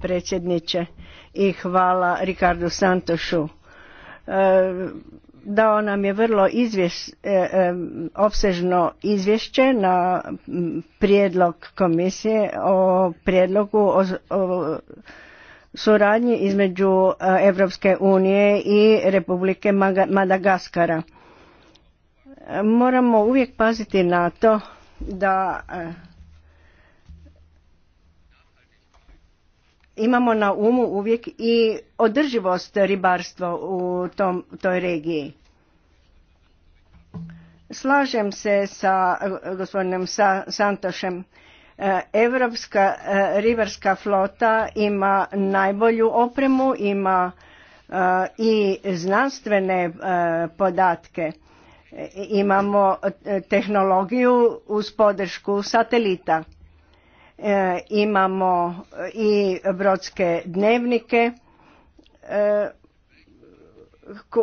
predsjedniče i hvala Ricardo Santošu. E, dao nam je vrlo izvješ, e, e, obsežno izvješće na prijedlog komisije o prijedlogu o, o suradnji između Europske unije i Republike Madagaskara. Moramo uvijek paziti na to da imamo na umu uvijek i održivost ribarstva u tom, toj regiji. Slažem se sa eh, gospodinom Santošem. Europska eh, eh, ribarska flota ima najbolju opremu, ima i znanstvene podatke. Imamo tehnologiju uz podršku satelita E, imamo i brodske dnevnike e,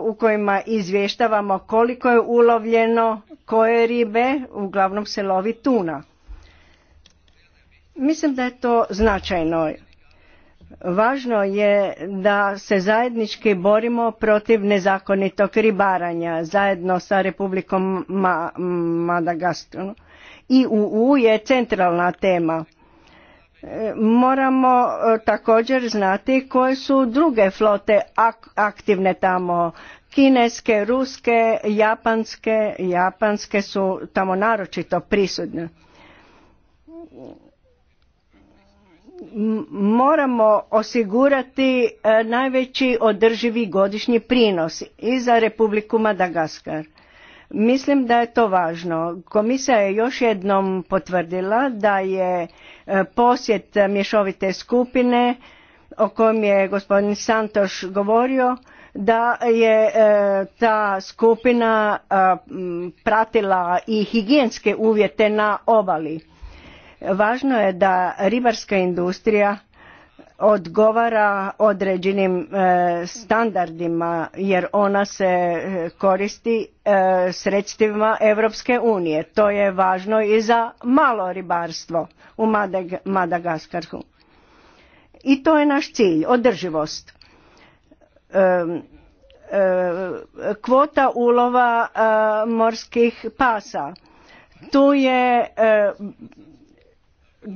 u kojima izvještavamo koliko je ulovljeno, koje ribe, uglavnom se lovi tuna. Mislim da je to značajno. Važno je da se zajednički borimo protiv nezakonitog ribaranja zajedno sa Republikom Ma Madagaskarom. I UU je centralna tema Moramo e, također znati koje su druge flote aktivne tamo. Kineske, ruske, japanske, japanske su tamo naročito prisutne. Moramo osigurati e, najveći održivi godišnji prinos i za Republiku Madagaskar. Mislim da je to važno. Komisija je još jednom potvrdila da je posjet mješovite skupine o kojem je gospodin Santoš govorio da je e, ta skupina e, pratila i higijenske uvjete na obali. Važno je da ribarska industrija odgovara određenim e, standardima jer ona se e, koristi e, sredstvima Europske unije. To je važno i za malo ribarstvo u Madagaskarhu. I to je naš cilj, održivost. Kvota ulova morskih pasa. Tu je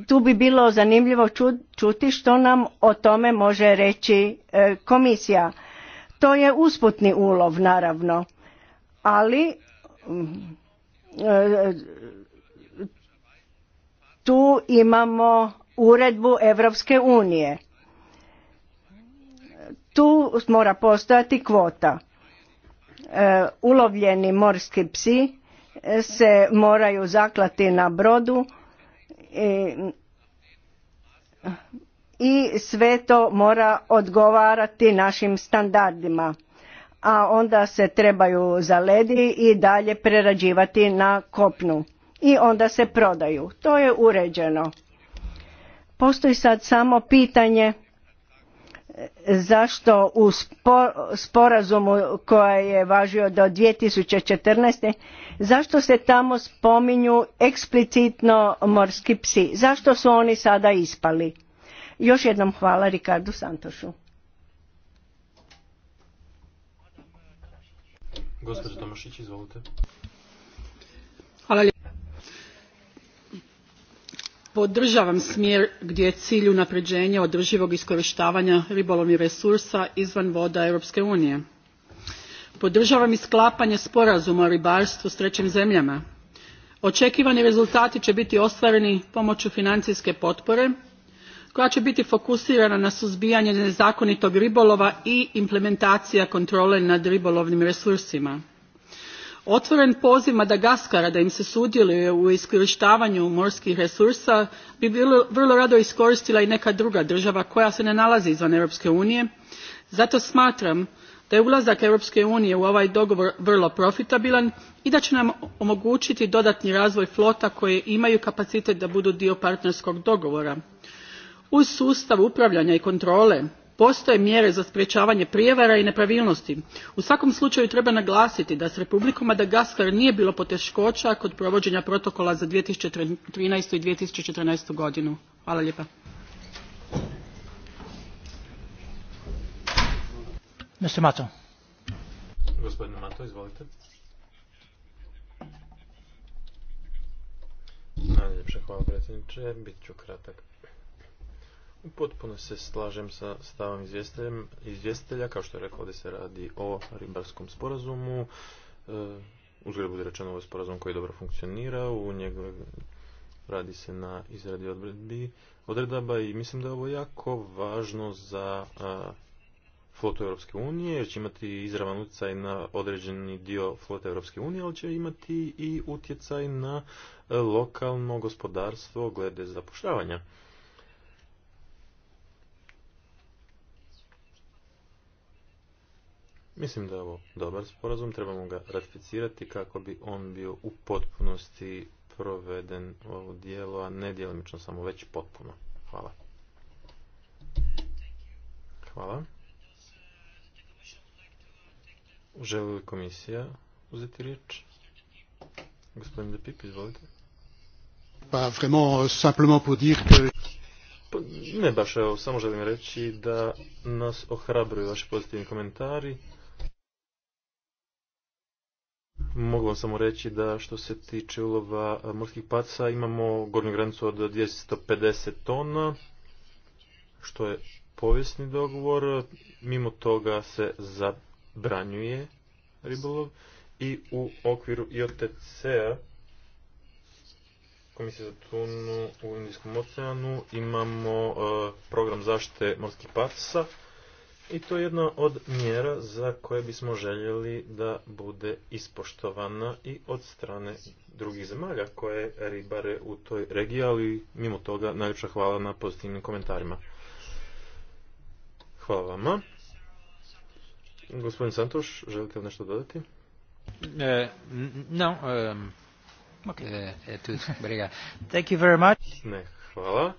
tu bi bilo zanimljivo čuti što nam o tome može reći e, komisija. To je usputni ulov, naravno, ali mm, e, tu imamo uredbu Evropske unije. Tu mora postojati kvota. E, ulovljeni morski psi se moraju zaklati na brodu E, i sve to mora odgovarati našim standardima a onda se trebaju zaledi i dalje prerađivati na kopnu i onda se prodaju to je uređeno postoji sad samo pitanje e, zašto u sporazumu koji je važio do 2014. Zašto se tamo spominju eksplicitno morski psi? Zašto su oni sada ispali? Još jednom hvala ricardu Santošu. Podržavam smjer gdje je cilj unapređenja održivog iskorištavanja ribolovnih resursa izvan voda Europske unije podržavam i sklapanje sporazuma o ribarstvu s trećim zemljama očekivani rezultati će biti ostvareni pomoću financijske potpore koja će biti fokusirana na suzbijanje nezakonitog ribolova i implementacija kontrole nad ribolovnim resursima otvoren poziv madagaskara da im se sudjeluje u iskorištavanju morskih resursa bi vrlo rado iskoristila i neka druga država koja se ne nalazi izvan europske unije zato smatram da je ulazak europske unije u ovaj dogovor vrlo profitabilan i da će nam omogućiti dodatni razvoj flota koje imaju kapacitet da budu dio partnerskog dogovora. uz sustav upravljanja i kontrole postoje mjere za sprječavanje prijevara i nepravilnosti. u svakom slučaju treba naglasiti da s republikom madagaskar nije bilo poteškoća kod provođenja protokola za. two thousand and i. two thousand and godinu hvala lijepa. Mr. Mato. Gospodine Mato, izvolite. Najljepše hvala predsjedniče, bit kratak. Potpuno se slažem sa stavom izvjestitelja, kao što je rekao da se radi o ribarskom sporazumu. E, Uzgled bude rečeno ovo je sporazum koji dobro funkcionira, u njegove radi se na izradi odredaba i mislim da je ovo jako važno za flotu Europske unije, jer će imati izravan utjecaj na određeni dio flote Europske unije, ali će imati i utjecaj na e, lokalno gospodarstvo glede zapošljavanja. Mislim da je ovo dobar sporazum, trebamo ga ratificirati kako bi on bio u potpunosti proveden u ovo a ne djelomično samo već potpuno. Hvala. Hvala. Želi li komisija uzeti riječ? Gospodin Depip, izvolite. Pa, euh, simplement pa, Ne baš, evo, samo želim reći da nas ohrabruju vaši pozitivni komentari. Mogu vam samo reći da što se tiče ulova morskih paca imamo gornju granicu od 250 tona, što je povijesni dogovor. Mimo toga se za branjuje ribolov i u okviru IOTC-a Komisije za tunu u Indijskom oceanu imamo e, program zaštite morskih pasa i to je jedna od mjera za koje bismo željeli da bude ispoštovana i od strane drugih zemalja koje ribare u toj regiji, ali mimo toga najljepša hvala na pozitivnim komentarima. Hvala vama. Gospodin Santoš, želite li nešto dodati? E, no, um, okay, e, briga. Thank you very much. Ne, hvala.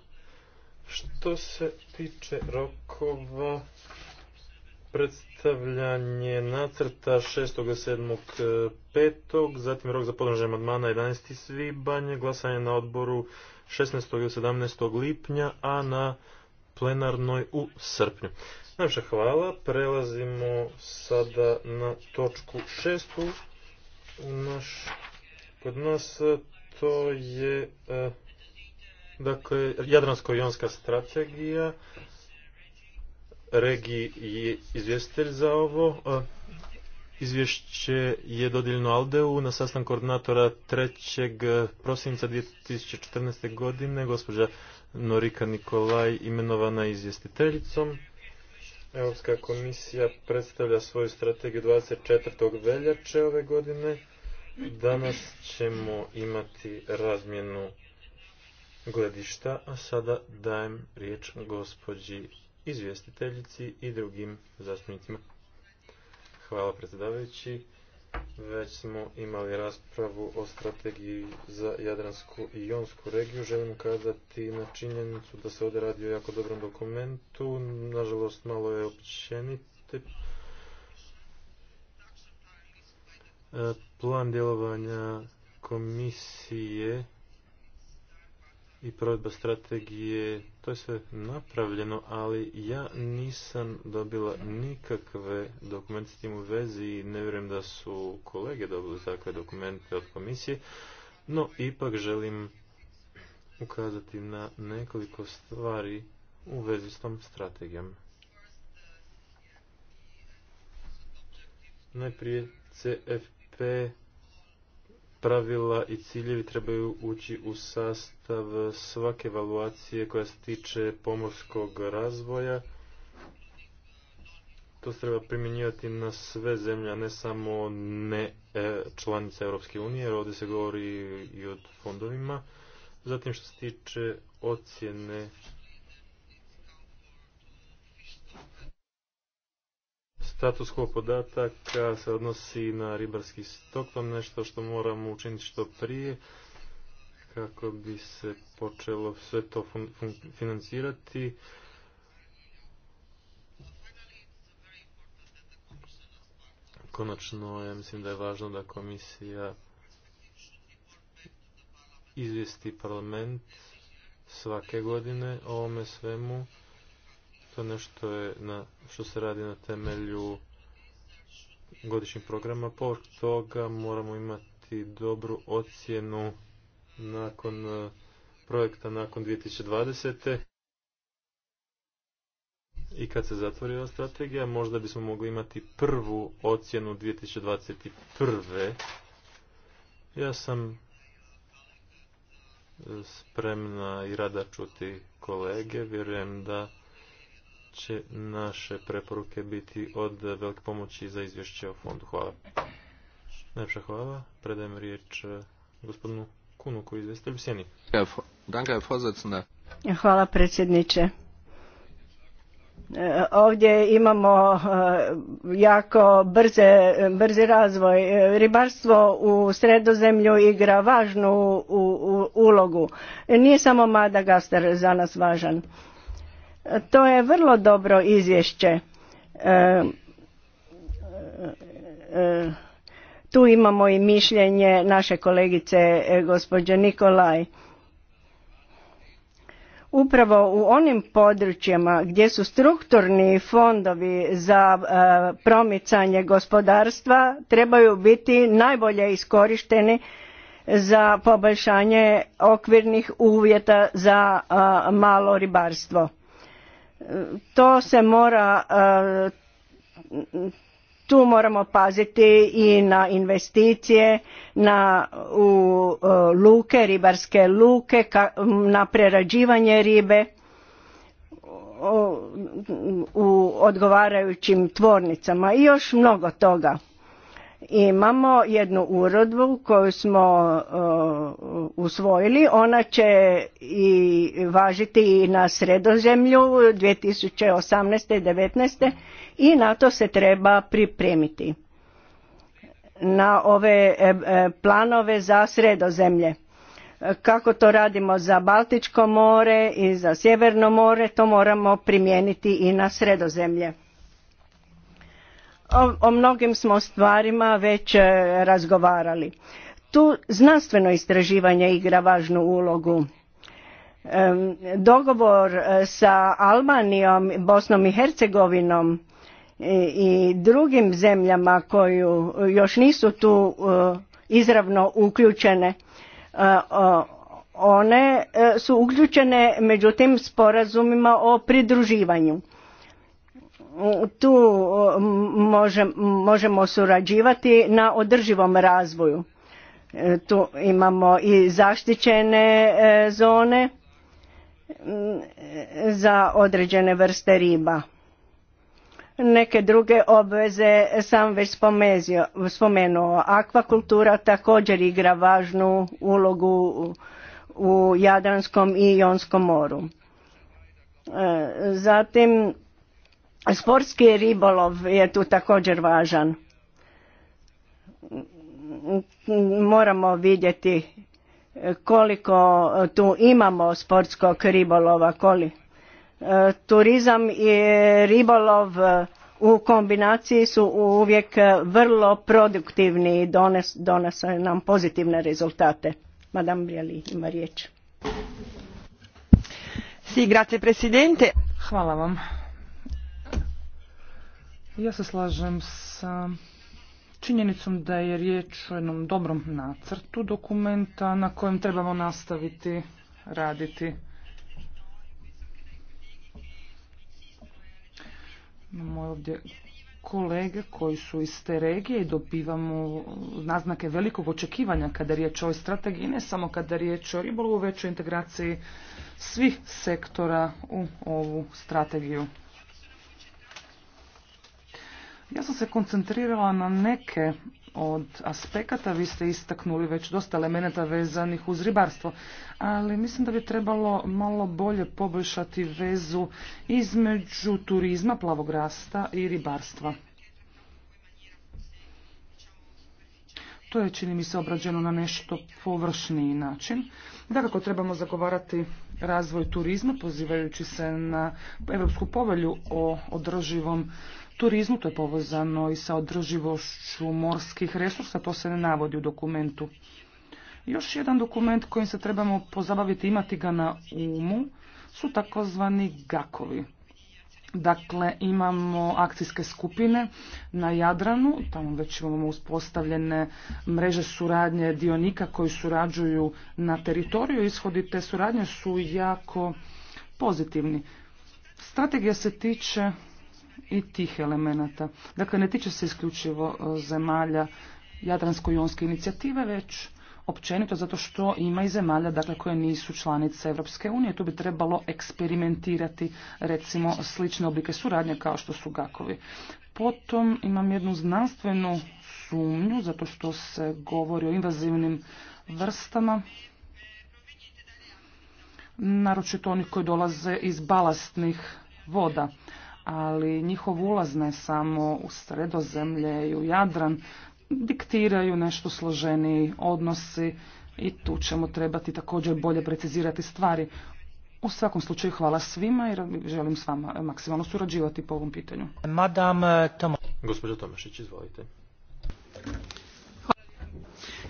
Što se tiče rokova, predstavljanje nacrta 6.7.5. E, zatim rok za podnožaj Madmana 11. svibanje, glasanje na odboru 16. i 17. lipnja, a na plenarnoj u srpnju. Najviše hvala. Prelazimo sada na točku šestu. naš, kod nas to je e, dakle, Jadransko-jonska strategija. Regi je izvjestitelj za ovo. E, izvješće je dodijeljeno Aldeu na sastanku koordinatora 3. E, prosinca 2014. godine. Gospođa Norika Nikolaj imenovana izvjestiteljicom. Europska komisija predstavlja svoju strategiju 24. veljače ove godine. Danas ćemo imati razmjenu gledišta, a sada dajem riječ gospođi izvjestiteljici i drugim zastupnicima. Hvala predsjedavajući već smo imali raspravu o strategiji za Jadransku i Jonsku regiju. Želim ukazati na činjenicu da se ovdje radi o jako dobrom dokumentu. Nažalost, malo je općenite. E, plan djelovanja komisije i provedba strategije to je sve napravljeno, ali ja nisam dobila nikakve dokumente s tim u vezi i ne vjerujem da su kolege dobili takve dokumente od komisije, no ipak želim ukazati na nekoliko stvari u vezi s tom strategijom. Najprije CFP pravila i ciljevi trebaju ući u sastav svake evaluacije koja se tiče pomorskog razvoja. To se treba primjenjivati na sve zemlje, a ne samo ne e, članice Europske unije, jer ovdje se govori i o fondovima. Zatim što se tiče ocjene Status quo podataka se odnosi na ribarski stok, to nešto što moramo učiniti što prije kako bi se počelo sve to financirati. Konačno, ja mislim da je važno da komisija izvijesti parlament svake godine o ovome svemu to nešto je na, što se radi na temelju godišnjih programa. Povrk toga moramo imati dobru ocjenu nakon e, projekta nakon 2020. I kad se zatvori ova strategija, možda bismo mogli imati prvu ocjenu 2021. Ja sam e, spremna i rada čuti kolege. Vjerujem da će naše preporuke biti od velike pomoći za izvješće o fondu. Hvala. Najpša hvala. Predajem riječ eh, gospodinu Kunu koji Sjeni. Hvala predsjedniče. Eh, ovdje imamo eh, jako brze, brzi razvoj. Ribarstvo u sredozemlju igra važnu u, ulogu. Nije samo Madagaskar za nas važan to je vrlo dobro izvješće. E, e, tu imamo i mišljenje naše kolegice e, gospođe Nikolaj. Upravo u onim područjima gdje su strukturni fondovi za promicanje gospodarstva trebaju biti najbolje iskorišteni za poboljšanje okvirnih uvjeta za malo ribarstvo to se mora, e, tu moramo paziti i na investicije, na u e, luke, ribarske luke, na prerađivanje ribe u odgovarajućim tvornicama i još mnogo toga Imamo jednu uredbu koju smo uh, usvojili, ona će i važiti i na sredozemlju 2018. i 2019. i na to se treba pripremiti na ove e, e, planove za sredozemlje. Kako to radimo za Baltičko more i za Sjeverno more, to moramo primijeniti i na sredozemlje o, mnogim smo stvarima već e, razgovarali. Tu znanstveno istraživanje igra važnu ulogu. dogovor e, sa Albanijom, Bosnom i Hercegovinom e, i, drugim zemljama koju još nisu tu izravno uključene, one su uključene međutim sporazumima o pridruživanju tu možemo surađivati na održivom razvoju. E, tu imamo i zaštićene e, zone za određene vrste riba. Neke druge obveze sam već spomenuo. Akvakultura također igra važnu ulogu u Jadranskom i Jonskom moru. E, zatim Sportski ribolov je tu također važan. Moramo vidjeti koliko tu imamo sportskog ribolova, koli. E, turizam i ribolov u kombinaciji su uvijek vrlo produktivni i donose nam pozitivne rezultate. Madame Briali ima riječ. grazie, Hvala vam ja se slažem sa činjenicom da je riječ o jednom dobrom nacrtu dokumenta na kojem trebamo nastaviti raditi. Imamo ovdje kolege koji su iz te regije i dobivamo naznake velikog očekivanja kada je riječ o ovoj strategiji, ne samo kada je riječ o ribolovu, već o integraciji svih sektora u ovu strategiju. Ja sam se koncentrirala na neke od aspekata, vi ste istaknuli već dosta elemenata vezanih uz ribarstvo, ali mislim da bi trebalo malo bolje poboljšati vezu između turizma, plavog rasta i ribarstva. To je, čini mi se, obrađeno na nešto površniji način. Dakako, trebamo zagovarati razvoj turizma, pozivajući se na Europsku povelju o održivom turizmu, to je povezano i sa održivošću morskih resursa, to se ne navodi u dokumentu. Još jedan dokument kojim se trebamo pozabaviti, imati ga na umu, su takozvani gakovi. Dakle, imamo akcijske skupine na Jadranu, tamo već imamo uspostavljene mreže suradnje dionika koji surađuju na teritoriju. Ishodi te suradnje su jako pozitivni. Strategija se tiče i tih elemenata. Dakle, ne tiče se isključivo e, zemalja Jadransko-jonske inicijative, već općenito zato što ima i zemalja dakle, koje nisu članice Europske unije. Tu bi trebalo eksperimentirati recimo slične oblike suradnje kao što su gakovi. Potom imam jednu znanstvenu sumnju zato što se govori o invazivnim vrstama naročito onih koji dolaze iz balastnih voda ali njihov ulaz ne samo u sredozemlje i u Jadran diktiraju nešto složeniji odnosi i tu ćemo trebati također bolje precizirati stvari. U svakom slučaju hvala svima jer želim s vama maksimalno surađivati po ovom pitanju. Madam eh, Tomašić, izvolite.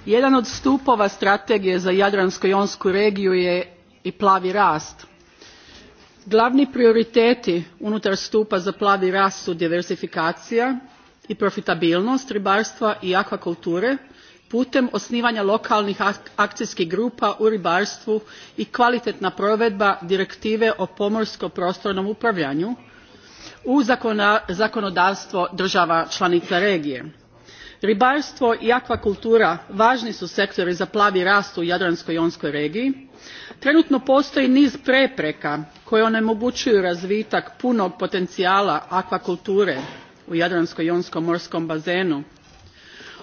Jedan od stupova strategije za Jadransko-jonsku regiju je i plavi rast glavni prioriteti unutar stupa za plavi rast su diversifikacija i profitabilnost ribarstva i akvakulture putem osnivanja lokalnih akcijskih grupa u ribarstvu i kvalitetna provedba direktive o pomorsko prostornom upravljanju u zakonodavstvo država članica regije. ribarstvo i akvakultura važni su sektori za plavi rast u jadransko jonskoj regiji. trenutno postoji niz prepreka koje onemogućuju razvitak punog potencijala akvakulture u jadransko jonskom morskom bazenu.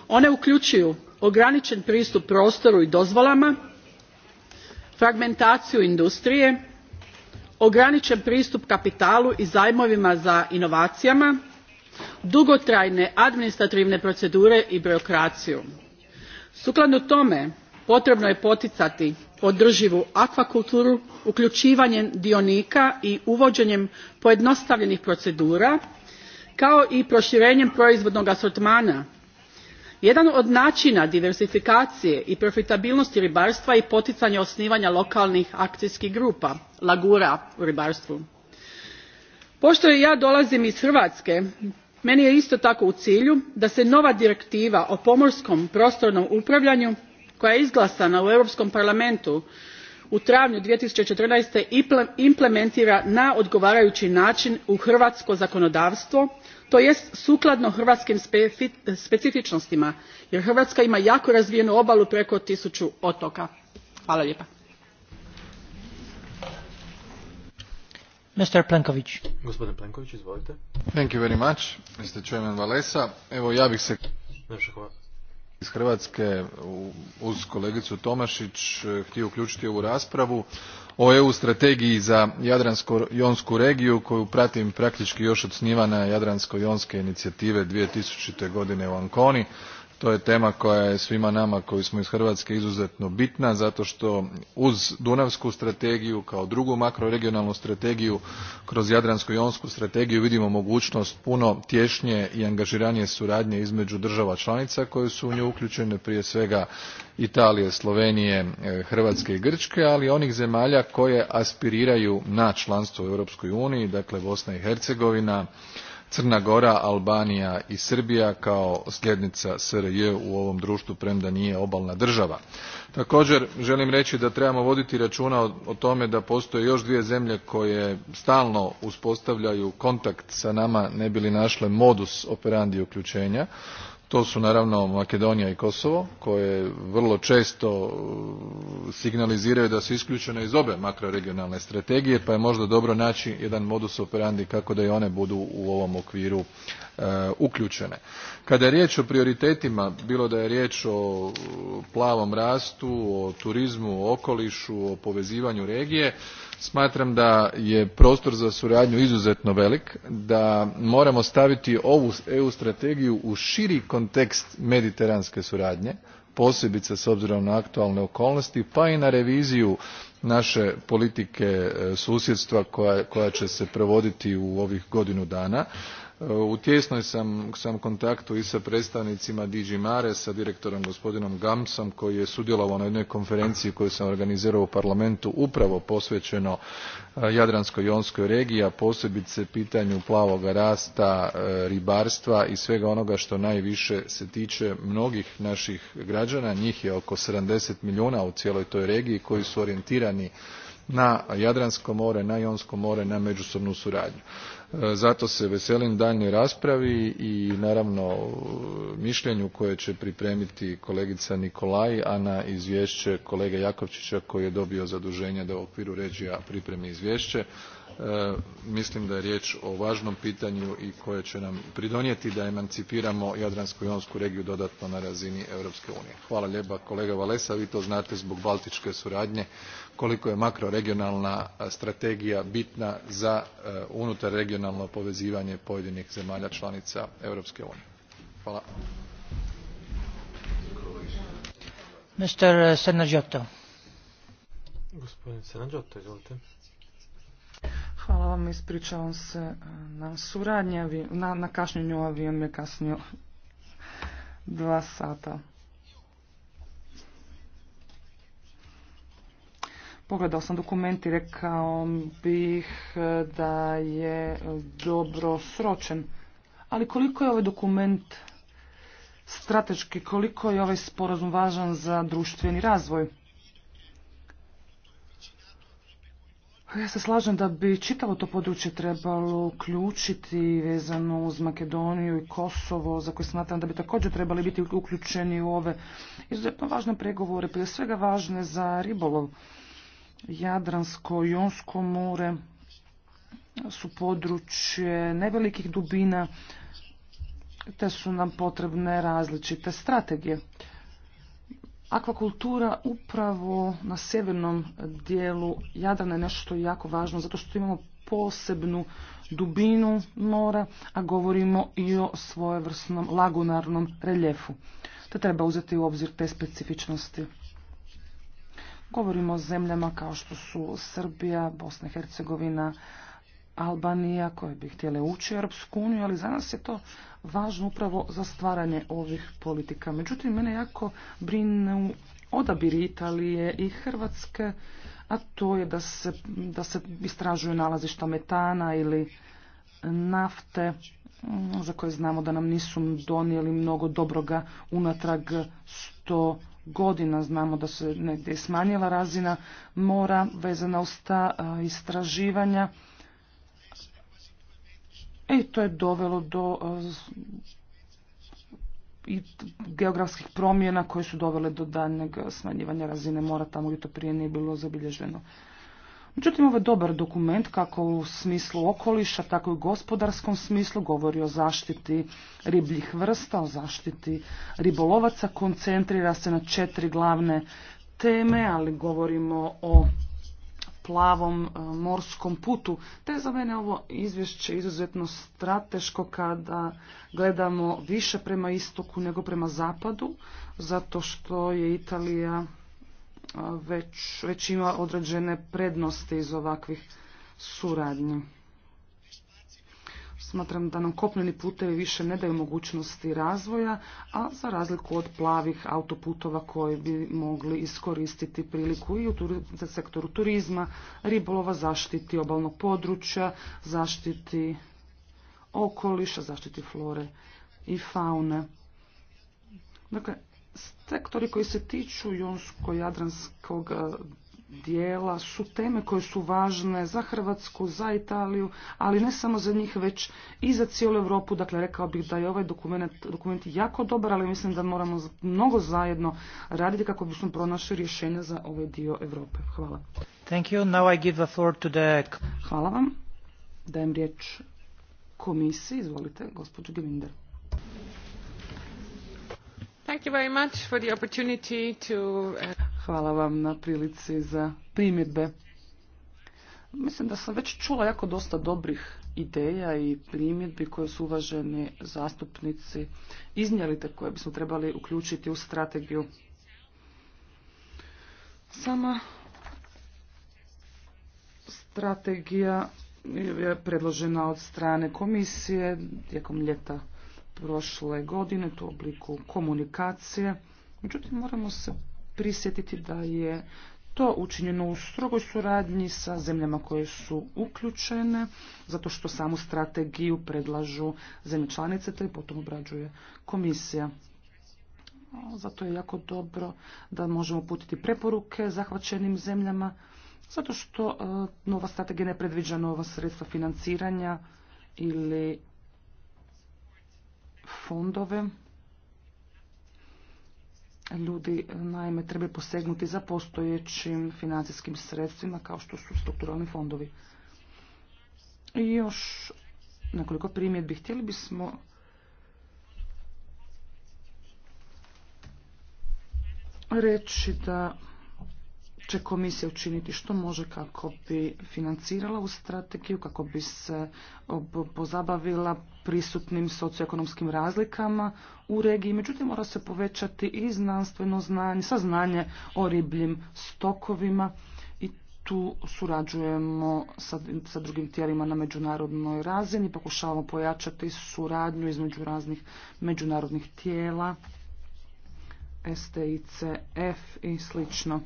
one uključuju ograničen pristup prostoru i dozvolama fragmentaciju industrije ograničen pristup kapitalu i zajmovima za inovacijama dugotrajne administrativne procedure i birokraciju. sukladno tome potrebno je poticati održivu akvakulturu uključivanjem dionika i uvođenjem pojednostavljenih procedura kao i proširenjem proizvodnog asortmana. jedan od načina diversifikacije i profitabilnosti ribarstva je poticanje osnivanja lokalnih akcijskih grupa lagura u ribarstvu. pošto ja dolazim iz hrvatske meni je isto tako u cilju da se nova direktiva o pomorskom prostornom upravljanju koja je izglasana u europskom parlamentu u travnju. two thousand and fourteen implementira na odgovarajui nain u hrvatsko zakonodavstvo to jest sukladno hrvatskim specifinostima jer hrvatska ima jako razvijenu obalu preko tisuću otoka. Evo, ja bih se iz Hrvatske uz kolegicu Tomašić eh, htio uključiti ovu raspravu o EU strategiji za Jadransko-jonsku regiju koju pratim praktički još od snivana Jadransko-jonske inicijative 2000. godine u Anconi to je tema koja je svima nama koji smo iz hrvatske izuzetno bitna zato što uz dunavsku strategiju kao drugu makroregionalnu strategiju kroz jadransko jonsku strategiju vidimo mogućnost puno tješnje i angažiranije suradnje između država članica koje su u nju uključene prije svega italije slovenije e, hrvatske i grčke ali i onih zemalja koje aspiriraju na članstvo u europskoj uniji dakle bosna i hercegovina Crna Gora, Albanija i Srbija kao sljednica SRJ u ovom društvu premda nije obalna država. Također želim reći da trebamo voditi računa o tome da postoje još dvije zemlje koje stalno uspostavljaju kontakt sa nama ne bi li našle modus operandi uključenja to su naravno makedonija i kosovo koje vrlo često uh, signaliziraju da su isključene iz obe makroregionalne strategije pa je možda dobro naći jedan modus operandi kako da i one budu u ovom okviru E, uključene. Kada je riječ o prioritetima, bilo da je riječ o plavom rastu, o turizmu, o okolišu, o povezivanju regije, smatram da je prostor za suradnju izuzetno velik, da moramo staviti ovu EU strategiju u širi kontekst mediteranske suradnje, posebice s obzirom na aktualne okolnosti, pa i na reviziju naše politike e, susjedstva koja, koja će se provoditi u ovih godinu dana u tijesnom sam, sam kontaktu i sa predstavnicima DG Mare, sa direktorom gospodinom Gamsom koji je sudjelovao na jednoj konferenciji koju sam organizirao u parlamentu upravo posvećeno e, Jadransko-Jonskoj regiji, a posebice pitanju plavoga rasta, e, ribarstva i svega onoga što najviše se tiče mnogih naših građana, njih je oko sedamdeset milijuna u cijeloj toj regiji koji su orijentirani na Jadransko more, na Jonsko more, na međusobnu suradnju zato se veselim daljnjoj raspravi i naravno e, mišljenju koje će pripremiti kolegica Nikolaj, a na izvješće kolege jakovčića koji je dobio zaduženje da u okviru regija pripremi izvješće. E, mislim da je riječ o važnom pitanju i koje će nam pridonijeti da emancipiramo jadransku jonsku regiju dodatno na razini europske unije. hvala lijepa kolega wasa vi to znate zbog baltičke suradnje koliko je makroregionalna strategija bitna za e, unutarregionalno povezivanje pojedinih zemalja članica europske unije. Hvala. Mr. izvolite. Hvala vam, ispričavam se e, na suradnje, na, na kašnjenju, avion je kasnio dva sata. Pogledao sam dokument i rekao bih e, da je dobro sročen. Ali koliko je ovaj dokument strateški, koliko je ovaj sporazum važan za društveni razvoj? Ja se slažem da bi čitavo to područje trebalo uključiti vezano uz Makedoniju i Kosovo, za koje smatram da bi također trebali biti uključeni u ove izuzetno važne pregovore, prije svega važne za ribolov. Jadransko, Jonsko more su područje nevelikih dubina, te su nam potrebne različite strategije. Akvakultura upravo na sjevernom dijelu Jadrana je nešto jako važno zato što imamo posebnu dubinu mora, a govorimo i o svojevrsnom lagunarnom reljefu. To treba uzeti u obzir te specifičnosti. Govorimo o zemljama kao što su Srbija, Bosna i Hercegovina, Albanija koje bi htjele ući u Europsku uniju, ali za nas je to važno upravo za stvaranje ovih politika. Međutim, mene jako brinu odabir Italije i Hrvatske, a to je da se, da se istražuju nalazišta metana ili nafte za koje znamo da nam nisu donijeli mnogo dobroga unatrag sto godina. Znamo da se negdje smanjila razina mora vezana uz ta istraživanja. I e, to je dovelo do i geografskih promjena koje su dovele do daljnjeg smanjivanja razine mora tamo gdje to prije nije bilo zabilježeno. Međutim, ovo je dobar dokument kako u smislu okoliša, tako i u gospodarskom smislu. Govori o zaštiti ribljih vrsta, o zaštiti ribolovaca. Koncentrira se na četiri glavne teme, ali govorimo o plavom e, morskom putu. Te je za mene ovo izvješće izuzetno strateško kada gledamo više prema istoku nego prema zapadu, zato što je Italija već, već ima određene prednosti iz ovakvih suradnji. Smatram da nam kopneni putevi više ne daju mogućnosti razvoja, a za razliku od plavih autoputova koji bi mogli iskoristiti priliku i u sektoru turizma, ribolova, zaštiti obalnog područja, zaštiti okoliša, zaštiti flore i faune. Dakle, sektori koji se tiču Jonsko-Jadranskog e, dijela su teme koje su važne za Hrvatsku, za Italiju, ali ne samo za njih, već i za cijelu Europu. Dakle, rekao bih da je ovaj dokument, dokument jako dobar, ali mislim da moramo mnogo zajedno raditi kako bismo pronašli rješenja za ovaj dio Europe. Hvala. Thank you. Now I give the to Hvala vam. Dajem riječ komisiji. Izvolite, gospođo Geminder. Uh, Hvala vam na prilici za primjedbe. Mislim da sam već čula jako dosta dobrih ideja i primjedbi koje su uvaženi zastupnici iznijeli te koje bismo trebali uključiti u strategiju. Sama strategija je predložena od strane komisije tijekom ljeta prošle godine, u obliku komunikacije. Međutim, moramo se prisjetiti da je to učinjeno u strogoj suradnji sa zemljama koje su uključene, zato što samu strategiju predlažu zemlje članice, te potom obrađuje komisija. Zato je jako dobro da možemo putiti preporuke zahvaćenim zemljama, zato što e, nova strategija ne predviđa nova sredstva financiranja ili fondove. Ljudi naime treba posegnuti za postojećim financijskim sredstvima kao što su strukturalni fondovi. I još nekoliko primjedbi. Htjeli bismo reći da će komisija učiniti što može kako bi financirala u strategiju, kako bi se pozabavila prisutnim socioekonomskim razlikama u regiji. Međutim, mora se povećati i znanstveno znanje, saznanje o ribljim stokovima i tu surađujemo sa, sa drugim tijelima na međunarodnoj razini, pokušavamo pojačati suradnju između raznih međunarodnih tijela, STICF i slično.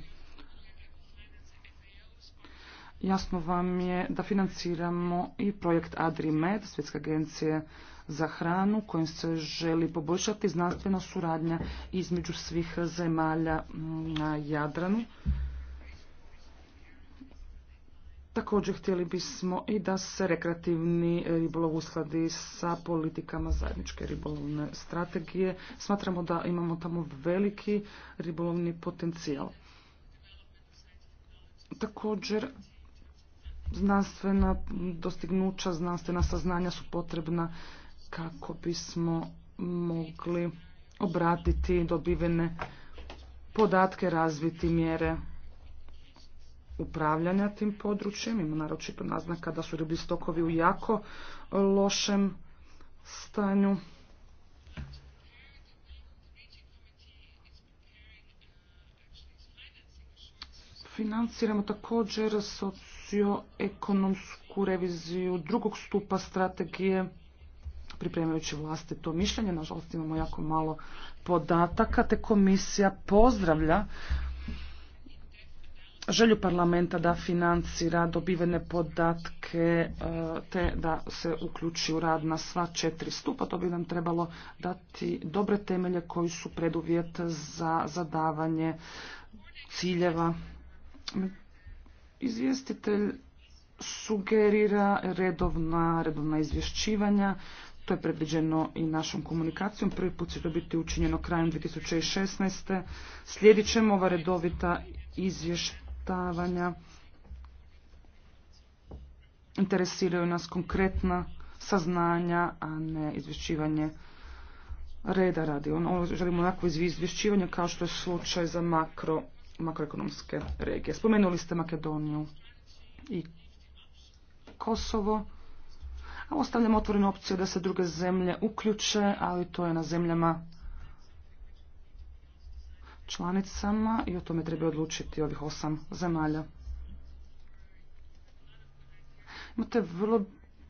Jasno vam je da financiramo i projekt AdriMed, Svjetske agencije za hranu, kojim se želi poboljšati znanstvena suradnja između svih zemalja na Jadranu. Također htjeli bismo i da se rekreativni ribolov uskladi sa politikama zajedničke ribolovne strategije. Smatramo da imamo tamo veliki ribolovni potencijal. Također znanstvena dostignuća, znanstvena saznanja su potrebna kako bismo mogli obratiti dobivene podatke, razviti mjere upravljanja tim područjem. Ima naročito naznaka da su ribistokovi stokovi u jako lošem stanju. Financiramo također ekonomsku reviziju drugog stupa strategije pripremajući to mišljenje. Nažalost imamo jako malo podataka te komisija pozdravlja želju parlamenta da financira dobivene podatke e, te da se uključi u rad na sva četiri stupa. To bi nam trebalo dati dobre temelje koji su preduvjet za zadavanje ciljeva. Izvjestitelj sugerira redovna, redovna izvješćivanja, to je predviđeno i našom komunikacijom. Prvi put će to biti učinjeno krajem 2016. Slijedit ćemo ova redovita izvještavanja. Interesiraju nas konkretna saznanja, a ne izvješćivanje reda radi. Ono, želimo onako izvješćivanje kao što je slučaj za makro makroekonomske regije. Spomenuli ste Makedoniju i Kosovo. A ostavljamo otvorenu opciju da se druge zemlje uključe, ali to je na zemljama članicama i o tome treba odlučiti ovih osam zemalja. Imate vrlo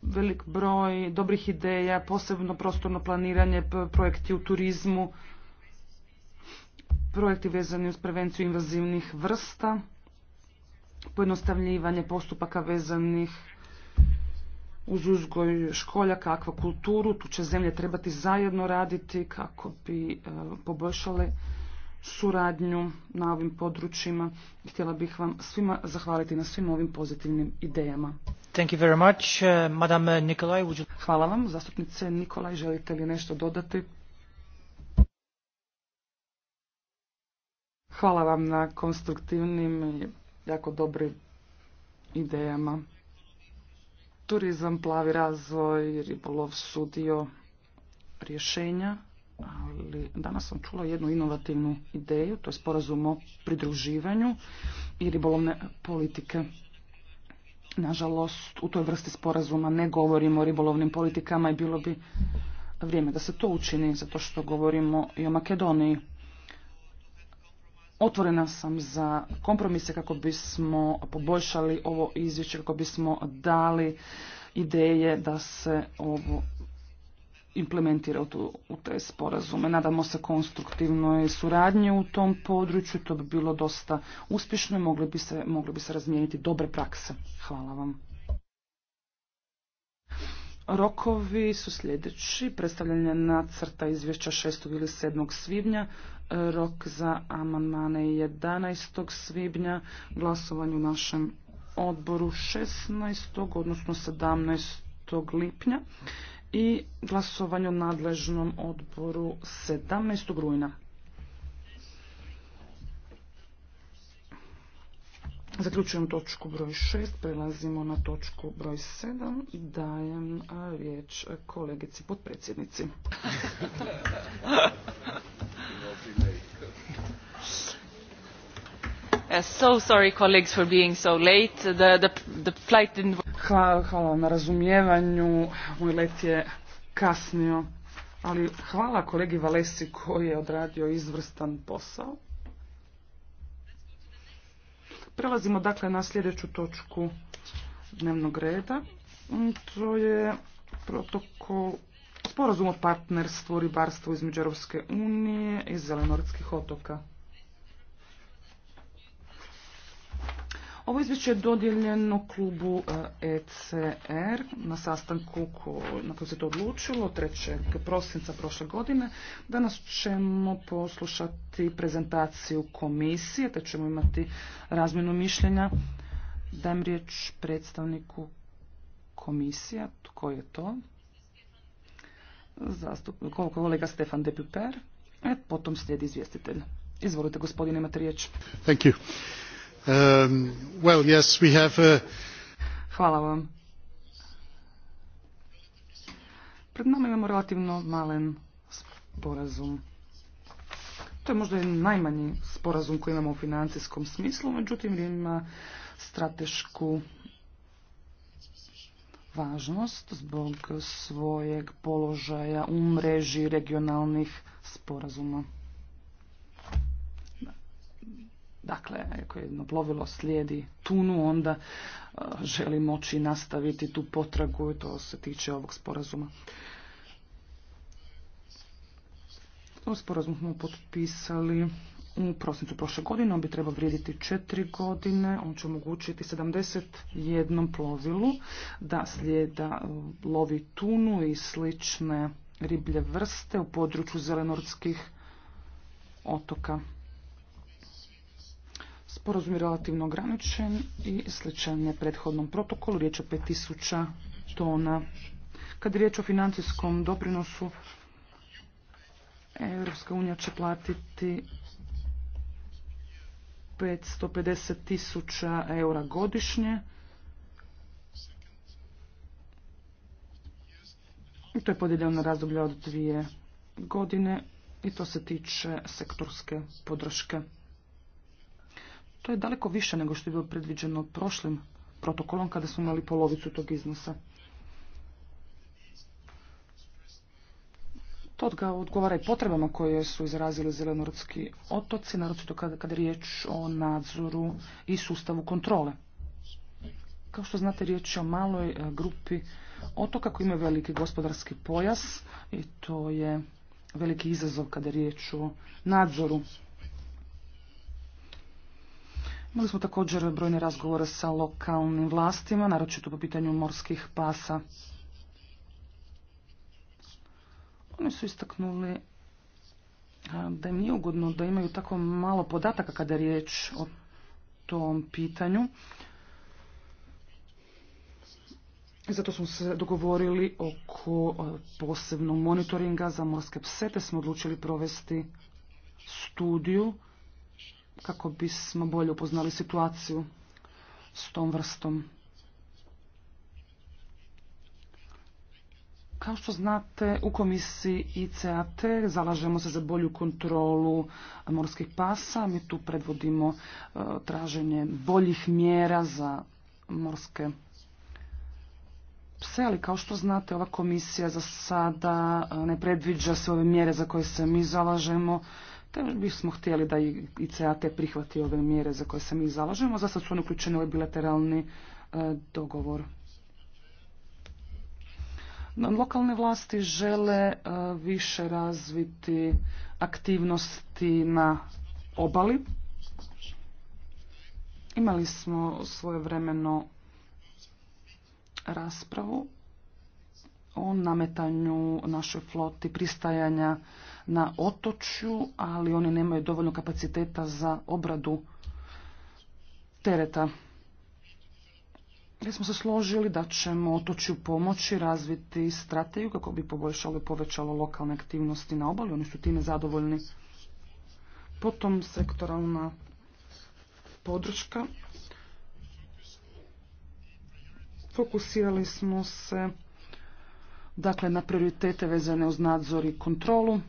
velik broj dobrih ideja, posebno prostorno planiranje, projekti u turizmu projekti vezani uz prevenciju invazivnih vrsta, pojednostavljivanje postupaka vezanih uz uzgoj kakva kulturu, Tu će zemlje trebati zajedno raditi kako bi e, poboljšale suradnju na ovim područjima. Htjela bih vam svima zahvaliti na svim ovim pozitivnim idejama. Thank you very much. E, Madame Nikolaj, would Hvala vam. Zastupnice Nikolaj, želite li nešto dodati? Hvala vam na konstruktivnim i jako dobrim idejama. Turizam, plavi razvoj, ribolov su dio rješenja, ali danas sam čula jednu inovativnu ideju, to je sporazum o pridruživanju i ribolovne politike. Nažalost, u toj vrsti sporazuma ne govorimo o ribolovnim politikama i bilo bi vrijeme da se to učini, zato što govorimo i o Makedoniji. Otvorena sam za kompromise kako bismo poboljšali ovo izvješće, kako bismo dali ideje da se ovo implementira u te sporazume. Nadamo se konstruktivnoj suradnji u tom području, to bi bilo dosta uspješno i mogli bi se, mogli bi se razmijeniti dobre prakse. Hvala vam. Rokovi su sljedeći, predstavljanje nacrta izvješća 6. ili 7. svibnja, Rok za amandmane 11. svibnja, glasovanje u našem odboru 16. odnosno 17. lipnja i glasovanje u nadležnom odboru 17. rujna. Zaključujem točku broj 6, prelazimo na točku broj 7 i dajem riječ kolegici potpredsjednici. Hvala, na razumijevanju. Moj let je kasnio. Ali hvala kolegi Valesi koji je odradio izvrstan posao. Prelazimo dakle na sljedeću točku dnevnog reda. Mm, to je protokol sporazum o partnerstvu ribarstvu između Europske unije i zelenorskih otoka. Ovo izvješće je dodijeljeno klubu ECR e na sastanku na kojem se to odlučilo 3. prosinca prošle godine. Danas ćemo poslušati prezentaciju komisije, te ćemo imati razmjenu mišljenja. Dajem riječ predstavniku komisija. Tko je to? Zastupnik, kolega Stefan Depuper. E, potom slijedi izvjestitelj. Izvolite, gospodine, imate riječ. Thank Um, Hvala vam. Pred nama imamo relativno malen sporazum. To je možda i najmanji sporazum koji imamo u financijskom smislu, međutim ima stratešku važnost zbog svojeg položaja u mreži regionalnih sporazuma. Dakle, ako jedno plovilo slijedi tunu, onda e, želi moći nastaviti tu potragu i to se tiče ovog sporazuma. Ovo sporazum smo potpisali u prosincu prošle godine, on bi trebao vrijediti četiri godine, on će omogućiti 71 plovilu da slijeda e, lovi tunu i slične riblje vrste u području zelenorskih otoka. Sporazum je relativno ograničen i sličan je prethodnom protokolu, riječ je o 5000 tona. Kad je riječ o financijskom doprinosu, Europska unija će platiti 550 tisuća eura godišnje. I to je podijeljeno na razdoblje od dvije godine i to se tiče sektorske podrške. To je daleko više nego što je bilo predviđeno prošlim protokolom kada smo imali polovicu tog iznosa. To odgovara i potrebama koje su izrazili zelenorodski otoci, naročito kada, kada je riječ o nadzoru i sustavu kontrole. Kao što znate, riječ je o maloj e, grupi otoka koji imaju veliki gospodarski pojas i to je veliki izazov kada je riječ o nadzoru Imali smo također brojne razgovore sa lokalnim vlastima, naročito po pitanju morskih pasa. Oni su istaknuli da im nije ugodno da imaju tako malo podataka kada je riječ o tom pitanju. Zato smo se dogovorili oko posebnog monitoringa za morske pse, te smo odlučili provesti studiju kako bismo bolje upoznali situaciju s tom vrstom. Kao što znate, u komisiji ICAT zalažemo se za bolju kontrolu morskih pasa. Mi tu predvodimo e, traženje boljih mjera za morske pse, ali kao što znate, ova komisija za sada e, ne predviđa sve ove mjere za koje se mi zalažemo te bismo htjeli da i CAT prihvati ove mjere za koje se mi zalažemo. Za sad su one uključene ovaj bilateralni e, dogovor. Lokalne vlasti žele e, više razviti aktivnosti na obali. Imali smo svojevremeno raspravu o nametanju našoj floti pristajanja na otočju, ali oni nemaju dovoljno kapaciteta za obradu tereta. mi smo se složili da ćemo otočju pomoći razviti strategiju kako bi poboljšalo i povećalo lokalne aktivnosti na obali. Oni su time zadovoljni. Potom sektoralna podrška. Fokusirali smo se dakle, na prioritete vezane uz nadzor i kontrolu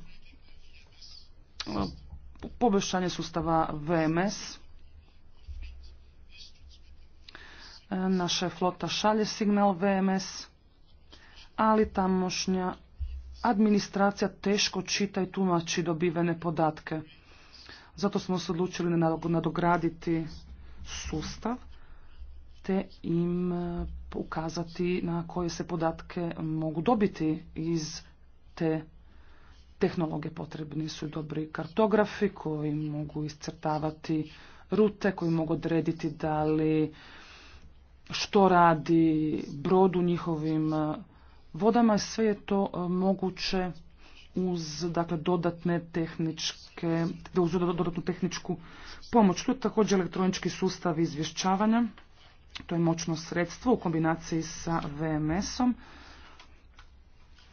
poboljšanje sustava VMS. E, naša flota šalje signal VMS, ali tamošnja administracija teško čita i tumači dobivene podatke. Zato smo se odlučili nadograditi sustav te im e, ukazati na koje se podatke mogu dobiti iz te tehnologe potrebni su dobri kartografi koji mogu iscrtavati rute, koji mogu odrediti da li što radi brod u njihovim e, vodama. Sve je to e, moguće uz dakle, dodatne tehničke, uz dodatnu tehničku pomoć. Tu je također elektronički sustav izvješćavanja. To je moćno sredstvo u kombinaciji sa VMS-om.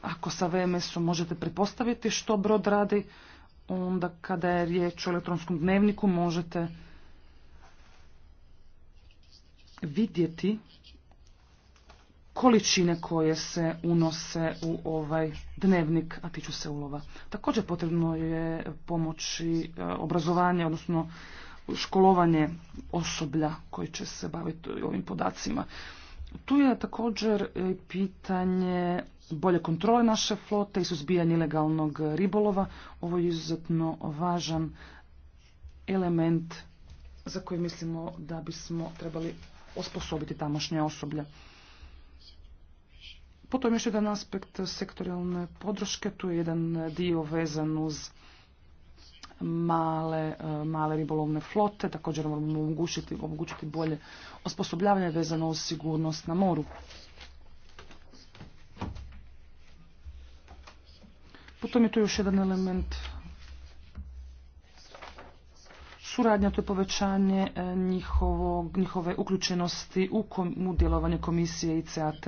Ako sa VMS-om možete pripostaviti što brod radi, onda kada je riječ o elektronskom dnevniku možete vidjeti količine koje se unose u ovaj dnevnik, a tiču se ulova. Također potrebno je pomoći e, obrazovanje, odnosno školovanje osoblja koji će se baviti ovim podacima. Tu je također pitanje bolje kontrole naše flote i suzbijanje ilegalnog ribolova. Ovo je izuzetno važan element za koji mislimo da bismo trebali osposobiti tamošnje osoblje. Potom još jedan aspekt sektorijalne podrške, tu je jedan dio vezan uz male, e, ribolovne flote, također moramo omogućiti, omogućiti bolje osposobljavanje vezano uz sigurnost na moru. Potom je to još jedan element suradnja, to je povećanje e, njihove uključenosti u, kom, djelovanje komisije i CAT.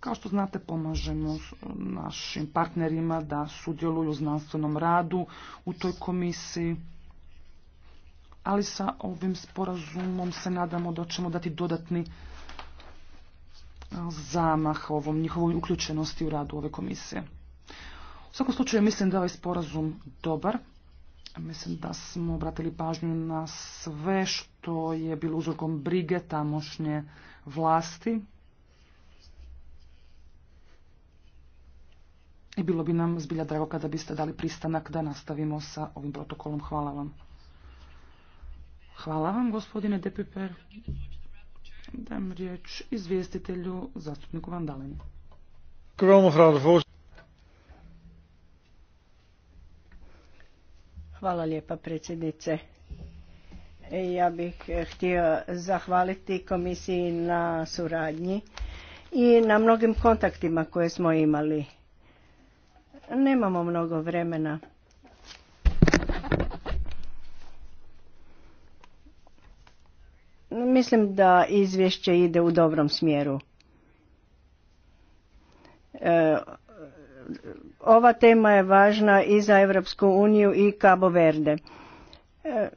Kao što znate, pomažemo e, našim partnerima da sudjeluju u znanstvenom radu u toj komisiji, ali sa ovim sporazumom se nadamo da ćemo dati dodatni zamah ovom njihovoj uključenosti u radu ove komisije. U svakom slučaju mislim da je ovaj sporazum dobar. Mislim da smo obratili pažnju na sve što je bilo uzorkom brige tamošnje vlasti. I bilo bi nam zbilja drago kada biste dali pristanak da nastavimo sa ovim protokolom. Hvala vam. Hvala vam, gospodine Depiper. Dajem riječ izvjestitelju zastupniku Vandalinu. Hvala lijepa predsjednice. E, ja bih e, htio zahvaliti komisiji na suradnji i na mnogim kontaktima koje smo imali. Nemamo mnogo vremena Mislim da izvješće ide u dobrom smjeru. E, ova tema je važna i za Europsku uniju i Cabo Verde. E,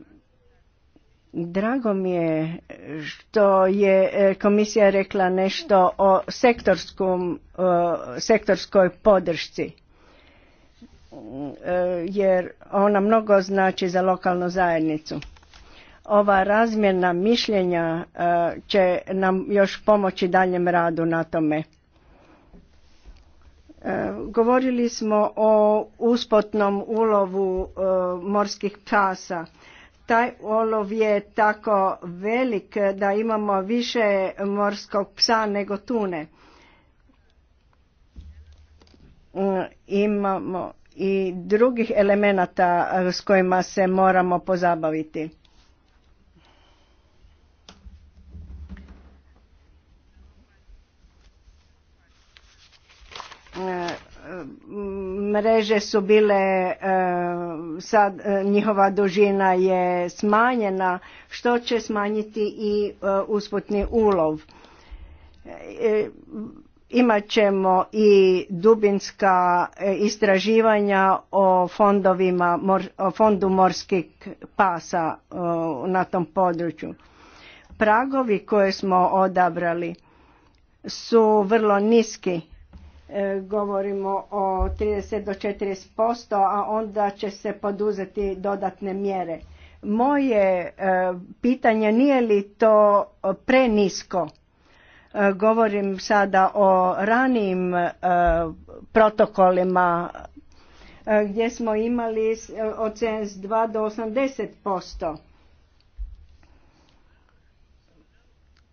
drago mi je što je e, komisija rekla nešto o sektorskom, e, sektorskoj podršci jer ona mnogo znači za lokalnu zajednicu. Ova razmjena mišljenja e, će nam još pomoći daljem radu na tome. E, govorili smo o uspotnom ulovu e, morskih pasa. Taj olov je tako velik da imamo više morskog psa nego tune. Imamo i drugih elemenata s kojima se moramo pozabaviti. mreže su bile e, sad e, njihova dužina je smanjena što će smanjiti i e, usputni ulov imat ćemo i dubinska istraživanja o fondovima o fondu morskih pasa na tom području pragovi koje smo odabrali su vrlo niski E, govorimo o 30 do 40%, a onda će se poduzeti dodatne mjere. Moje e, pitanje nije li to prenisko? E, govorim sada o ranijim protokolima gdje smo imali od 72 do 80%.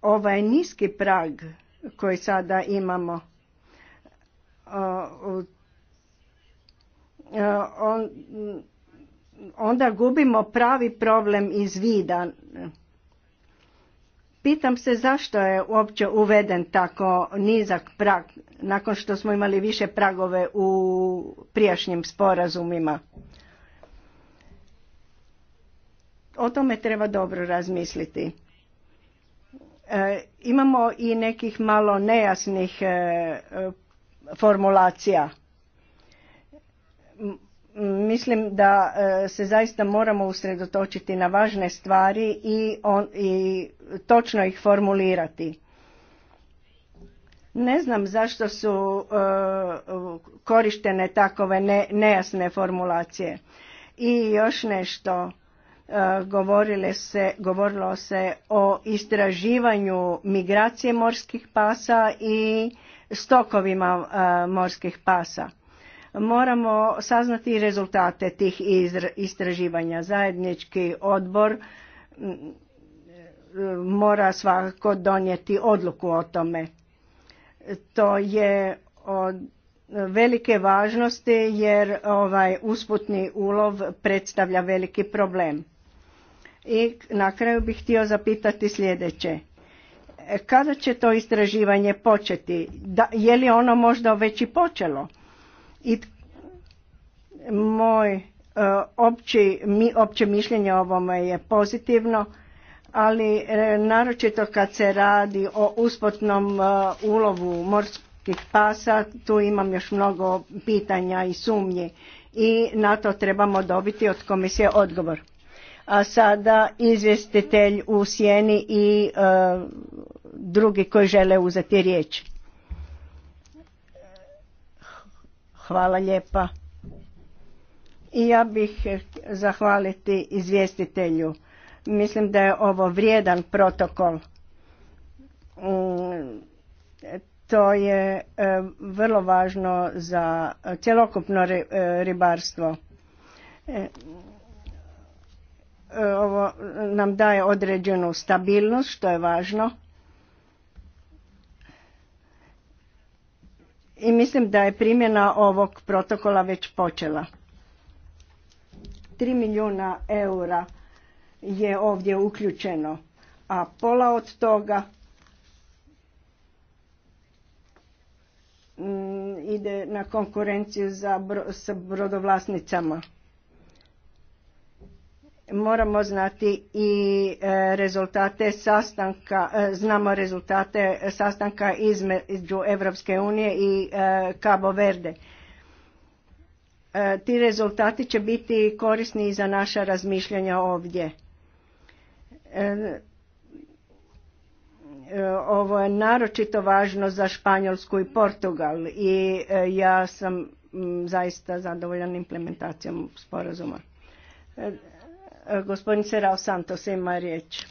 Ovaj niski prag koji sada imamo E, onda gubimo pravi problem iz vida. Pitam se zašto je uopće uveden tako nizak prag nakon što smo imali više pragove u prijašnjim sporazumima. O tome treba dobro razmisliti. E, imamo i nekih malo nejasnih e, formulacija. Mislim da e, se zaista moramo usredotočiti na važne stvari i, on, i točno ih formulirati. Ne znam zašto su e, korištene takove nejasne formulacije. I još nešto e, govorile se, govorilo se o istraživanju migracije morskih pasa i stokovima e, morskih pasa. Moramo saznati rezultate tih istraživanja. Zajednički odbor e, mora svakako donijeti odluku o tome. To je od velike važnosti jer ovaj usputni ulov predstavlja veliki problem. I na kraju bih htio zapitati sljedeće. Kada će to istraživanje početi? Da, je li ono možda već i počelo? I moj e, opći, mi, opće mišljenje o ovome je pozitivno, ali e, naročito kad se radi o uspotnom e, ulovu morskih pasa, tu imam još mnogo pitanja i sumnji i na to trebamo dobiti od komisije odgovor. A sada izvjestitelj u sjeni i drugi koji žele uzeti riječ. Hvala lijepa. I ja bih zahvaliti izvjestitelju. Mislim da je ovo vrijedan protokol. Mm, to je e, vrlo važno za cjelokupno e, ribarstvo. E, ovo nam daje određenu stabilnost, što je važno i mislim da je primjena ovog protokola već počela. 3 milijuna eura je ovdje uključeno, a pola od toga mm, ide na konkurenciju sa brodovlasnicama moramo znati i e, rezultate sastanka, e, znamo rezultate sastanka između Europske unije i e, Cabo Verde. Ti rezultati će biti korisni i za naša razmišljanja ovdje. Ovo je naročito važno za Španjolsku i Portugal i ja sam zaista zadovoljan implementacijom sporazuma. Gospodin Serao Santos ima riječ.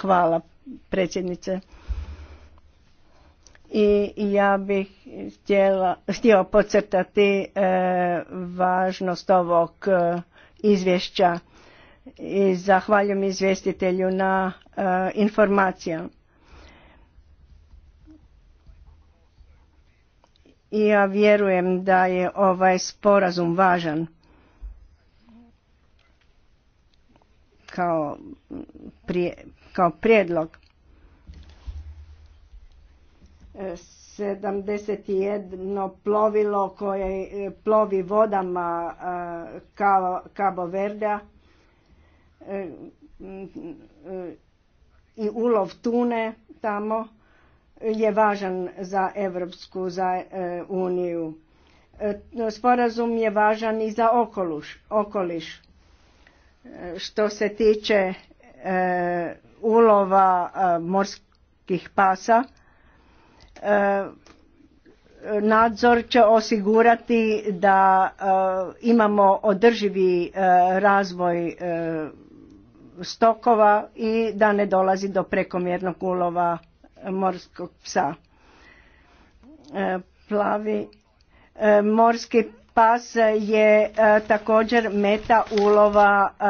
Hvala predsjednice. I ja bih htjela, htio podcrtati e, važnost ovog e, izvješća i zahvaljujem izvjestitelju na e, informacijama. I ja vjerujem da je ovaj sporazum važan kao, prije, kao prijedlog. 71 e, plovilo koje plovi vodama e, Cabo Verde e, i ulov tune tamo je važan za Evropsku za uniju. Sporazum je važan i za okoliš. Što se tiče e, ulova e, morskih pasa, e, nadzor će osigurati da imamo održivi razvoj stokova i da ne dolazi do prekomjernog ulova morskog psa. Plavi morski Pas je e, također meta ulova e,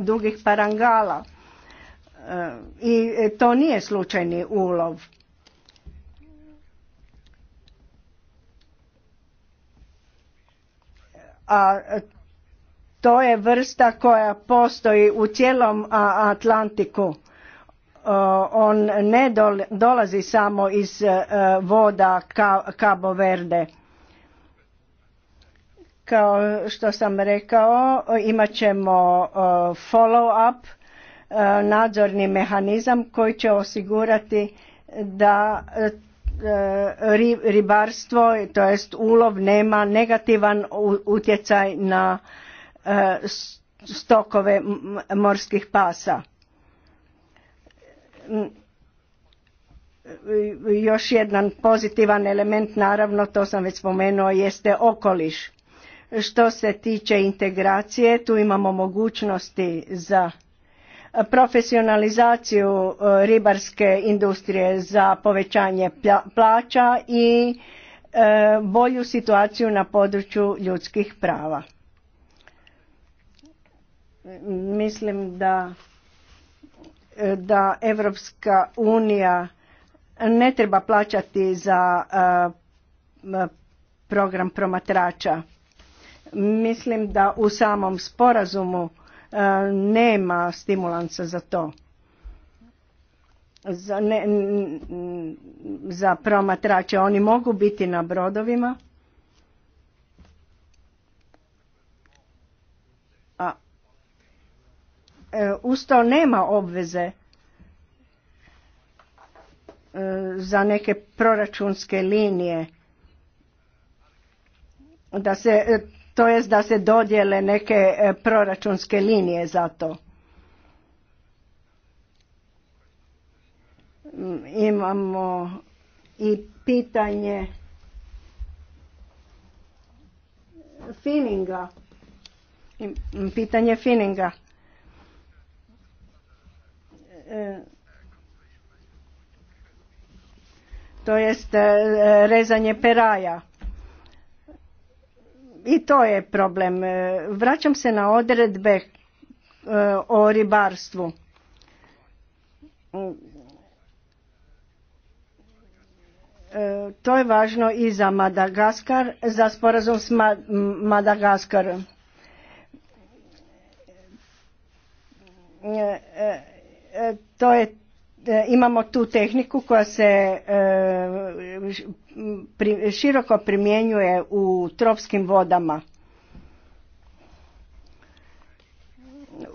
dugih parangala e, i to nije slučajni ulov. A to je vrsta koja postoji u cijelom Atlantiku. On ne dolazi samo iz voda Cabo Verde. Kao što sam rekao, imat ćemo e, follow-up, e, nadzorni mehanizam koji će osigurati da e, ribarstvo, to jest ulov, nema negativan utjecaj na stokove morskih pasa. Mm. Još jedan pozitivan element, naravno, to sam već spomenuo, jeste okoliš što se tiče integracije, tu imamo mogućnosti za profesionalizaciju e, ribarske industrije za povećanje plaća i e, bolju situaciju na području ljudskih prava. Mislim da e, da Evropska unija ne treba plaćati za program promatrača. Mislim da u samom sporazumu e, nema stimulansa za to. Za, za promatrače oni mogu biti na brodovima a e, uz nema obveze e, za neke proračunske linije da se to jest da se dodjele neke e, proračunske linije za to. Mm, imamo i pitanje fininga. Pitanje fininga. E, to jest e, rezanje peraja. I to je problem. E, vraćam se na odredbe e, o ribarstvu. E, to je važno i za Madagaskar, za sporazum s Madagaskarom. To je E, imamo tu tehniku koja se e, široko primjenjuje u tropskim vodama.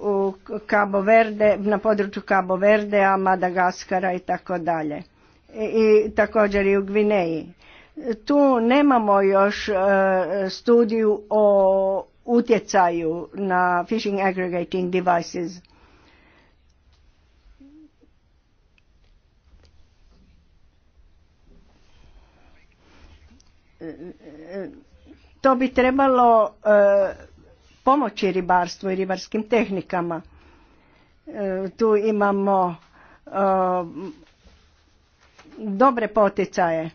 u Cabo Verde, na području Cabo Verdea, Madagaskara i tako dalje. I također i u Gvineji. Tu nemamo još e, studiju o utjecaju na Fishing Aggregating Devices. to bi trebalo e, pomoći ribarstvu i ribarskim tehnikama. E, tu imamo e, dobre poticaje.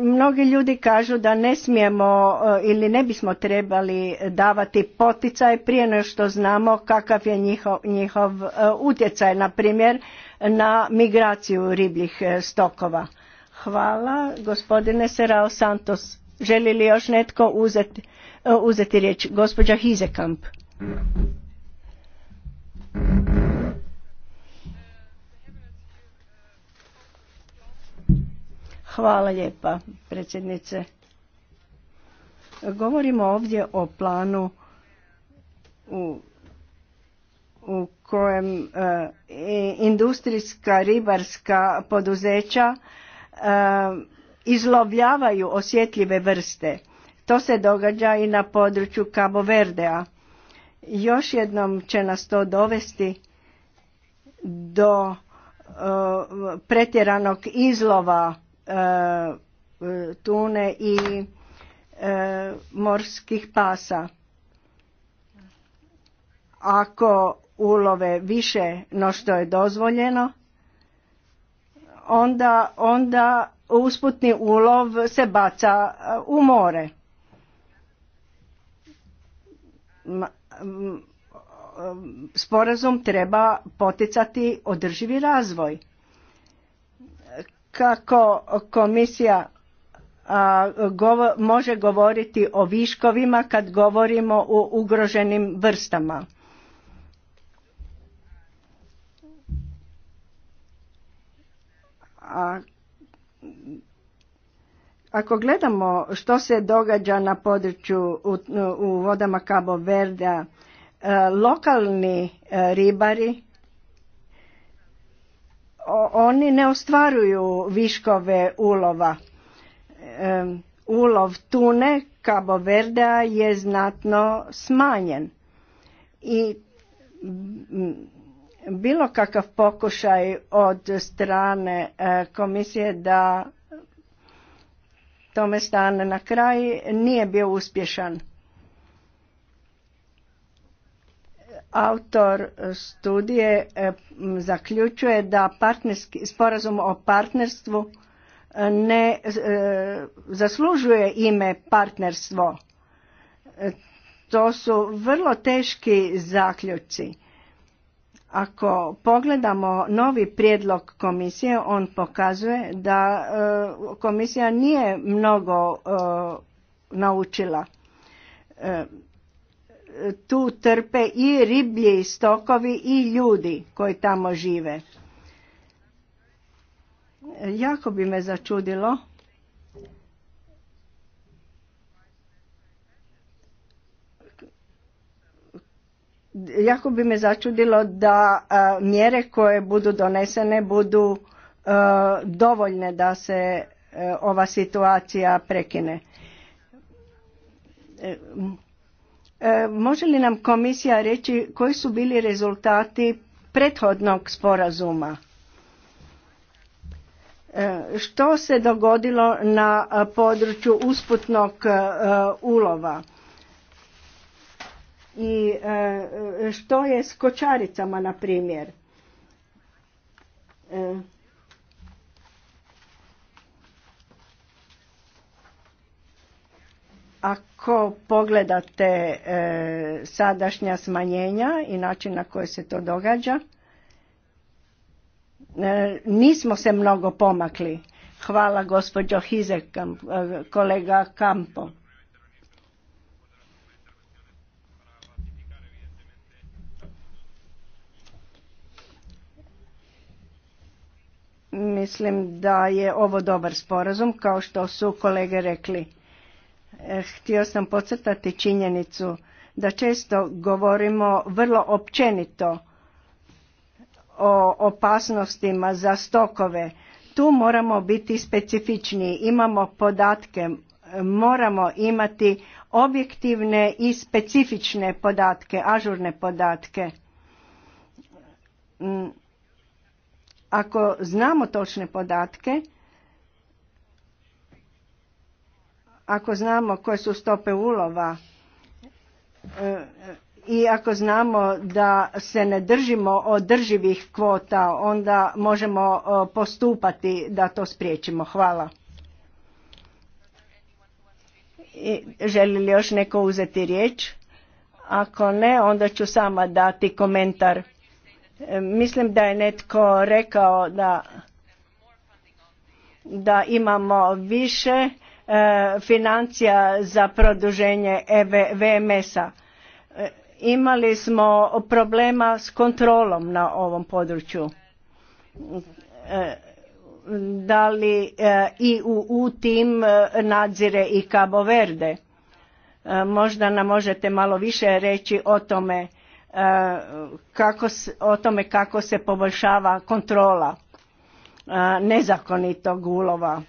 Mnogi ljudi kažu da ne smijemo ili ne bismo trebali davati poticaje prije nego što znamo kakav je njihov, njihov utjecaj. Na primjer, na migraciju ribljih e, stokova. Hvala gospodine Serao Santos. Želi li još netko uzeti, e, uzeti riječ? Gospođa Hizekamp. Hvala lijepa, predsjednice. Govorimo ovdje o planu u u kojem e, industrijska ribarska poduzeća e, izlovljavaju osjetljive vrste. To se događa i na području Cabo Verdea. Još jednom će nas to dovesti do e, pretjeranog izlova tune i morskih pasa. Ako ulove više no što je dozvoljeno, onda, onda usputni ulov se baca uh, u more. Sporazum treba poticati održivi razvoj. Kako komisija može govoriti o viškovima kad govorimo o ugroženim vrstama. A ako gledamo što se događa na području u, u vodama Cabo Verde, e, lokalni e, ribari oni ne ostvaruju viškove ulova. E, ulov tune Cabo Verde je znatno smanjen i bilo kakav pokušaj od strane e, komisije da tome stane na kraj nije bio uspješan. Autor studije e, zaključuje da sporazum o partnerstvu e, ne zaslužuje ime partnerstvo. To su vrlo teški zaključci ako pogledamo novi prijedlog komisije, on pokazuje da e, komisija nije mnogo e, naučila. E, tu trpe i riblji stokovi i ljudi koji tamo žive. Jako bi me začudilo jako bi me začudilo da mjere koje budu donesene budu dovoljne da se e, ova situacija prekine. E, e, može li nam komisija reći koji su bili rezultati prethodnog sporazuma? Što se dogodilo na području usputnog ulova? i e, što je s kočaricama na primjer e, ako pogledate e, sadašnja smanjenja i način na koji se to događa nismo se mnogo pomakli hvala gospođo Hizek kolega Kampo Mislim da je ovo dobar sporazum, kao što su kolege rekli. E, htio sam podcrtati činjenicu da često govorimo vrlo općenito o opasnostima za stokove. Tu moramo biti specifični, imamo podatke, moramo imati objektivne i specifične podatke, ažurne podatke. Mm, ako znamo točne podatke, ako znamo koje su stope ulova e, i ako znamo da se ne držimo održivih kvota, onda možemo e, postupati da to spriječimo. Hvala. želi li još neko uzeti riječ? Ako ne, onda ću sama dati komentar. E, mislim da je netko rekao da, da imamo više e, financija za produženje e VMS-a. Imali smo problema s kontrolom na ovom području. Da li i u tim nadzire i Cabo Verde? Možda nam možete malo više reći o tome E, kako se, o tome kako se poboljšava kontrola e, nezakonitog ulova.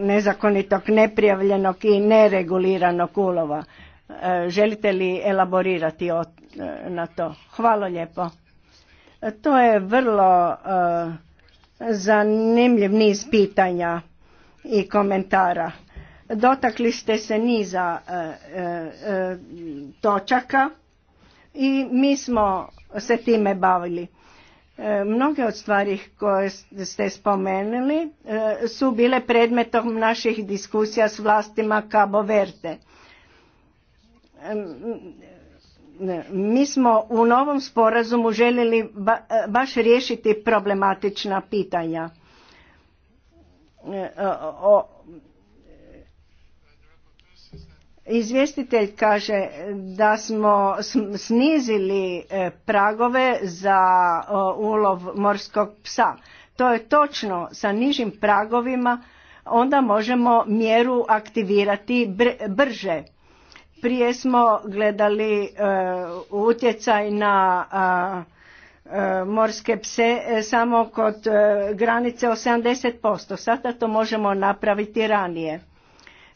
nezakonitog, neprijavljenog i nereguliranog ulova. E, želite li elaborirati na to? Hvala lijepo. To je vrlo zanimljiv niz pitanja i komentara. Dotakli ste se niza e, e, e, točaka i mi smo se time bavili. Mnoge od stvari koje ste spomenuli su bile predmetom naših diskusija s vlastima Cabo Verde. Mi smo u novom sporazumu željeli baš riješiti problematična pitanja. O Izvjestitelj kaže da smo snizili e, pragove za e, ulov morskog psa. To je točno sa nižim pragovima onda možemo mjeru aktivirati brže. Prije smo gledali e, utjecaj na morske pse samo kod granice 80%. Sada to možemo napraviti ranije.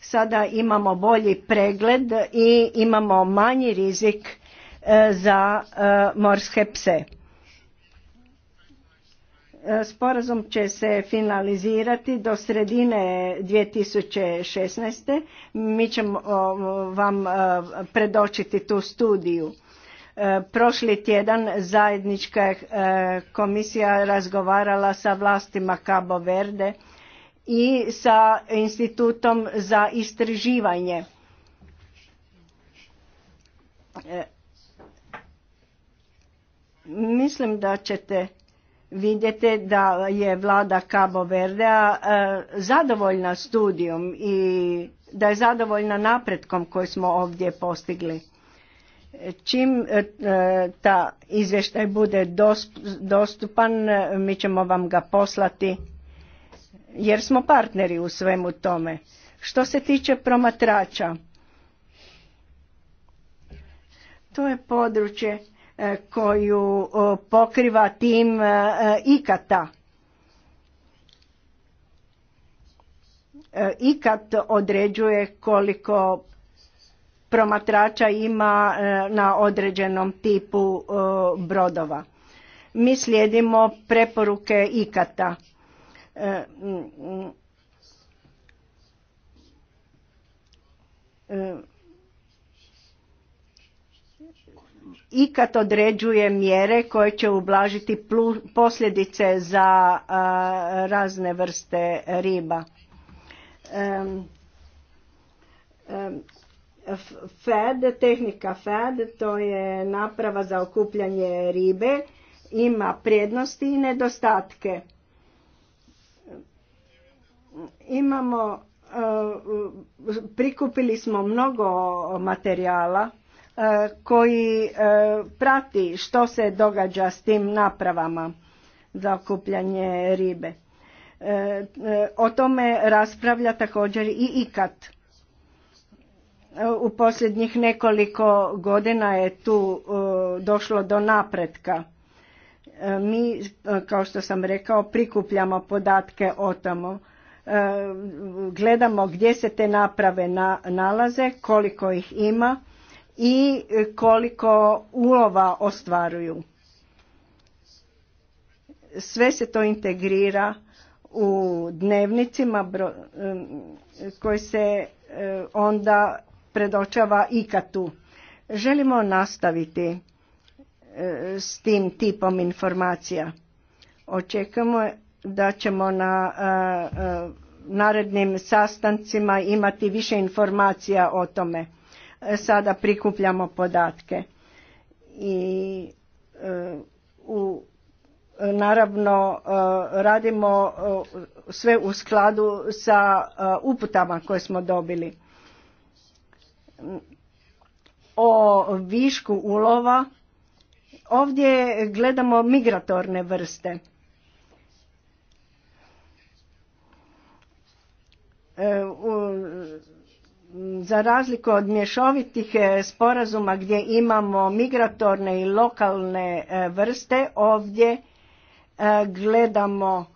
Sada imamo bolji pregled i imamo manji rizik e, za e, morske pse. E, sporazum će se finalizirati do sredine 2016. Mi ćemo vam predočiti tu studiju. Prošli tjedan zajednička komisija razgovarala sa vlastima Cabo Verde i sa institutom za istraživanje e, mislim da ćete vidjeti da je vlada Cabo Verdea e, zadovoljna studijom i da je zadovoljna napretkom koji smo ovdje postigli. Čim e, ta izvještaj bude dostupan, mi ćemo vam ga poslati jer smo partneri u svemu tome. Što se tiče promatrača, to je područje e, koju pokriva tim e, e, ikata. Ikat određuje koliko promatrača ima na određenom tipu brodova. Mi slijedimo preporuke ikata E, mm, mm, e, i kad određuje mjere koje će ublažiti posljedice za razne vrste riba. E, FED, tehnika FED, to je naprava za okupljanje ribe, ima prednosti i nedostatke. Imamo, e, prikupili smo mnogo materijala e, koji e, prati što se događa s tim napravama za okupljanje ribe. O tome raspravlja također i ikat. U posljednjih nekoliko godina je tu došlo do napretka. Mi, kao što sam rekao, prikupljamo podatke o tomu. E, gledamo gdje se te naprave nalaze, koliko ih ima i koliko ulova ostvaruju. Sve se to integrira u dnevnicima e, koji se e, onda predočava tu. Želimo nastaviti s tim tipom informacija. Očekujemo da ćemo na e, e, narednim sastancima imati više informacija o tome. E, sada prikupljamo podatke i u naravno radimo sve u skladu sa uputama koje smo dobili. O višku ulova ovdje gledamo migratorne vrste E, za razliku od mješovitih e, sporazuma gdje imamo migratorne i lokalne e, vrste, ovdje gledamo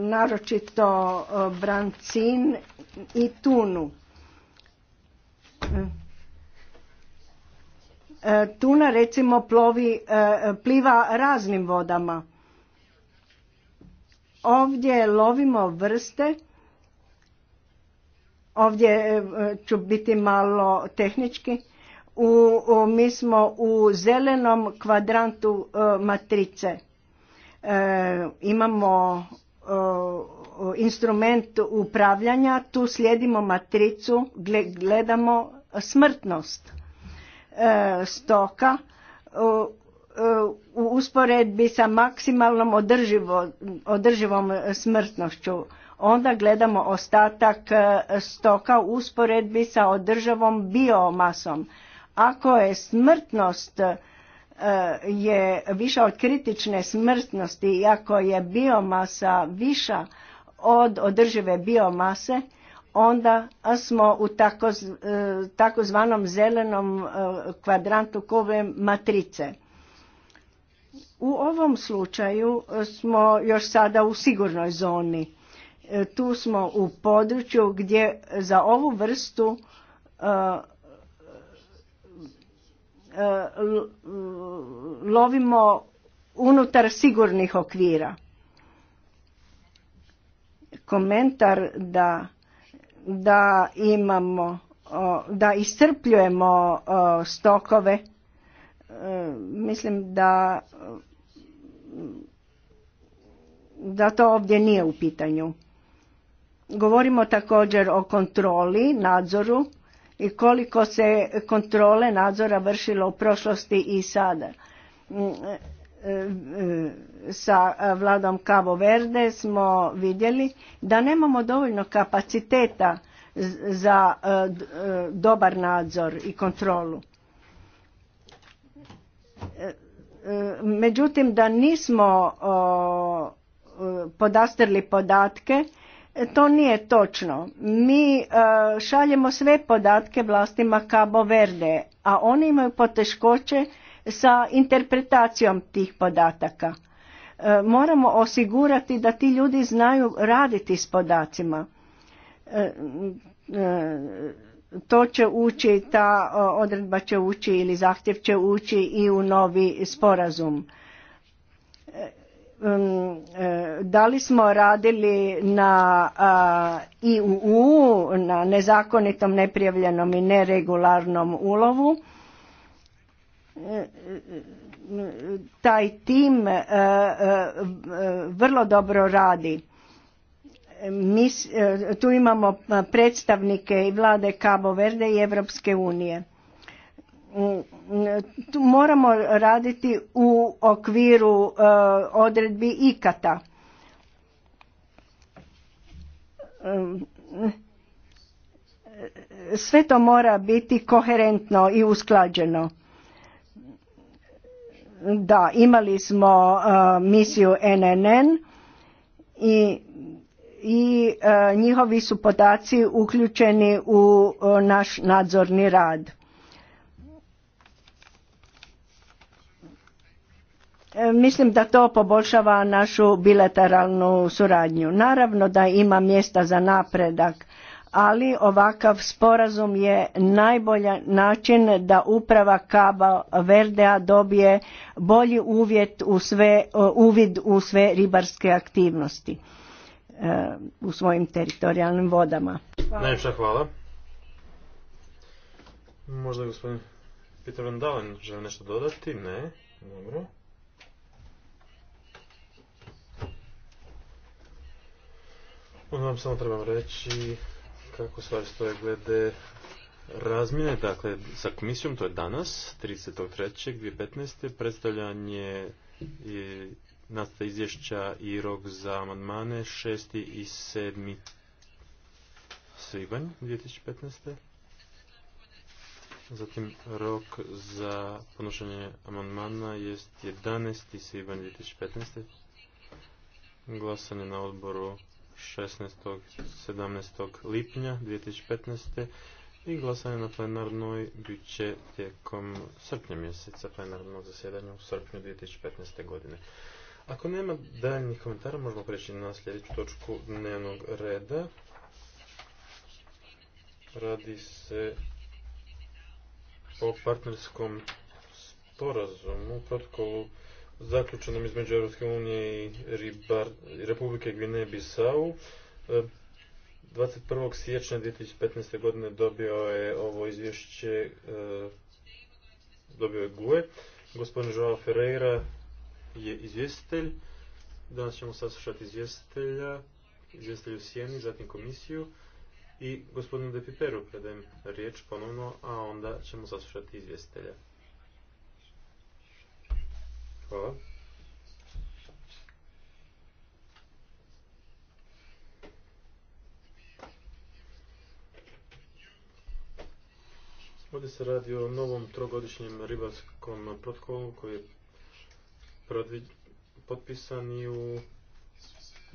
naročito brancin i tunu. Tuna recimo plovi, pliva raznim vodama. Ovdje lovimo vrste Ovdje e, ću biti malo tehnički. U, mi smo u zelenom kvadrantu e, matrice. E, imamo instrument upravljanja, tu slijedimo matricu, gledamo smrtnost stoka u usporedbi sa maksimalnom održivo, održivom smrtnošću Onda gledamo ostatak e, stoka u usporedbi sa održavom biomasom. Ako je smrtnost e, je viša od kritične smrtnosti i ako je biomasa viša od održive biomase, onda smo u e, takozvanom zelenom kvadrantu kove matrice. U ovom slučaju smo još sada u sigurnoj zoni. E, tu smo u području gdje za ovu vrstu e, e, lovimo unutar sigurnih okvira. Komentar da, da imamo, da iscrpljujemo stokove, mislim da da to ovdje nije u pitanju. Govorimo također o kontroli, nadzoru i koliko se kontrole nadzora vršilo u prošlosti i sada. Mm, e, e, sa vladom Cabo Verde smo vidjeli da nemamo dovoljno kapaciteta za e, dobar nadzor i kontrolu. Međutim, da nismo podastrli podatke E, to nije točno. Mi e, šaljemo sve podatke vlastima Cabo Verde, a oni imaju poteškoće sa interpretacijom tih podataka. E, moramo osigurati da ti ljudi znaju raditi s podacima. To će ući, ta odredba će ući ili zahtjev će ući i u novi sporazum Um, e, da li smo radili na IUU, na nezakonitom, neprijavljenom i neregularnom ulovu. E, taj tim e, vrlo dobro radi. Mi tu imamo predstavnike i vlade Cabo Verde i Evropske unije tu moramo raditi u okviru eh, odredbi ikata eh, sve to mora biti koherentno i usklađeno da imali smo eh, misiju NNN i i njihovi su podaci uključeni u naš nadzorni rad Mislim da to poboljšava našu bilateralnu suradnju. Naravno da ima mjesta za napredak, ali ovakav sporazum je najbolji način da uprava Kaba Verdea dobije bolji uvjet u sve, uvid u sve ribarske aktivnosti e, u svojim teritorijalnim vodama. hvala. Možda gospodin Peter nešto dodati? Ne. Dobro. Ono vam samo trebam reći kako stvari stoje glede razmjene. Dakle, sa komisijom, to je danas, 33.2015. predstavljanje i nastaje izvješća i rok za amandmane 6. i 7. svibanj 2015. Zatim rok za ponošanje amandmana je 11. svibanj 2015. Glasanje na odboru 16. 17. lipnja 2015. i glasanje na plenarnoj bit će tijekom srpnja mjeseca plenarnog zasjedanja u srpnju 2015. godine. Ako nema daljnjih komentara, možemo preći na sljedeću točku dnevnog reda. Radi se o partnerskom sporazumu, protokolu zaključenom između Europske unije i Republike Gvineje bissau 21. E, siječnja 2015. godine dobio je ovo izvješće, e, dobio je GUE. Gospodin Joao Ferreira je izvjestitelj. Danas ćemo saslušati izvjestitelja, u Sjeni, zatim komisiju i gospodinu Depiperu predajem riječ ponovno, a onda ćemo saslušati izvjestitelja. Hvala. Ovdje se radi o novom trogodišnjem ribarskom protokolu koji je potpisan i u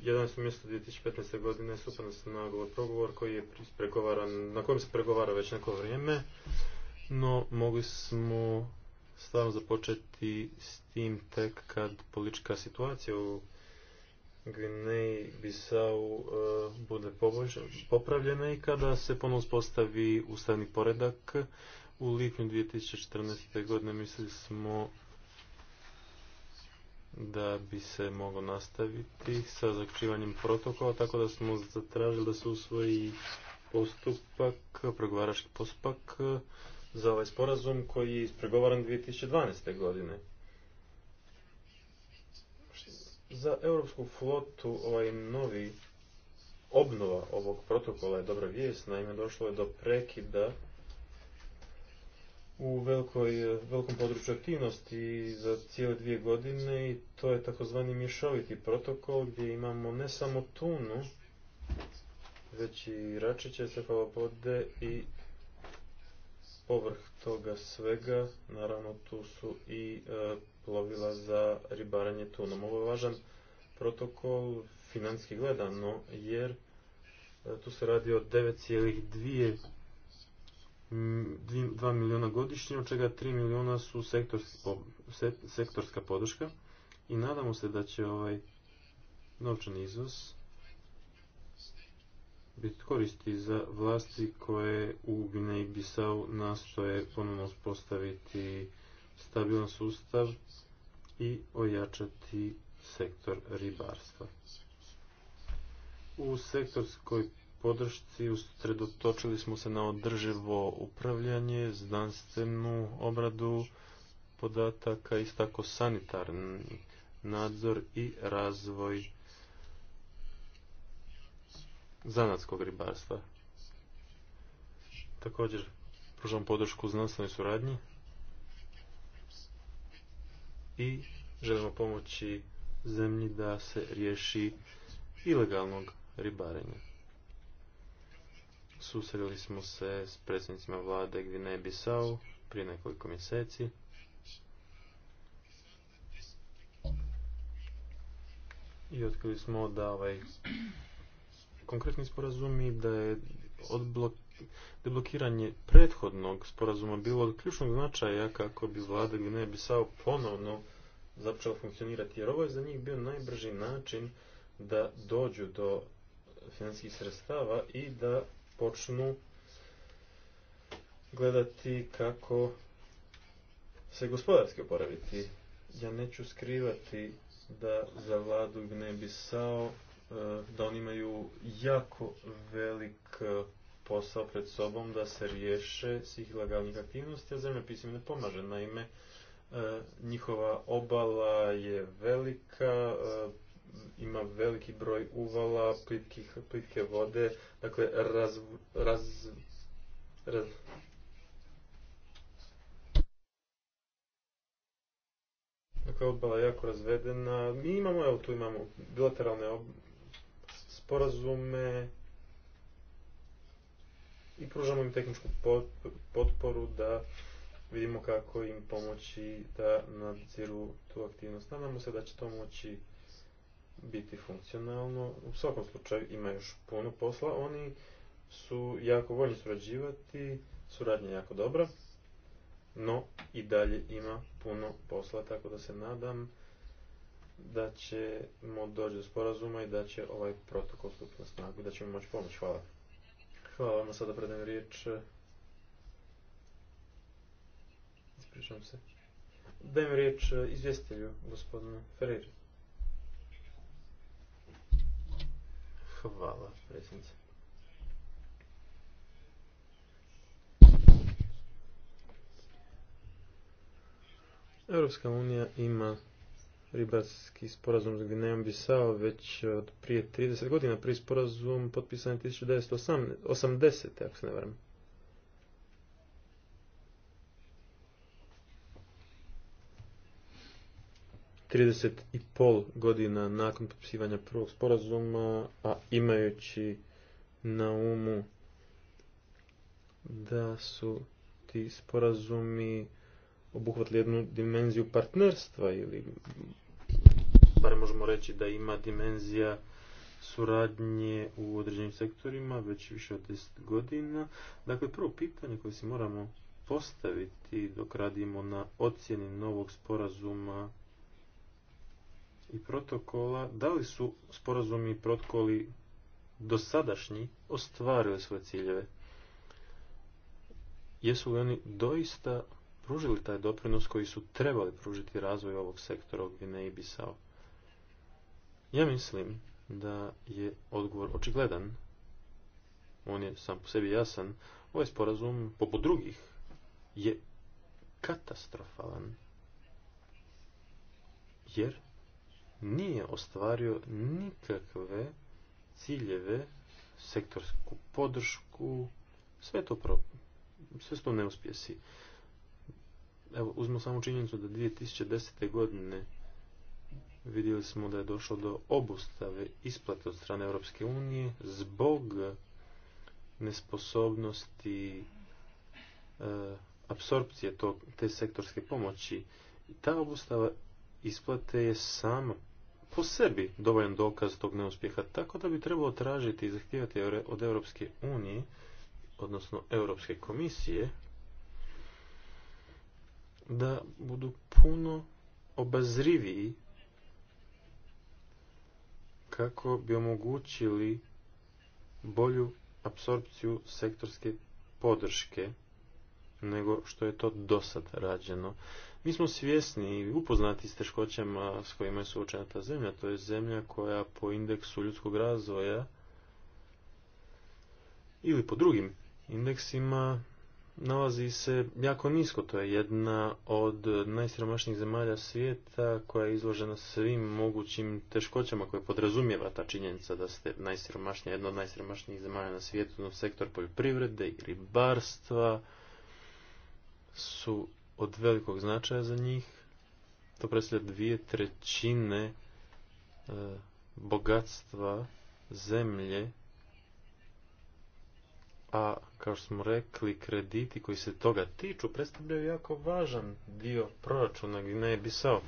11. mjestu 2015. godine stupan se nagovor progovor koji je pregovaran, na kojem se pregovara već neko vrijeme, no mogli smo stvarno započeti s tim tek kad politička situacija u Gvineji Bisau e, bude popravljena i kada se ponovno uspostavi ustavni poredak. U lipnju 2014. godine mislili smo da bi se moglo nastaviti sa zaključivanjem protokola, tako da smo zatražili da se usvoji postupak, pregovarački postupak za ovaj sporazum koji je ispregovaran 2012. godine. Za europsku flotu ovaj novi obnova ovog protokola je dobra vijest, naime došlo je do prekida u velikoj, velikom području aktivnosti za cijele dvije godine i to je takozvani mješoviti protokol gdje imamo ne samo tunu, već i račiće, cefalopode i povrh toga svega, naravno tu su i e, plovila za ribaranje tunom. Ovo je važan protokol financijski gledano, jer e, tu se radi o 9,2 milijuna godišnje, od čega 3 milijuna su sektorska podrška i nadamo se da će ovaj novčani iznos biti koristi za vlasti koje u Gvineji Bisau nastoje ponovno uspostaviti stabilan sustav i ojačati sektor ribarstva. U sektorskoj podršci usredotočili smo se na održivo upravljanje, znanstvenu obradu podataka, i tako sanitarni nadzor i razvoj zanatskog ribarstva. Također pružam podršku znanstvenoj suradnji i želimo pomoći zemlji da se riješi ilegalnog ribarenja. Susreli smo se s predsjednicima vlade Gvineje Bisao prije nekoliko mjeseci. I otkrili smo da ovaj konkretni sporazumi da je odblok, deblokiranje prethodnog sporazuma bilo od ključnog značaja kako bi vlada gnebisao sao ponovno započela funkcionirati, jer ovo je za njih bio najbrži način da dođu do financijskih sredstava i da počnu gledati kako se gospodarski oporaviti. Ja neću skrivati da za vladu gnebisao E, da oni imaju jako velik e, posao pred sobom da se riješe svih ilegalnih aktivnosti, a im ne pomaže. Naime, e, njihova obala je velika, ima veliki broj uvala, plitkih, plitke vode, dakle raz, raz, Dakle, obala je jako razvedena. Mi imamo, evo tu imamo bilateralne sporazume i pružamo im tehničku potporu da vidimo kako im pomoći da nadziru tu aktivnost. Nadamo se da će to moći biti funkcionalno. U svakom slučaju ima još puno posla. Oni su jako voljni surađivati, suradnja je jako dobra, no i dalje ima puno posla, tako da se nadam da ćemo doći do sporazuma i da će ovaj protokol stupiti na snagu i da ćemo moći pomoći. Hvala. Hvala vam, sada predajem riječ. Ispričam se. Dajem riječ izvjestitelju, gospodinu Ferreri. Hvala, predsjednice. Europska unija ima ribarski sporazum s Gvinejom Bisao već od prije 30 godina. Prvi sporazum potpisan je 1980. ako se ne varam. Trideset i pol godina nakon potpisivanja prvog sporazuma, a imajući na umu da su ti sporazumi obuhvatili jednu dimenziju partnerstva ili barem možemo reći da ima dimenzija suradnje u određenim sektorima već više od 10 godina. Dakle, prvo pitanje koje si moramo postaviti dok radimo na ocjeni novog sporazuma i protokola, da li su sporazumi i protokoli dosadašnji ostvarili svoje ciljeve? Jesu li oni doista pružili taj doprinos koji su trebali pružiti razvoj ovog sektora ne i Bisao? Ja mislim da je odgovor očigledan. On je sam po sebi jasan. Ovaj sporazum, poput drugih, je katastrofalan. Jer nije ostvario nikakve ciljeve, sektorsku podršku, sve to pro... sve neuspjesi. Evo, uzmo samo činjenicu da 2010. godine vidjeli smo da je došlo do obustave isplate od strane Europske unije zbog nesposobnosti e, apsorpcije te sektorske pomoći. I ta obustava isplate je sama po sebi dovoljan dokaz tog neuspjeha, tako da bi trebalo tražiti i zahtijevati od Europske unije, odnosno Europske komisije, da budu puno obazriviji kako bi omogućili bolju apsorpciju sektorske podrške nego što je to dosad rađeno. Mi smo svjesni i upoznati s teškoćama s kojima je suočena ta zemlja. To je zemlja koja po indeksu ljudskog razvoja ili po drugim indeksima nalazi se jako nisko. To je jedna od najsiromašnijih zemalja svijeta koja je izložena svim mogućim teškoćama koje podrazumijeva ta činjenica da ste najsiromašnija, jedna od najsiromašnijih zemalja na svijetu. Sektor poljoprivrede i ribarstva su od velikog značaja za njih. To predstavlja dvije trećine e, bogatstva zemlje a kao što smo rekli, krediti koji se toga tiču predstavljaju jako važan dio proračuna Gvineje Bisao.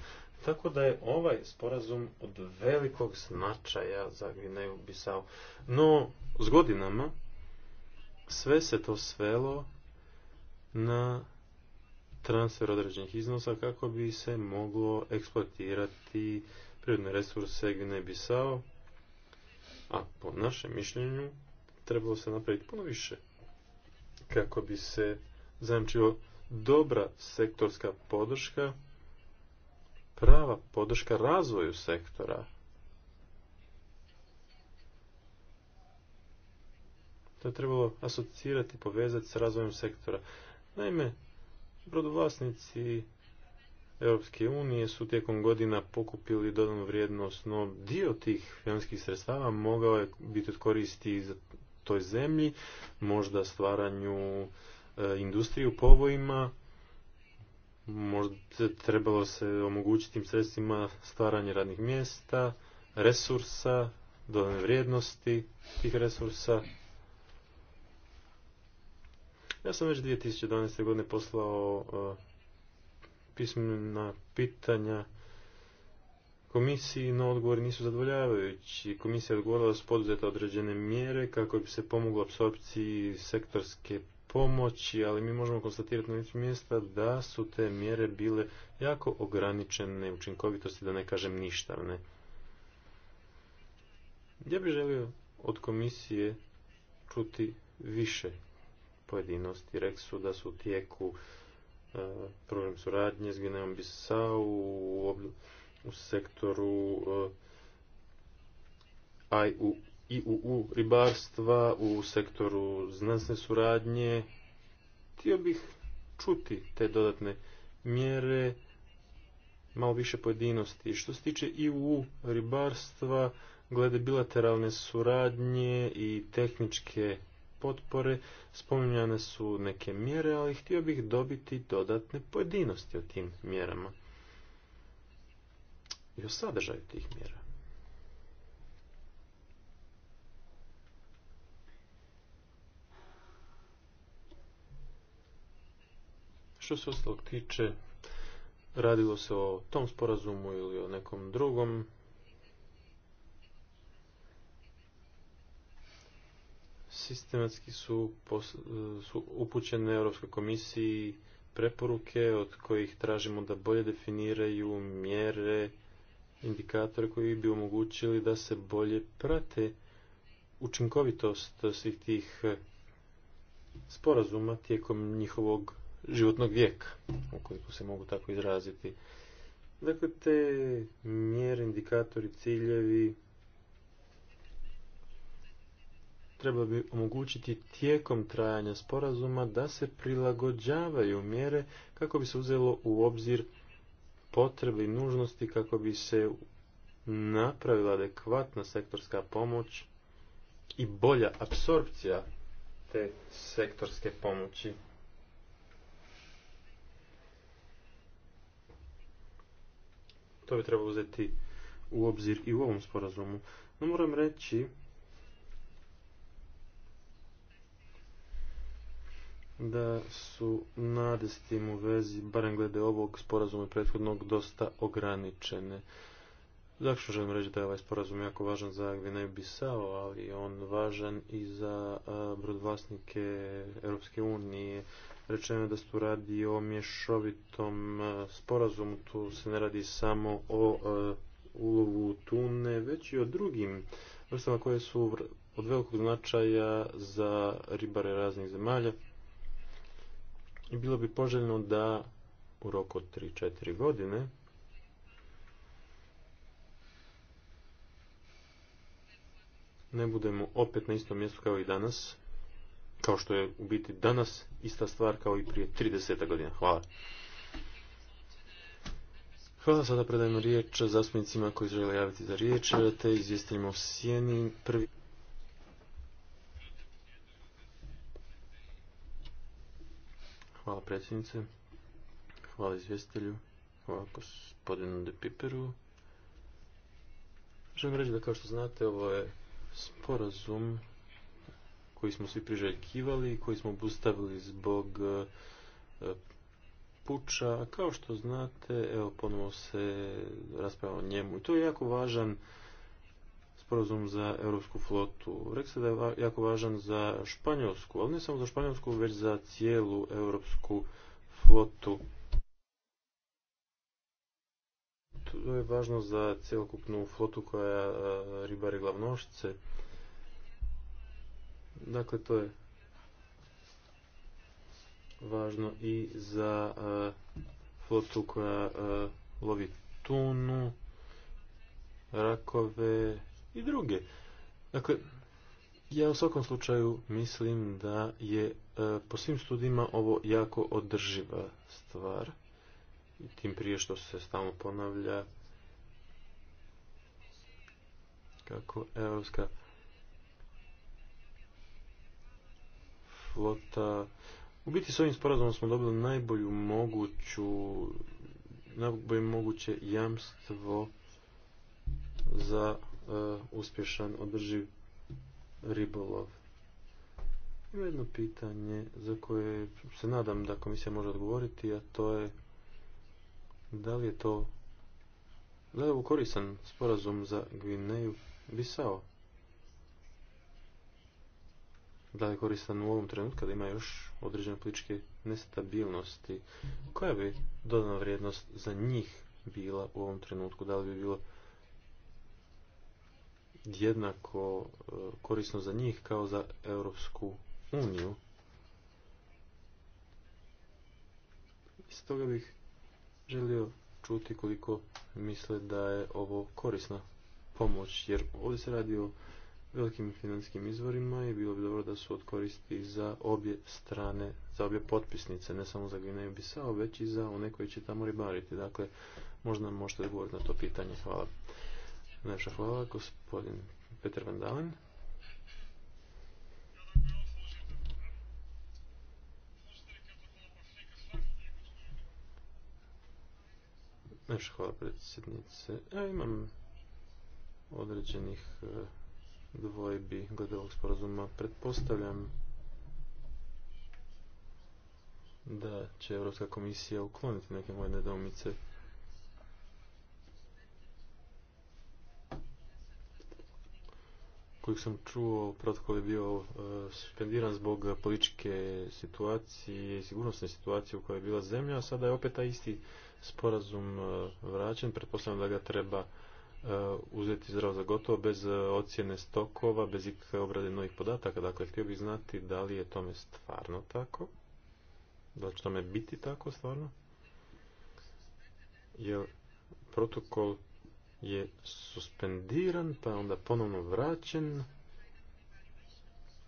Tako da je ovaj sporazum od velikog značaja za Gvineju Bisao. No, s godinama sve se to svelo na transfer određenih iznosa kako bi se moglo eksploatirati prirodne resurse Gvineje A po našem mišljenju, trebalo se napraviti puno više kako bi se zanimčilo dobra sektorska podrška, prava podrška razvoju sektora. To je trebalo asocirati, povezati s razvojem sektora. Naime, brodovlasnici Europske unije su tijekom godina pokupili dodanu vrijednost, no dio tih financijskih sredstava mogao je biti od koristi za toj zemlji, možda stvaranju e, industriju u povojima, možda trebalo se omogućiti tim sredstvima stvaranje radnih mjesta, resursa, dodane vrijednosti tih resursa. Ja sam već 2012. godine poslao e, pismena pitanja Komisiji no odgovori nisu zadovoljavajući. Komisija je odgovorila da su određene mjere kako bi se pomoglo apsorpciji sektorske pomoći, ali mi možemo konstatirati na licu mjesta da su te mjere bile jako ograničene učinkovitosti, da ne kažem ništavne. Ja bih želio od komisije čuti više pojedinosti. Rek su da su u tijeku e, program suradnje s Gnejom u, u u sektoru eh, IUU ribarstva, u sektoru znanstvene suradnje. Htio bih čuti te dodatne mjere, malo više pojedinosti. Što se tiče IUU ribarstva, glede bilateralne suradnje i tehničke potpore, spominjane su neke mjere, ali htio bih dobiti dodatne pojedinosti o tim mjerama i o sadržaju tih mjera. Što se ostalog tiče, radilo se o tom sporazumu ili o nekom drugom, sistematski su, su upućene Europskoj komisiji preporuke od kojih tražimo da bolje definiraju mjere indikatore koji bi omogućili da se bolje prate učinkovitost svih tih e, sporazuma tijekom njihovog životnog vijeka, ukoliko se mogu tako izraziti. Dakle, te mjere, indikatori, ciljevi treba bi omogućiti tijekom trajanja sporazuma da se prilagođavaju mjere kako bi se uzelo u obzir potrebi i nužnosti kako bi se napravila adekvatna sektorska pomoć i bolja apsorpcija te sektorske pomoći. To bi trebalo uzeti u obzir i u ovom sporazumu. No moram reći da su nade s tim u vezi, barem glede ovog sporazuma prethodnog, dosta ograničene. Dakle, želim reći da je ovaj sporazum jako važan za Gvinej Bisao, ali je on važan i za brodvlasnike Europske unije. Rečeno je da se tu radi o mješovitom sporazumu, tu se ne radi samo o ulovu tune, već i o drugim vrstama koje su od velikog značaja za ribare raznih zemalja, i bilo bi poželjno da u roku od 3-4 godine ne budemo opet na istom mjestu kao i danas, kao što je u biti danas ista stvar kao i prije 30 godina. Hvala. Hvala, sada predajemo riječ zastupnicima koji žele javiti za riječ, te izvjestimo sjeni. Prvi... Hvala predsjednice. Hvala izvjestitelju. Hvala gospodinu De Piperu. Želim reći da kao što znate ovo je sporazum koji smo svi priželjkivali i koji smo obustavili zbog e, puča. kao što znate, evo ponovo se raspravlja o njemu. I to je jako važan sporazum za europsku flotu. Rek se da je jako važan za Španjolsku, ali ne samo za Španjolsku, već za cijelu europsku flotu. To je važno za cjelokupnu flotu koja e, ribari glavnošce. Dakle, to je važno i za e, flotu koja e, lovi tunu, rakove, i druge. Dakle, ja u svakom slučaju mislim da je e, po svim studijima ovo jako održiva stvar. I tim prije što se stalno ponavlja kako evropska flota u biti s ovim sporazumom smo dobili najbolju moguću najbolje moguće jamstvo za E, uspješan održiv ribolov. Ima jedno pitanje za koje se nadam da komisija može odgovoriti, a to je da li je to da li koristan sporazum za Gvineju Visao? Da li je koristan u ovom trenutku kada ima još određene političke nestabilnosti? Koja bi dodana vrijednost za njih bila u ovom trenutku? Da li bi bilo jednako e, korisno za njih kao za Europsku uniju. Iz toga bih želio čuti koliko misle da je ovo korisna pomoć, jer ovdje se radi o velikim financijskim izvorima i bilo bi dobro da su odkoristi za obje strane, za obje potpisnice, ne samo za Gvineju Bisao, već i za one koji će tamo ribariti. Dakle, možda možete odgovoriti na to pitanje. Hvala. Najša hvala, gospodin Peter Van Dalen. hvala predsjednice. Ja imam određenih e, dvojbi glede ovog sporazuma. Pretpostavljam da će Europska komisija ukloniti neke moje nedoumice kojeg sam čuo, protokol je bio e, suspendiran zbog političke situacije i sigurnosne situacije u kojoj je bila zemlja, a sada je opet taj isti sporazum e, vraćen. Pretpostavljam da ga treba e, uzeti zdravo za gotovo bez ocjene stokova, bez ikakve obrade novih podataka. Dakle, htio bih znati da li je tome stvarno tako, da će tome biti tako stvarno, jer protokol je suspendiran, pa je onda ponovno vraćen,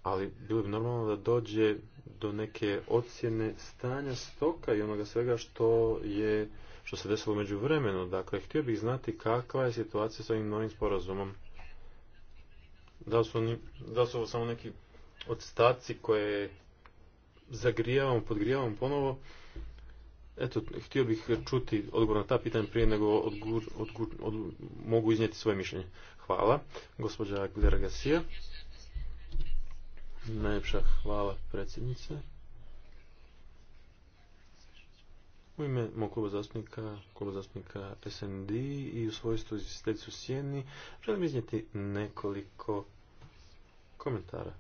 ali bilo bi normalno da dođe do neke ocjene stanja stoka i onoga svega što je što se desilo među vremenu. Dakle, htio bih znati kakva je situacija s ovim novim sporazumom. Da su, oni, da su ovo samo neki odstaci koje zagrijavamo, podgrijavamo ponovo. Eto, htio bih čuti odgovor na ta pitanja prije nego odgur, od, mogu iznijeti svoje mišljenje. Hvala. Gospođa Glera Najljepša hvala predsjednice. U ime mog kluba zastupnika, kluba zastupnika SND i u svojstvu izvjestiteljicu Sjeni želim iznijeti nekoliko komentara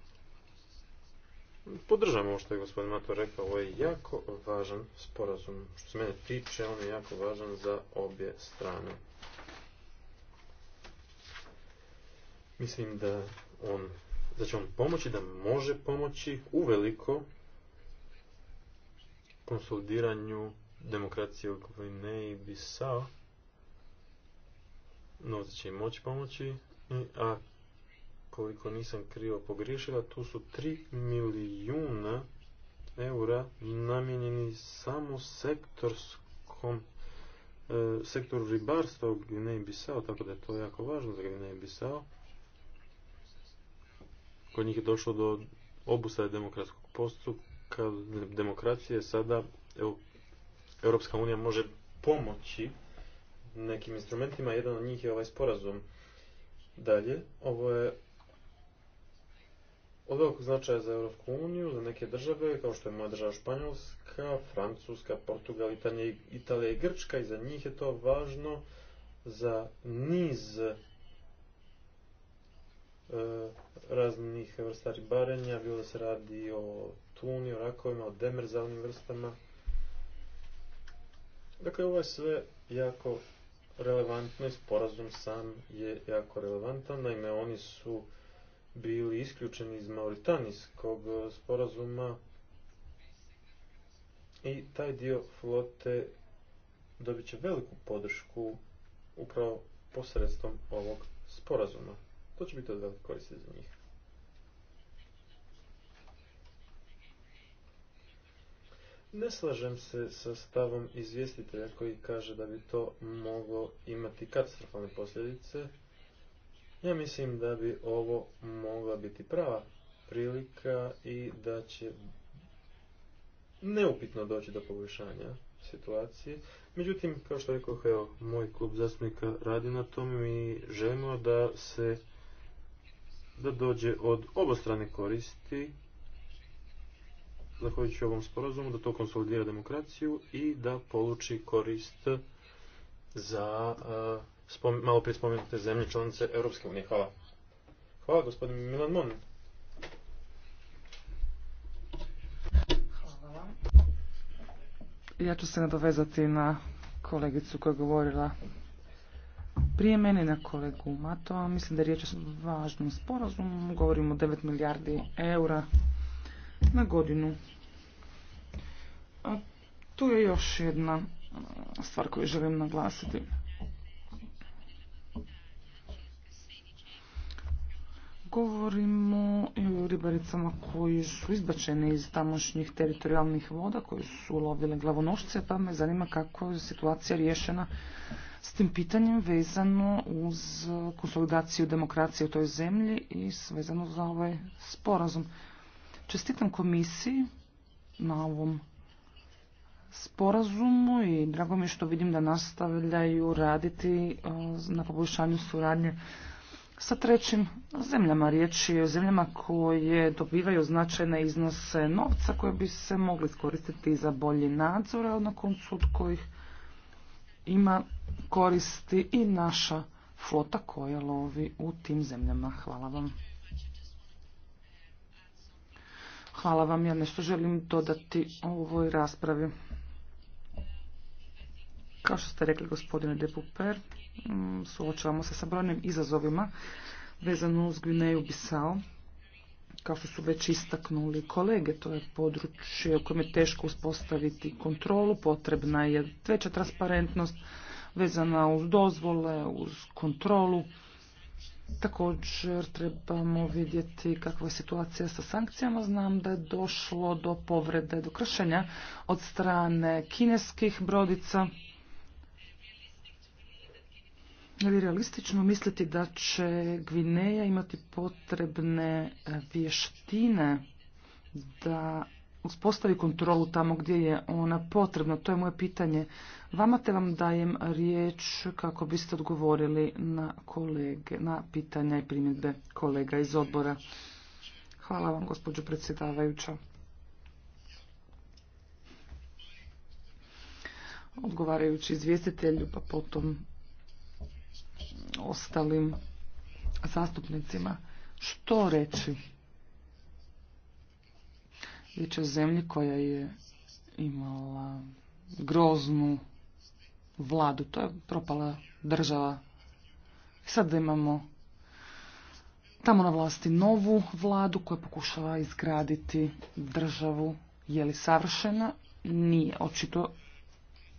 podržam ovo što je gospodin Mato rekao, ovo je jako važan sporazum. Što se mene tiče, on je jako važan za obje strane. Mislim da on, da će on pomoći, da može pomoći u veliko konsolidiranju demokracije u ne i Bisao. Novci će im moći pomoći, a koliko nisam krivo pogriješila, tu su 3 milijuna eura namijenjeni samo sektorskom sektor sektoru ribarstva u Gvineji Bisao, tako da je to jako važno za Gvineji Bisao. Kod njih je došlo do obustave demokratskog postupka, demokracije, sada evo, Europska unija može pomoći nekim instrumentima, jedan od njih je ovaj sporazum. Dalje, ovo je od velikog značaja za Europsku uniju, za neke države, kao što je moja država Španjolska, Francuska, Portugal, Italija i Grčka, i za njih je to važno za niz e, raznih vrsta ribarenja, bilo da se radi o tuni, o rakovima, o demerzalnim vrstama. Dakle, ovo je sve jako relevantno i sporazum sam je jako relevantan. Naime, oni su bili isključeni iz Mauritanijskog e, sporazuma i taj dio flote dobit će veliku podršku upravo posredstvom ovog sporazuma. To će biti od velike koriste za njih. Ne slažem se sa stavom izvjestitelja koji kaže da bi to moglo imati katastrofalne posljedice ja mislim da bi ovo mogla biti prava prilika i da će neupitno doći do poboljšanja situacije. Međutim, kao što rekao, evo, moj klub zastupnika radi na tom i želimo da se da dođe od obostrane koristi zahvaljujući ovom sporazumu, da to konsolidira demokraciju i da poluči korist za spom, malo prije spomenute zemlje članice Europske unije. Hvala. Hvala gospodin Milan Mon. Hvala. Ja ću se nadovezati na kolegicu koja je govorila prije mene na kolegu Mato. Mislim da je riječ o važnom sporazumu. Govorimo o 9 milijardi eura na godinu. tu je još jedna ono, stvar koju želim naglasiti. Govorimo i o ribaricama koji su izbačeni iz tamošnjih teritorijalnih voda, koji su lovile glavonošce, pa me zanima kako je situacija riješena s tim pitanjem vezano uz konsolidaciju demokracije u toj zemlji i vezano za ovaj sporazum. Čestitam komisiji na ovom sporazumu i drago mi je što vidim da nastavljaju raditi eh, na poboljšanju suradnje sa trećim zemljama. Riječ je o zemljama koje dobivaju značajne iznose novca koje bi se mogli koristiti za bolji nadzor, a na koncu od kojih ima koristi i naša flota koja lovi u tim zemljama. Hvala vam. Hvala vam, ja nešto želim dodati o ovoj raspravi. Kao što ste rekli gospodine Depuper, Mm, suočavamo se sa brojnim izazovima vezano uz Gvineju Bisao. kako su već istaknuli kolege, to je područje u kojem je teško uspostaviti kontrolu, potrebna je veća transparentnost vezana uz dozvole, uz kontrolu. Također trebamo vidjeti kakva je situacija sa sankcijama. Znam da je došlo do povrede, do kršenja od strane kineskih brodica li realistično misliti da će Gvineja imati potrebne e, vještine da uspostavi kontrolu tamo gdje je ona potrebna? To je moje pitanje. Vama te vam dajem riječ kako biste odgovorili na, kolege, na pitanja i primjedbe kolega iz odbora. Hvala vam, gospođo predsjedavajuća. Odgovarajući izvjestitelju, pa potom ostalim zastupnicima. Što reći? Riječ je o zemlji koja je imala groznu vladu. To je propala država. Sad imamo tamo na vlasti novu vladu koja pokušava izgraditi državu. Je li savršena? Nije. Očito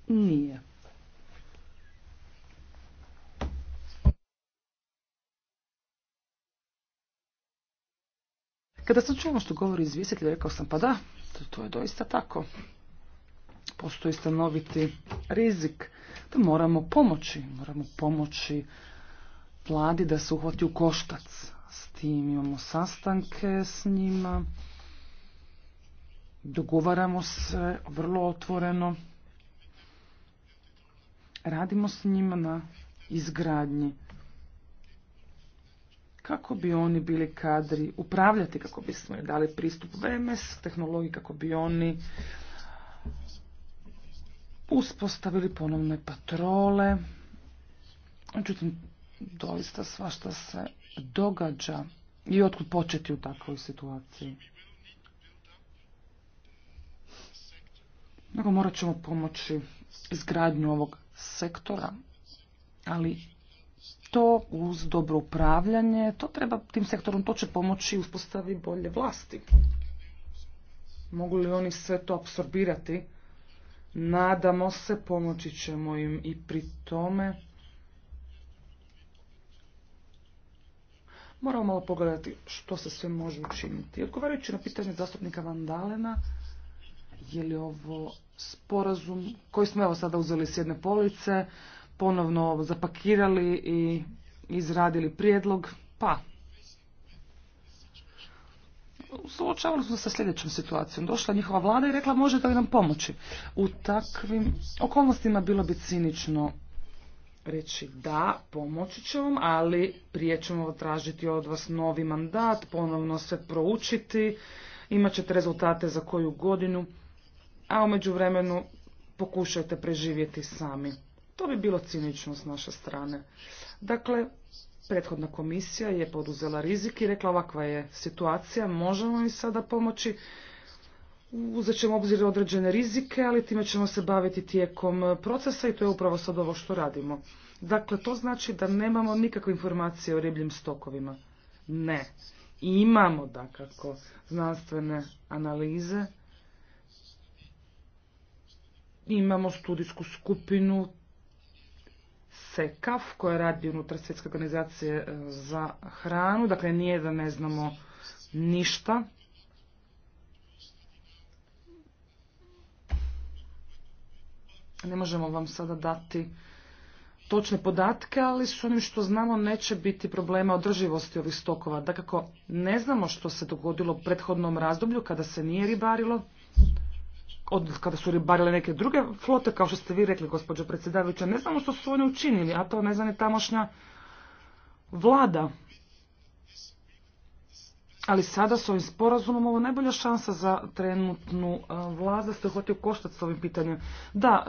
nije. Kada sam čuo što govori izvjestitelj, rekao sam pa da, to je doista tako. Postoji stanoviti rizik da moramo pomoći, moramo pomoći vladi da se uhvati u koštac s tim. Imamo sastanke s njima, dogovaramo se vrlo otvoreno, radimo s njima na izgradnji kako bi oni bili kadri upravljati, kako bismo im dali pristup VMS tehnologiji, kako bi oni uspostavili ponovne patrole. Međutim, doista svašta se događa i otkud početi u takvoj situaciji. Nego morat ćemo pomoći izgradnju ovog sektora, ali to uz dobro upravljanje, to treba tim sektorom, to će pomoći uspostavi bolje vlasti. Mogu li oni sve to apsorbirati? Nadamo se, pomoći ćemo im i pri tome. Moramo malo pogledati što se sve može učiniti. Odgovarajući na pitanje zastupnika Vandalena, je li ovo sporazum koji smo evo sada uzeli s jedne police, ponovno zapakirali i izradili prijedlog, pa suočavali smo sa sljedećom situacijom. Došla njihova vlada i rekla možete li nam pomoći. U takvim okolnostima bilo bi cinično reći da, pomoći ćemo vam, ali prije ćemo tražiti od vas novi mandat, ponovno se proučiti, imat ćete rezultate za koju godinu, a u međuvremenu pokušajte preživjeti sami. To bi bilo cinično s naše strane. Dakle, prethodna komisija je poduzela rizik i rekla ovakva je situacija, možemo im sada pomoći. Uzet ćemo obzir određene rizike, ali time ćemo se baviti tijekom procesa i to je upravo sad ovo što radimo. Dakle, to znači da nemamo nikakve informacije o ribljim stokovima. Ne. Imamo, dakako, znanstvene analize. Imamo studijsku skupinu CECAF koja radi unutar svjetske organizacije e, za hranu. Dakle, nije da ne znamo ništa. Ne možemo vam sada dati točne podatke, ali s onim što znamo neće biti problema održivosti ovih stokova. Dakako, ne znamo što se dogodilo u prethodnom razdoblju kada se nije ribarilo od, kada su ribarile neke druge flote, kao što ste vi rekli, gospođo predsjedavajuća, ne znamo što su oni učinili, a to ne zna ni tamošnja vlada. Ali sada s ovim sporazumom ovo najbolja šansa za trenutnu e, vlada da ste hotio koštati s ovim pitanjem. Da,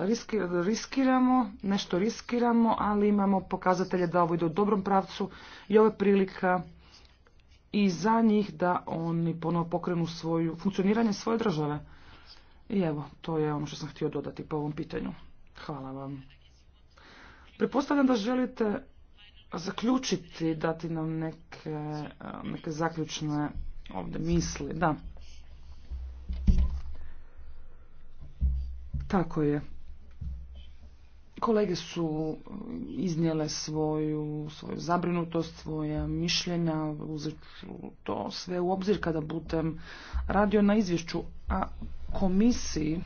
riskiramo, nešto riskiramo, ali imamo pokazatelje da ovo ide u dobrom pravcu i ovo je prilika i za njih da oni ponovo pokrenu svoju, funkcioniranje svoje države. I evo, to je ono što sam htio dodati po ovom pitanju. Hvala vam. Prepostavljam da želite zaključiti, dati nam neke, neke zaključne ovdje misli. Da. Tako je. Kolege su iznijele svoju, svoju zabrinutost, svoje mišljenja, to sve u obzir kada budem radio na izvješću, a komisiji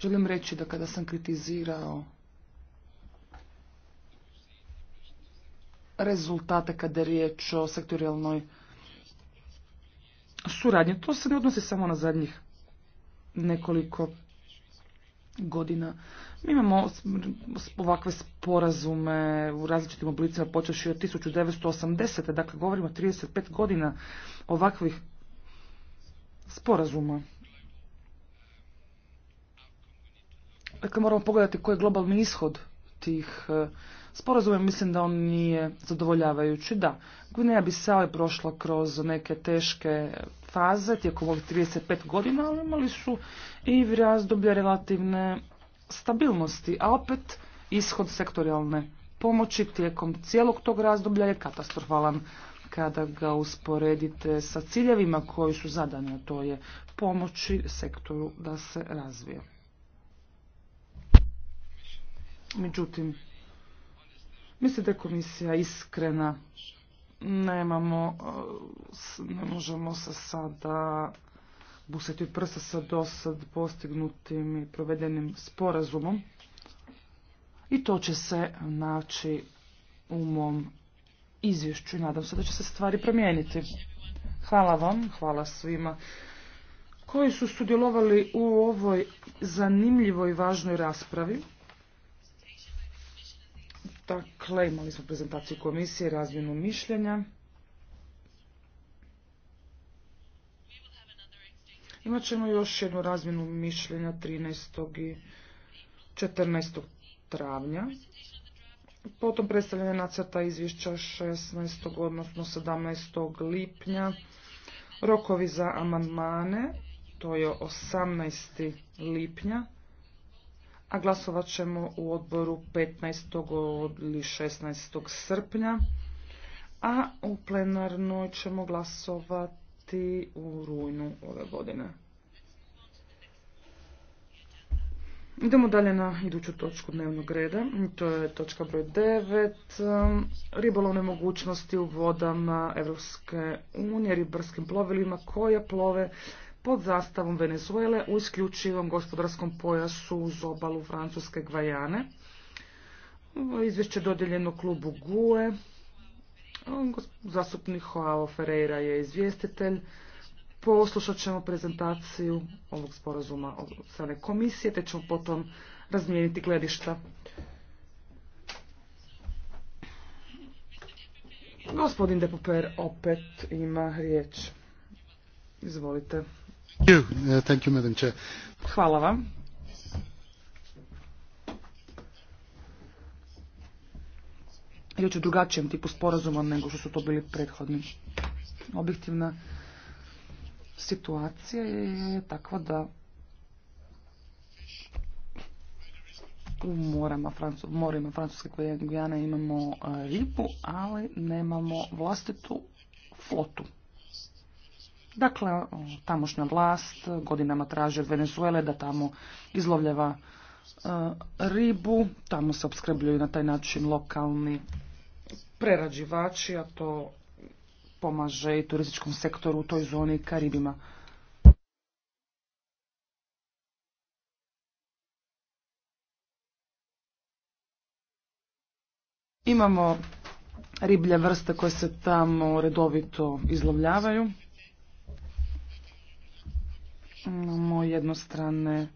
želim reći da kada sam kritizirao rezultate kada je riječ o sektorijalnoj suradnji, to se ne odnosi samo na zadnjih nekoliko godina. Mi imamo ovakve sporazume u različitim oblicima počeši od 1980. Dakle, govorimo 35 godina ovakvih sporazuma. Dakle, moramo pogledati koji je globalni ishod tih eh, sporazume, mislim da on nije zadovoljavajući. Da, Gvineja bi je prošla kroz neke teške faze tijekom ovih 35 godina, ali imali su i razdoblje relativne stabilnosti, a opet ishod sektorijalne pomoći tijekom cijelog tog razdoblja je katastrofalan kada ga usporedite sa ciljevima koji su zadani, a to je pomoći sektoru da se razvije. Međutim, Mislim da je komisija iskrena. Nemamo, eh, ne možemo se sada busati prsa sa dosad postignutim i provedenim sporazumom. I to će se naći u mom izvješću i nadam se da će se stvari promijeniti. Hvala vam, hvala svima koji su sudjelovali u ovoj zanimljivoj i važnoj raspravi. Dakle, imali smo prezentaciju komisije i razmjenu mišljenja. Imat ćemo još jednu razmjenu mišljenja 13. i 14. travnja. Potom predstavljanje nacrta izvješća 16. odnosno 17. lipnja. Rokovi za amandmane, to je 18. lipnja a glasovat ćemo u odboru 15. ili 16. srpnja, a u plenarnoj ćemo glasovati u rujnu ove godine. Idemo dalje na iduću točku dnevnog reda, to je točka broj 9, ribolovne mogućnosti u vodama Evropske unije, ribarskim plovilima koje plove pod zastavom Venezuele u isključivom gospodarskom pojasu uz obalu Francuske Gvajane. Izvješće dodijeljeno klubu GUE. Zastupnik Joao Ferreira je izvjestitelj. Poslušat ćemo prezentaciju ovog sporazuma od strane komisije, te ćemo potom razmijeniti gledišta. Gospodin Depoper opet ima riječ. Izvolite. Uh, Hvala vam. Riječ o drugačijem tipu sporazuma nego što su to bili prethodni. Objektivna situacija je takva da u Francu, morima Francuske Gujane imamo uh, ripu, ali nemamo vlastitu flotu. Dakle, tamošnja vlast godinama traži od Venezuele da tamo izlovljava e, ribu, tamo se obskrbljuju na taj način lokalni prerađivači, a to pomaže i turističkom sektoru u toj zoni Karibima. Imamo riblje vrste koje se tamo redovito izlovljavaju. Imamo jednostrane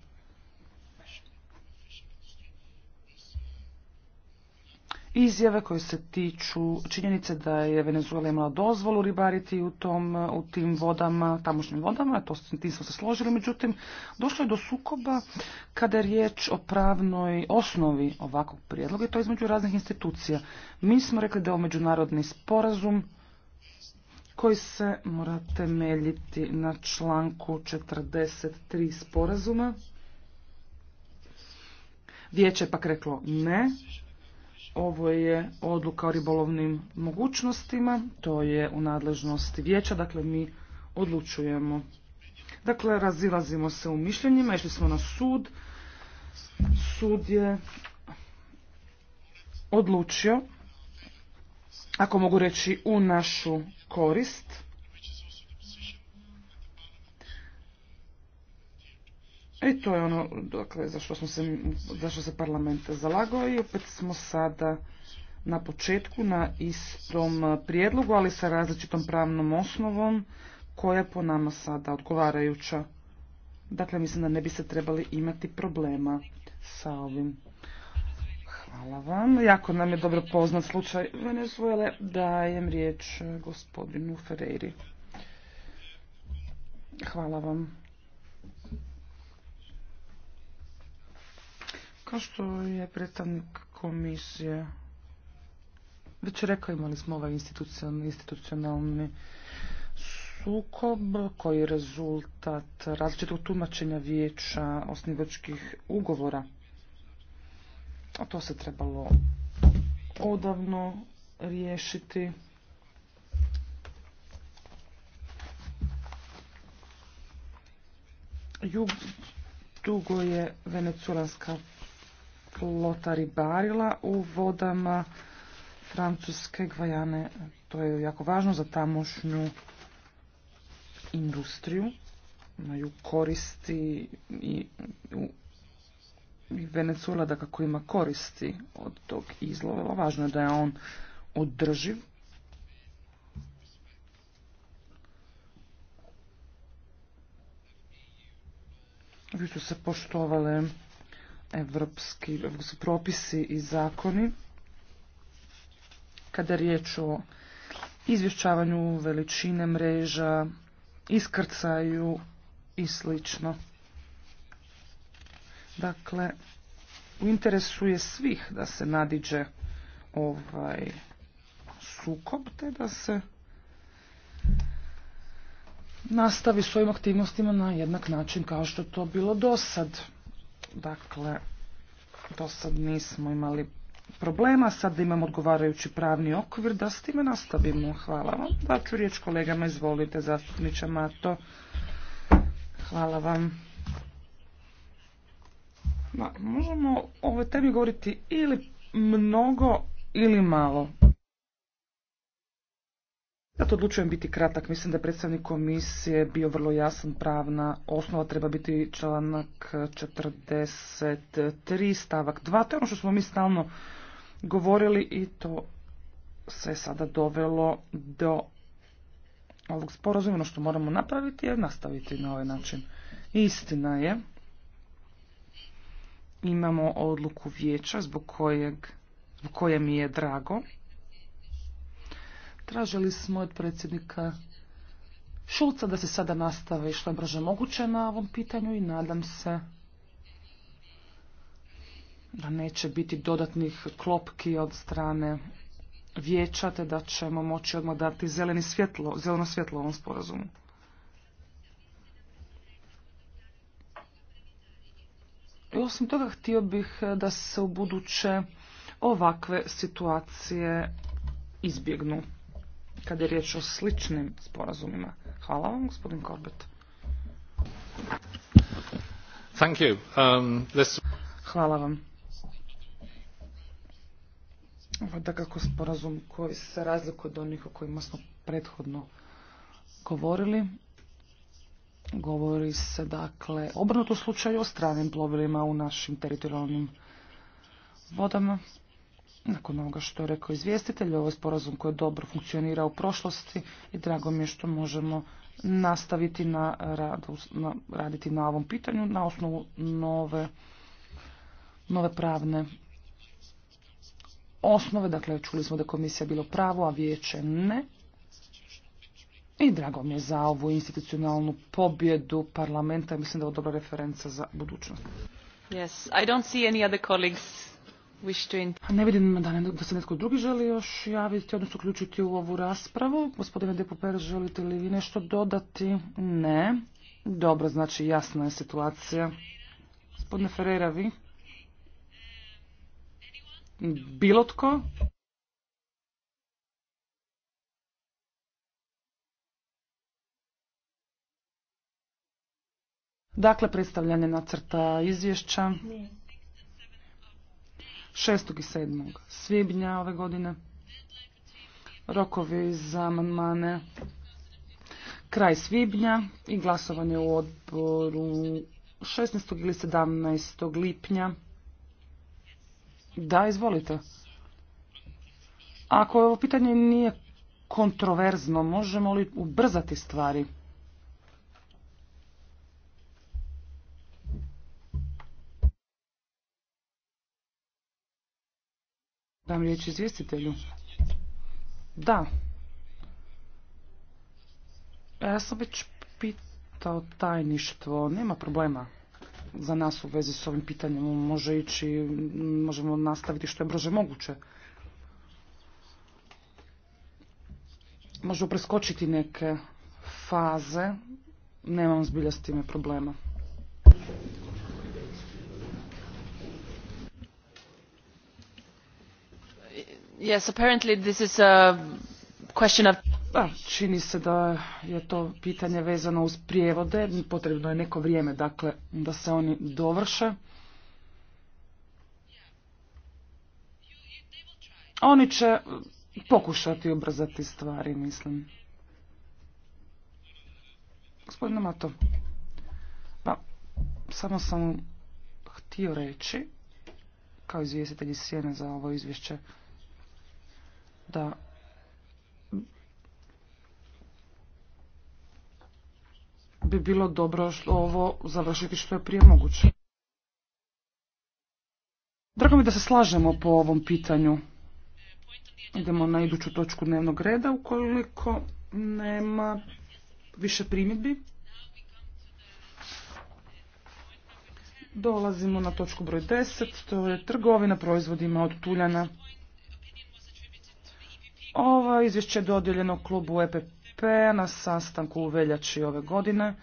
izjave koje se tiču činjenice da je Venezuela imala dozvolu ribariti u, tom, u tim vodama, tamošnjim vodama, to, tim smo se složili, međutim došlo je do sukoba kada je riječ o pravnoj osnovi ovakvog prijedloga i to između raznih institucija. Mi smo rekli da je o međunarodni sporazum koji se mora temeljiti na članku 43 sporazuma. Vijeće je pak reklo ne. Ovo je odluka o ribolovnim mogućnostima, to je u nadležnosti vijeća, dakle mi odlučujemo. Dakle, razilazimo se u mišljenjima, išli smo na sud. Sud je odlučio ako mogu reći, u našu korist. I to je ono dakle, za, što smo se, za se parlament zalagao i opet smo sada na početku na istom prijedlogu, ali sa različitom pravnom osnovom koja je po nama sada odgovarajuća. Dakle, mislim da ne bi se trebali imati problema sa ovim. Hvala vam. Jako nam je dobro poznat slučaj Venezuele. Dajem riječ e, gospodinu Ferreiri. Hvala vam. Kao što je predstavnik komisije već rekao, imali smo ovaj institucionalni, sukob koji je rezultat različitog tumačenja vijeća osnivačkih ugovora. A to se trebalo odavno riješiti. Jug dugo je venecuranska flota ribarila u vodama Francuske Gvajane. To je jako važno za tamošnju industriju. Imaju koristi i u Venezuela da kako ima koristi od tog izlova. Važno je da je on održiv. Vi su se poštovale evropski, evropski propisi i zakoni. Kada je riječ o izvješćavanju veličine mreža, iskrcaju i slično. Dakle, u interesu je svih da se nadiđe ovaj sukob, te da se nastavi s svojim aktivnostima na jednak način kao što to bilo do sad. Dakle, do sad nismo imali problema, sad imamo odgovarajući pravni okvir, da s time nastavimo. Hvala vam. Dakle, riječ kolegama, izvolite, zastupniče Mato. Hvala vam. Ma, možemo o ovoj temi govoriti ili mnogo ili malo. to odlučujem biti kratak. Mislim da je predstavnik komisije bio vrlo jasan pravna. Osnova treba biti članak 43 stavak Dva To je ono što smo mi stalno govorili i to se sada dovelo do ovog sporazuma. Ono što moramo napraviti je nastaviti na ovaj način. Istina je imamo odluku vijeća zbog kojeg zbog koje mi je drago. Tražili smo od predsjednika Šulca da se sada nastave što je brže moguće na ovom pitanju i nadam se da neće biti dodatnih klopki od strane vijeća te da ćemo moći odmah dati zeleni svjetlo, zeleno svjetlo ovom sporazumu. osim toga htio bih eh, da se u buduće ovakve situacije izbjegnu kada je riječ o sličnim sporazumima. Hvala vam, gospodin Korbet. Thank you. Um, Hvala vam. Ovo je dakako sporazum koji se razlikuje od onih o kojima smo prethodno govorili. Govori se dakle obrnuto slučaju o stranim plovilima u našim teritorijalnim vodama. Nakon onoga što je rekao izvjestitelj, ovo je sporazum koji je dobro funkcionira u prošlosti i drago mi je što možemo nastaviti na, radu, na raditi na ovom pitanju na osnovu nove, nove pravne osnove. Dakle, čuli smo da komisija bilo pravo, a vijeće ne. I drago mi je za ovu institucionalnu pobjedu parlamenta. Mislim da je ovo dobra referenca za budućnost. Yes, I don't see any other colleagues wish to... Ne vidim da, da se netko drugi želi još javiti, odnosno uključiti u ovu raspravu. Gospodine Depoper, želite li vi nešto dodati? Ne. Dobro, znači jasna je situacija. Gospodine Ferreira, vi? Bilo tko? Dakle, predstavljanje nacrta izvješća 6. i 7. svibnja ove godine. Rokovi za amandmane kraj svibnja i glasovanje u odboru 16. ili 17. lipnja. Da, izvolite. Ako ovo pitanje nije kontroverzno, možemo li ubrzati stvari? Dam riječ izvjestitelju. Da. E, ja sam već pitao tajništvo. Nema problema za nas u vezi s ovim pitanjem. Može ići, možemo nastaviti što je brže moguće. Možemo preskočiti neke faze. Nemam zbilja s time problema. čini se da je to pitanje vezano uz prijevode. Potrebno je neko vrijeme, dakle, da se oni dovrše. Oni će pokušati ubrzati stvari, mislim. Gospodine Mato, pa, samo sam htio reći, kao izvjestitelj iz Sjene za ovo izvješće, da bi bilo dobro ovo završiti što je prije moguće. Drago mi da se slažemo po ovom pitanju. Idemo na iduću točku dnevnog reda ukoliko nema više primjedbi. Dolazimo na točku broj 10, to je trgovina proizvodima od tuljana. Ovo izvješće je dodijeljeno klubu EPP na sastanku u veljači ove godine.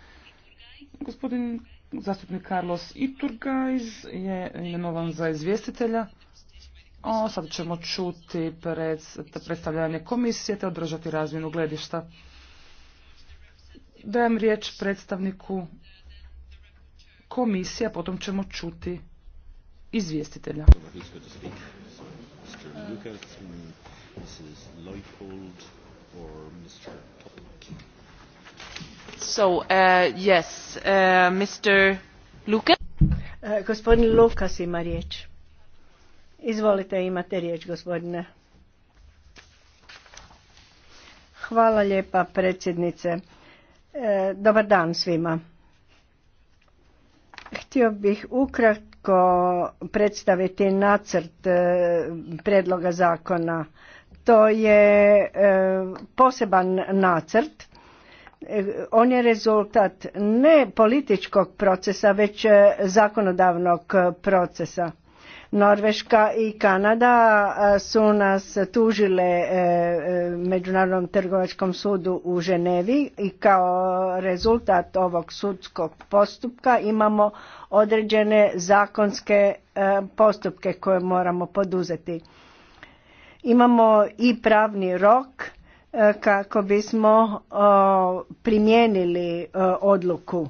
Gospodin zastupnik Carlos Iturgajz je imenovan za izvjestitelja. O, sad ćemo čuti predstavljanje komisije te održati razmjenu gledišta. Dajem riječ predstavniku komisije, a potom ćemo čuti izvjestitelja. Mrs. Leipold or Mr. So, uh, yes, uh, Mr. Uh, gospodin Lukas ima riječ. Izvolite, imate riječ, gospodine. Hvala lijepa, predsjednice. dobar dan svima. Htio bih ukratko predstaviti nacrt predloga zakona to je e, poseban nacrt e, on je rezultat ne političkog procesa već e, zakonodavnog procesa Norveška i Kanada su nas tužile Međunarodnom trgovačkom sudu u Ženevi i kao rezultat ovog sudskog postupka imamo određene zakonske postupke koje moramo poduzeti. Imamo i pravni rok e, kako bismo e, primijenili e, odluku.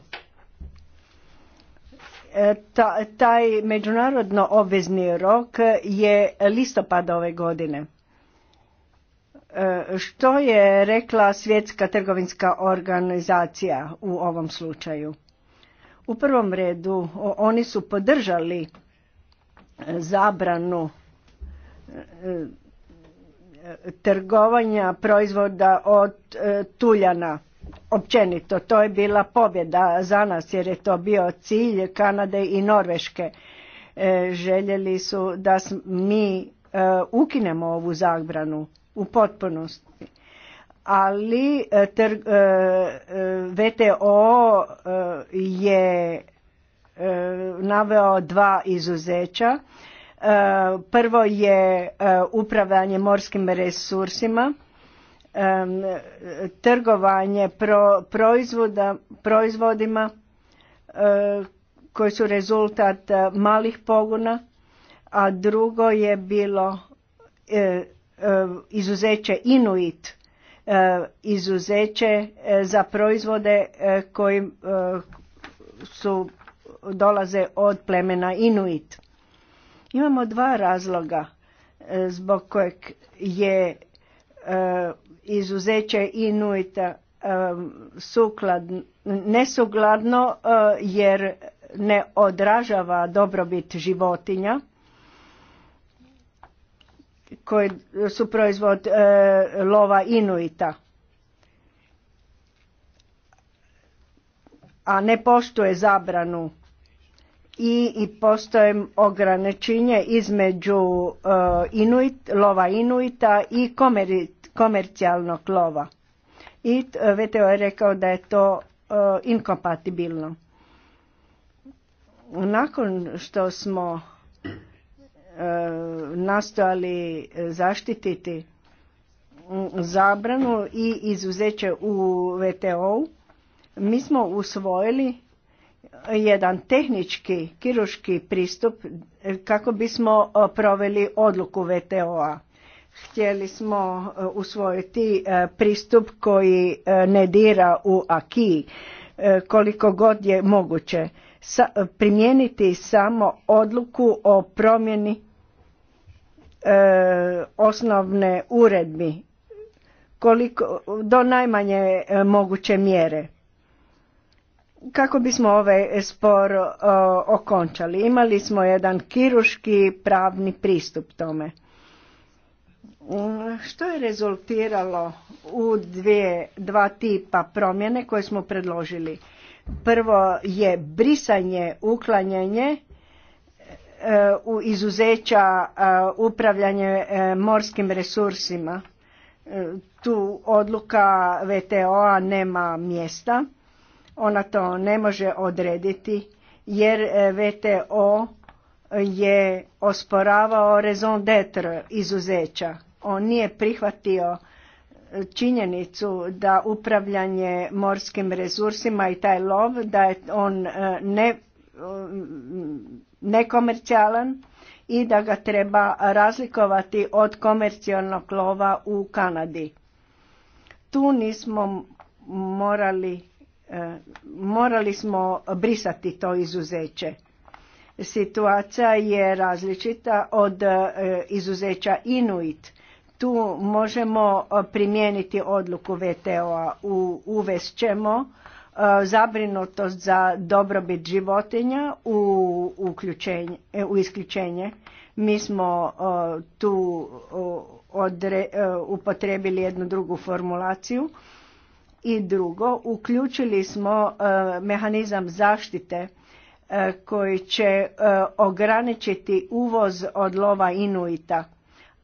taj međunarodno obvezni rok je listopad ove godine. Što je rekla Svjetska trgovinska organizacija u ovom slučaju? U prvom redu oni su podržali zabranu trgovanja proizvoda od e, tuljana općenito to je bila pobjeda za nas jer je to bio cilj Kanade i Norveške e, željeli su da mi e, ukinemo ovu zabranu u potpunosti ali VTO je naveo dva izuzeća Prvo je e, upravljanje morskim resursima, e, trgovanje proizvodima e, koji su rezultat malih pogona, a drugo je bilo izuzeće Inuit, izuzeće za proizvode koji su dolaze od plemena Inuit Imamo dva razloga e, zbog kojeg je e, izuzeće Inuita e, sukladno, nesugladno jer ne odražava dobrobit životinja koji su proizvod lova inuita a ne poštuje zabranu i, i postoje ograničenje između e, inuit, lova inuita i komercijalnog lova. I e, VTO je rekao da je to e, inkompatibilno. Nakon što smo nastojali zaštititi zabranu i izuzeće u vto mi smo usvojili jedan tehnički kiruški pristup kako bismo e, proveli odluku VTO-a. Htjeli smo e, usvojiti e, pristup koji ne dira u AKI koliko god je moguće. Primijeniti samo odluku o promjeni osnovne uredbi do najmanje moguće mjere kako bismo ovaj spor okončali. Imali smo jedan kiruški pravni pristup tome. Mm, što je rezultiralo u dvije, dva tipa promjene koje smo predložili? Prvo je brisanje, uklanjanje e, u izuzeća e, upravljanje e, morskim resursima. Tu odluka VTO-a nema mjesta ona to ne može odrediti jer e, VTO je osporavao raison d'être izuzeća. On nije prihvatio e, činjenicu da upravljanje morskim resursima i taj lov da je on e, ne, nekomercijalan i da ga treba razlikovati od komercijalnog lova u Kanadi. Tu nismo morali Morali smo brisati to izuzeće. Situacija je različita od e, izuzeća Inuit. Tu možemo e, primijeniti odluku VTO-a. Uvest ćemo e, zabrinutost za dobrobit životinja u, u isključenje. Mi smo tu odre, upotrebili jednu drugu formulaciju i drugo, uključili smo e, mehanizam zaštite e, koji će e, ograničiti uvoz od lova inuita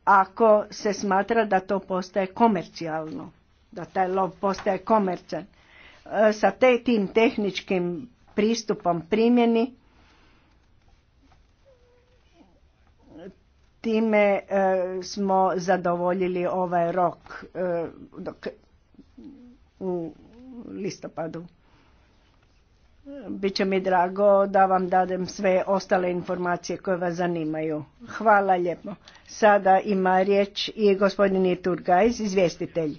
ako se smatra da to postaje komercijalno, da taj lov postaje komercijan. Sa te, tim tehničkim pristupom primjeni time smo zadovoljili ovaj rok dok, u listopadu. Biće mi drago da vam dadem sve ostale informacije koje vas zanimaju. Hvala lijepo. Sada ima riječ i gospodin Iturgajz, izvjestitelj.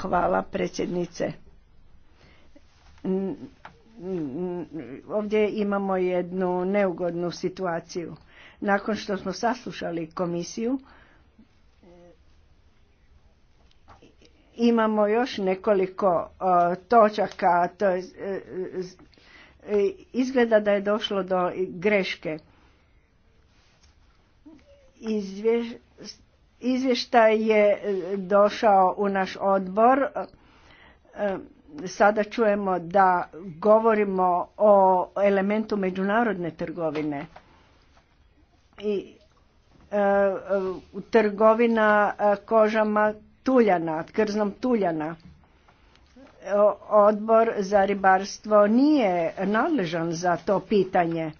Hvala predsjednice. Ovdje imamo jednu neugodnu situaciju. Nakon što smo saslušali komisiju, Imamo još nekoliko točaka, to e, e, izgleda da je došlo do greške. Izvještaj je e, došao u naš odbor. Sada čujemo da govorimo o elementu međunarodne trgovine. I trgovina kožama tuljana, krznom tuljana. Odbor za ribarstvo nije nadležan za to pitanje.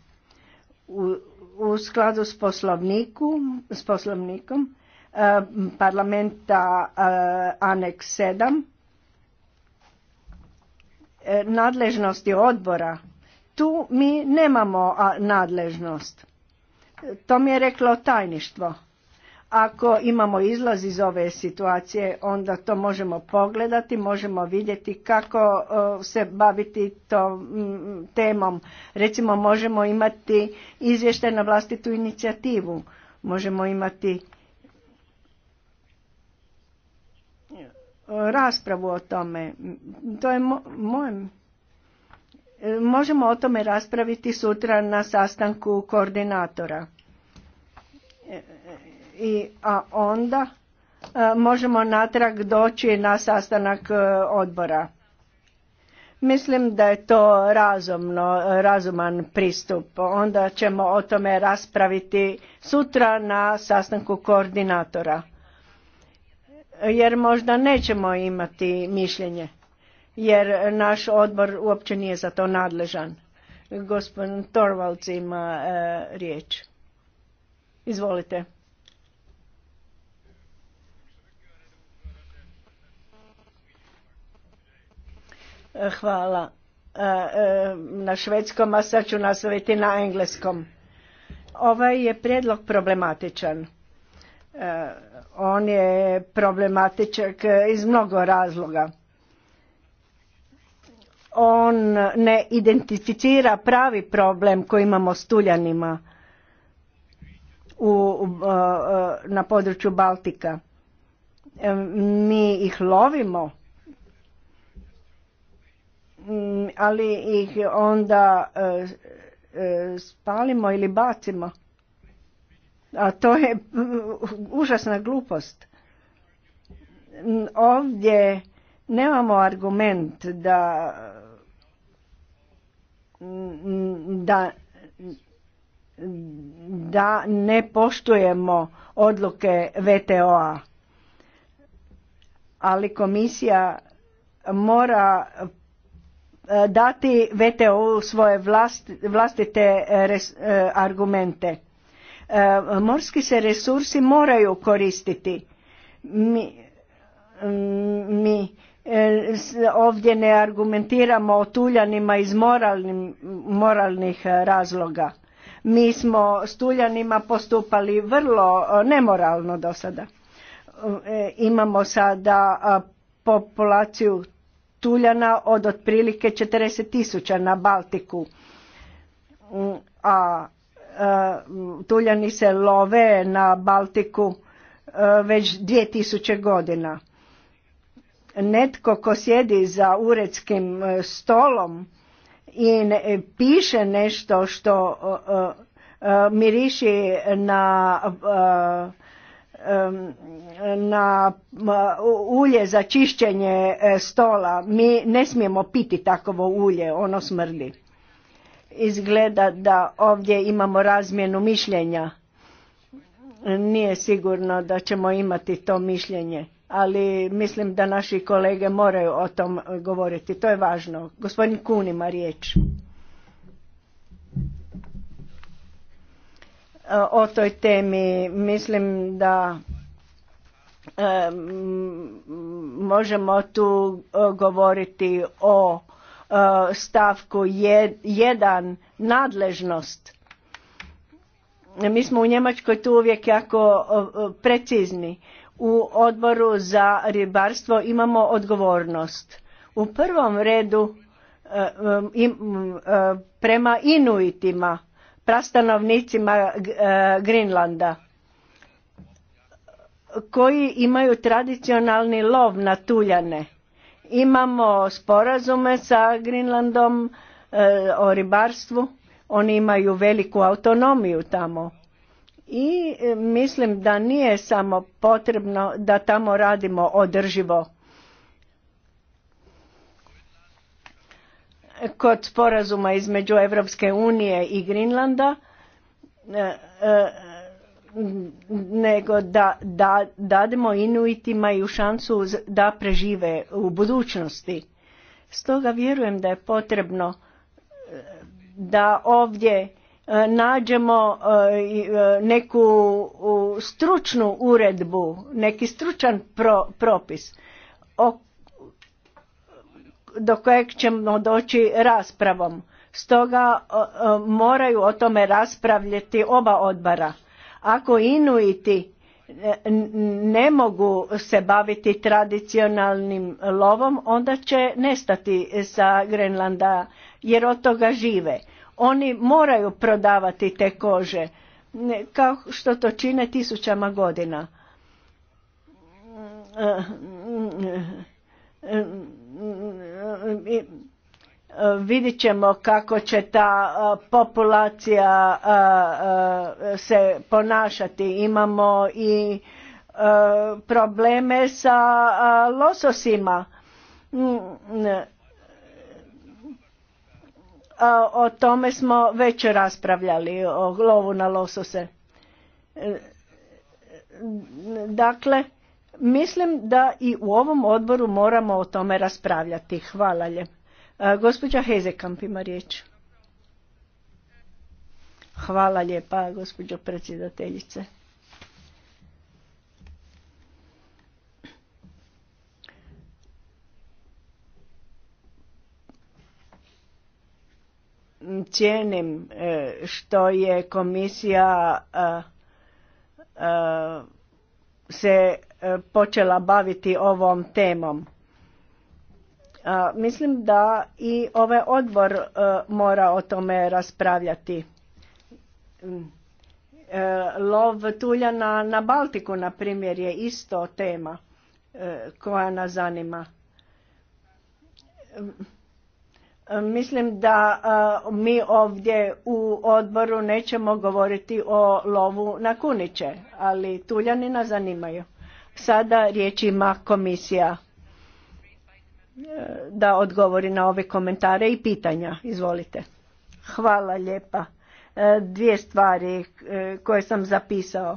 U, skladu s, poslovniku, s poslovnikom e, parlamenta anex aneks 7 e, nadležnosti odbora tu mi nemamo nadležnost to mi je reklo tajništvo ako imamo izlaz iz ove situacije, onda to možemo pogledati, možemo vidjeti kako e, se baviti tom temom. Recimo, možemo imati izvještaj na vlastitu inicijativu, možemo imati e, raspravu o tome. To je e, možemo o tome raspraviti sutra na sastanku koordinatora. I, a onda e, možemo natrag doći na sastanak e, odbora. Mislim da je to razumno, razuman pristup. Onda ćemo o tome raspraviti sutra na sastanku koordinatora. Jer možda nećemo imati mišljenje. Jer naš odbor uopće nije za to nadležan. Gospodin Torvalds ima e, riječ. Izvolite. Hvala e, e, na švedskom, a sad ću nastaviti na engleskom. Ovaj je prijedlog problematičan. E, on je problematičak iz mnogo razloga. On ne identificira pravi problem koji imamo s tuljanima na području Baltika. Mi ih lovimo, Mm, ali ih onda e, e, spalimo ili bacimo. A to je užasna glupost. Mm, ovdje nemamo argument da mm, da da ne poštujemo odluke VTO-a. Ali komisija mora E, dati VTO svoje vlastite e, e, argumente. Morski se resursi moraju koristiti. Mi, mi ovdje ne argumentiramo o tuljanima iz moralnih razloga. Mi smo s tuljanima postupali vrlo nemoralno do sada. Imamo sada populaciju tuljana od otprilike 40 tisuća na Baltiku. Mm, a e, tuljani se love na Baltiku e, već 2000 godina. Netko ko sjedi za uredskim e, stolom i piše nešto što miriši na na ulje za čišćenje e, stola. Mi ne smijemo piti takovo ulje, ono smrdi. Izgleda da ovdje imamo razmjenu mišljenja. Nije sigurno da ćemo imati to mišljenje, ali mislim da naši kolege moraju o tom govoriti. To je važno. Gospodin Kun ima riječ. E, o toj temi. Mislim da e, možemo tu e, govoriti o stavku jedan, nadležnost. Mi smo u Njemačkoj tu uvijek jako precizni. U odboru za ribarstvo imamo odgovornost. U prvom redu prema inuitima prastanovnicima eh, Grinlanda koji imaju tradicionalni lov na tuljane. Imamo sporazume sa Grinlandom eh, o ribarstvu, oni imaju veliku autonomiju tamo. I eh, mislim da nije samo potrebno da tamo radimo održivo kod sporazuma između Europske unije i Grinlanda e, e, nego da, da dademo Inuitima i u šansu da prežive u budućnosti. Stoga vjerujem da je potrebno e, da ovdje nađemo neku stručnu uredbu, neki stručan propis o do kojeg ćemo doći raspravom. Stoga e, e, moraju o tome raspravljati oba odbara. Ako inuiti e, ne mogu se baviti tradicionalnim lovom, onda će nestati sa Grenlanda jer od toga žive. Oni moraju prodavati te kože kao što to čine tisućama godina vidjet ćemo kako će ta populacija se ponašati. Imamo i probleme sa lososima. Mm, o tome smo već raspravljali, o lovu na losose. E, dakle, Mislim da i u ovom odboru moramo o tome raspravljati. Hvala lje. E, gospođa Hezekamp ima riječ. Hvala lijepa, gospođo predsjedateljice. Cijenim e, što je komisija e, se e, počela baviti ovom temom. E, mislim da i ovaj odbor e, mora o tome raspravljati. Mm. Lov tuljana na Baltiku, na primjer, je isto tema koja nas zanima Mislim da mi ovdje u odboru nećemo govoriti o lovu na kuniće, ali tuljani nas zanimaju. Sada riječ ima komisija e, da odgovori na ove komentare i pitanja. Izvolite. Hvala lijepa. E, dvije stvari e, koje sam zapisao.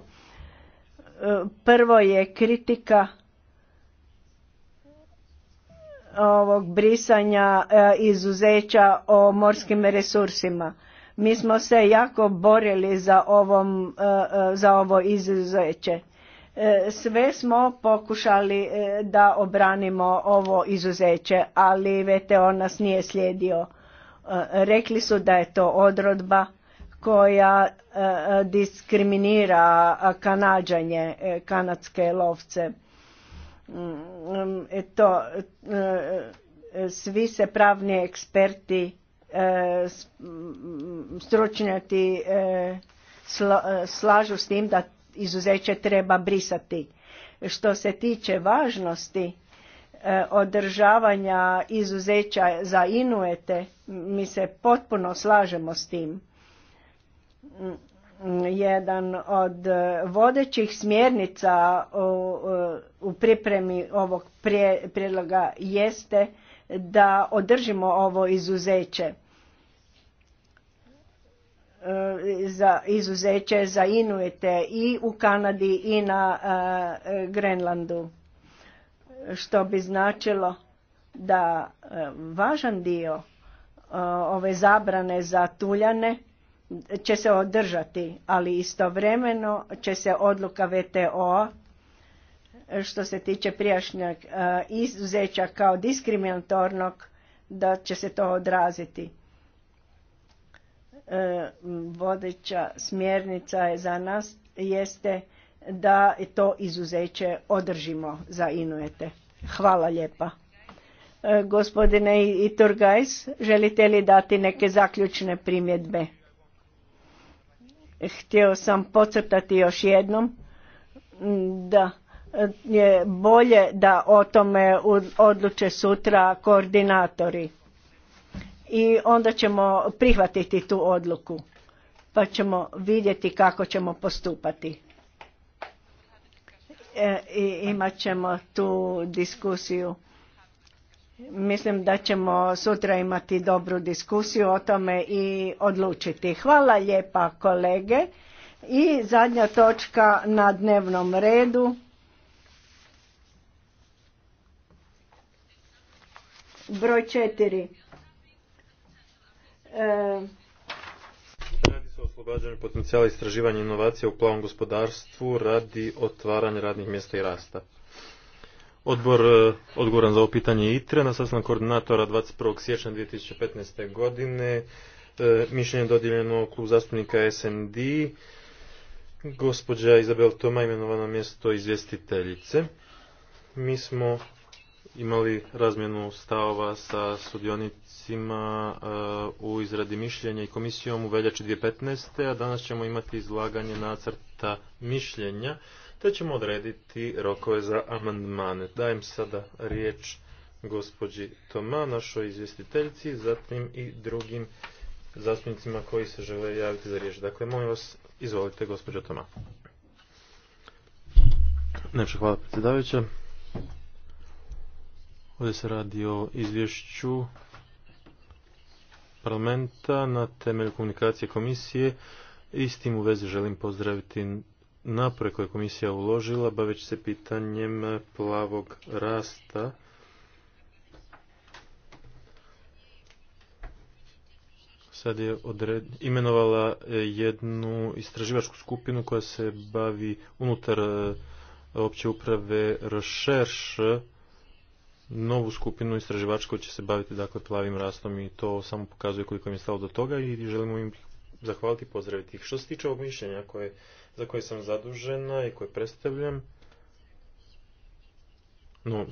Prvo je kritika ovog brisanja e, izuzeća o morskim resursima. Mi smo se jako borili za, ovom, e, e, za ovo izuzeće. Sve smo pokušali da obranimo ovo izuzeće, ali VTO nas nije slijedio. Rekli su da je to odrodba koja diskriminira kanađanje, kanadske lovce Mm, e to e, e, svi se pravni eksperti mm, stručnjaci slažu s tim da izuzeće treba brisati što se tiče važnosti održavanja izuzeća za inuete mi se potpuno slažemo s tim mm, jedan od e, vodećih smjernica u e, pripremi ovog prijedloga jeste da održimo ovo izuzeće e, za izuzeće za Inuite i u Kanadi i na Grenlandu što bi značilo da važan dio ove zabrane za tuljane će se održati, ali istovremeno će se odluka VTO što se tiče prijašnjeg e, izuzeća kao diskriminatornog da će se to odraziti. E, vodeća smjernica je za nas jeste da to izuzeće održimo za Inujete. Hvala lijepa. E, gospodine Iturgajs, želite li dati neke zaključne primjedbe? Htio sam podcrtati još jednom da e, je bolje da o tome odluče sutra koordinatori i onda ćemo prihvatiti tu odluku pa ćemo vidjeti kako ćemo postupati. E, I imat ćemo tu diskusiju Mislim da ćemo sutra imati dobru diskusiju o tome i odlučiti. Hvala lijepa kolege. I zadnja točka na dnevnom redu. Broj četiri. E... Radi se o potencijala istraživanja inovacija u plavom gospodarstvu radi otvaranja radnih mjesta i rasta odbor e, odgovoran za ovo pitanje ITRE na sastanak koordinatora 21. siječnja 2015. godine. E, mišljenje je dodijeljeno klub zastupnika SND. Gospođa Izabel Toma imenovana mjesto izvjestiteljice. Mi smo imali razmjenu stavova sa sudionicima e, u izradi mišljenja i komisijom u veljači 2015. A danas ćemo imati izlaganje nacrta mišljenja te ćemo odrediti rokove za amandmane. Dajem sada riječ gospođi Toma, našoj izvjestiteljci, zatim i drugim zastupnicima koji se žele javiti za riječ. Dakle, molim vas, izvolite gospođo Toma. ne hvala predsjedavajuća. Ovdje se radi o izvješću parlamenta na temelju komunikacije komisije i s tim u vezi želim pozdraviti napore koje je komisija uložila baveći se pitanjem plavog rasta sad je odred... imenovala jednu istraživačku skupinu koja se bavi unutar eh, opće uprave Rešerš novu skupinu istraživačku koja će se baviti dakle plavim rastom i to samo pokazuje koliko im je stalo do toga i želimo im zahvaliti i pozdraviti ih. Što se tiče ovog mišljenja koje za koje sam zadužena i koje predstavljam. No,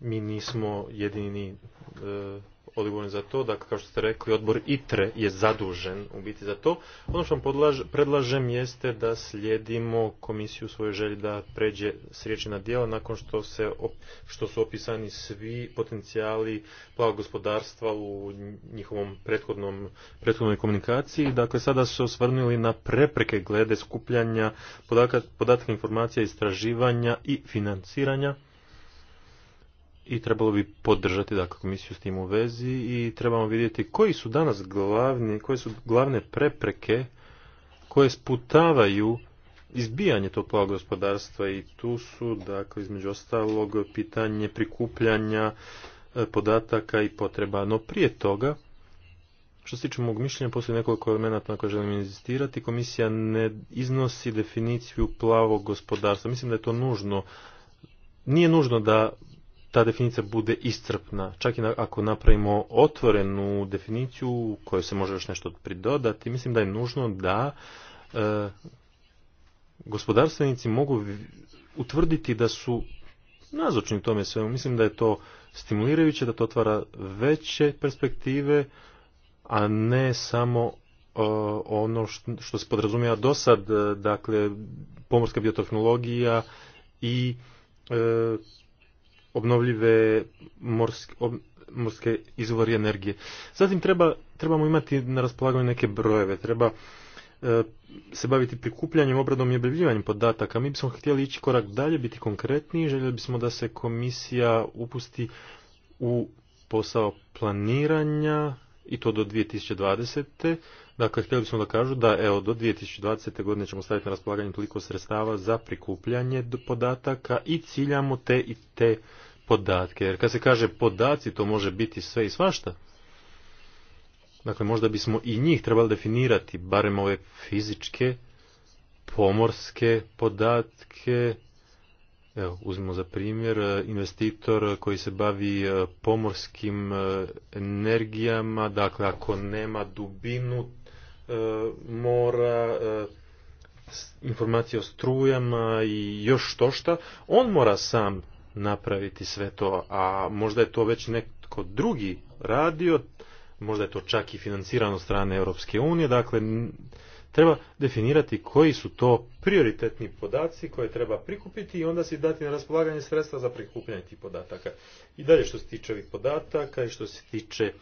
mi nismo jedini e, odgovorni za to, dakle kao što ste rekli odbor ITRE je zadužen u biti za to. Ono što vam predlažem jeste da slijedimo komisiju u svojoj želji da pređe s riječi na nakon što, se, što su opisani svi potencijali plavog gospodarstva u njihovom prethodnom, prethodnoj komunikaciji. Dakle, sada su se osvrnuli na prepreke glede skupljanja podatka podataka informacija, istraživanja i financiranja i trebalo bi podržati dakle, komisiju s tim u vezi i trebamo vidjeti koji su danas glavni, koje su glavne prepreke koje sputavaju izbijanje tog plavog gospodarstva i tu su dakle između ostalog pitanje prikupljanja e, podataka i potreba. No prije toga, što se tiče mog mišljenja, poslije nekoliko elemenata na koje želim inzistirati. Komisija ne iznosi definiciju plavog gospodarstva. Mislim da je to nužno. Nije nužno da ta definicija bude iscrpna. Čak i ako napravimo otvorenu definiciju kojoj se može još nešto pridodati, mislim da je nužno da e, gospodarstvenici mogu utvrditi da su nazočni tome svemu. Mislim da je to stimulirajuće, da to otvara veće perspektive, a ne samo e, ono što se podrazumijeva do sad, e, dakle, pomorska biotehnologija i e, obnovljive morske, ob, morske izvori energije. Zatim treba, trebamo imati na raspolaganju neke brojeve, treba e, se baviti prikupljanjem, obradom i objavljivanjem podataka. Mi bismo htjeli ići korak dalje, biti konkretniji, željeli bismo da se komisija upusti u posao planiranja i to do 2020. Dakle, htjeli bismo da kažu da evo, do 2020. godine ćemo staviti na raspolaganje toliko sredstava za prikupljanje podataka i ciljamo te i te podatke. Jer kad se kaže podaci, to može biti sve i svašta. Dakle, možda bismo i njih trebali definirati, barem ove fizičke, pomorske podatke. Evo, uzmimo za primjer e, investitor koji se bavi e, pomorskim e, energijama, dakle ako nema dubinu E, mora e, informacije o strujama i još što šta, on mora sam napraviti sve to, a možda je to već netko drugi radio, možda je to čak i financirano strane Europske unije, dakle treba definirati koji su to prioritetni podaci koje treba prikupiti i onda se dati na raspolaganje sredstva za prikupljanje tih podataka. I dalje što se tiče ovih podataka i što se tiče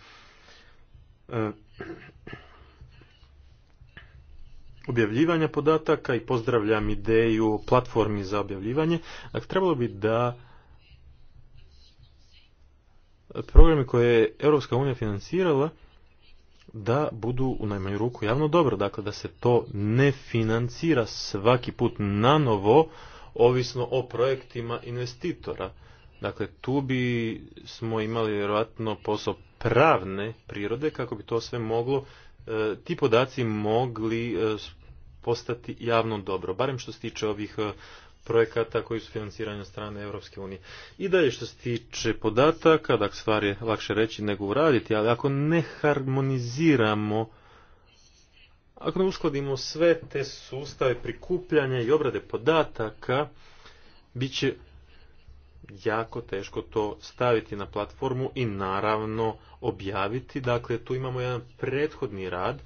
e, objavljivanja podataka i pozdravljam ideju platformi za objavljivanje. Dakle, trebalo bi da programi koje je Europska unija financirala da budu u najmanju ruku javno dobro, dakle da se to ne financira svaki put na novo, ovisno o projektima investitora. Dakle, tu bi smo imali vjerojatno posao pravne prirode kako bi to sve moglo, e, ti podaci mogli e, postati javno dobro, barem što se tiče ovih e, projekata koji su financirani od strane Europske unije. I dalje što se tiče podataka, dakle stvar je lakše reći nego uraditi, ali ako ne harmoniziramo, ako ne uskladimo sve te sustave prikupljanja i obrade podataka, bit će jako teško to staviti na platformu i naravno objaviti. Dakle, tu imamo jedan prethodni rad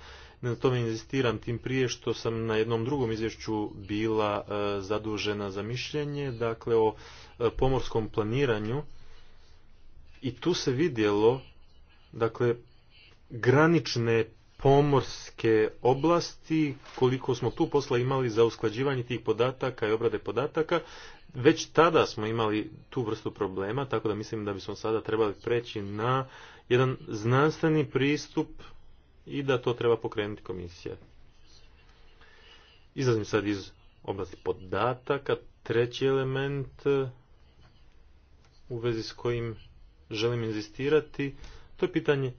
na tome inzistiram tim prije što sam na jednom drugom izvješću bila e, zadužena za mišljenje, dakle o e, pomorskom planiranju i tu se vidjelo dakle granične pomorske oblasti, koliko smo tu posla imali za usklađivanje tih podataka i obrade podataka, već tada smo imali tu vrstu problema, tako da mislim da bismo sada trebali preći na jedan znanstveni pristup i da to treba pokrenuti komisija. Izlazim sad iz oblasti podataka. Treći element e, u vezi s kojim želim inzistirati, to je pitanje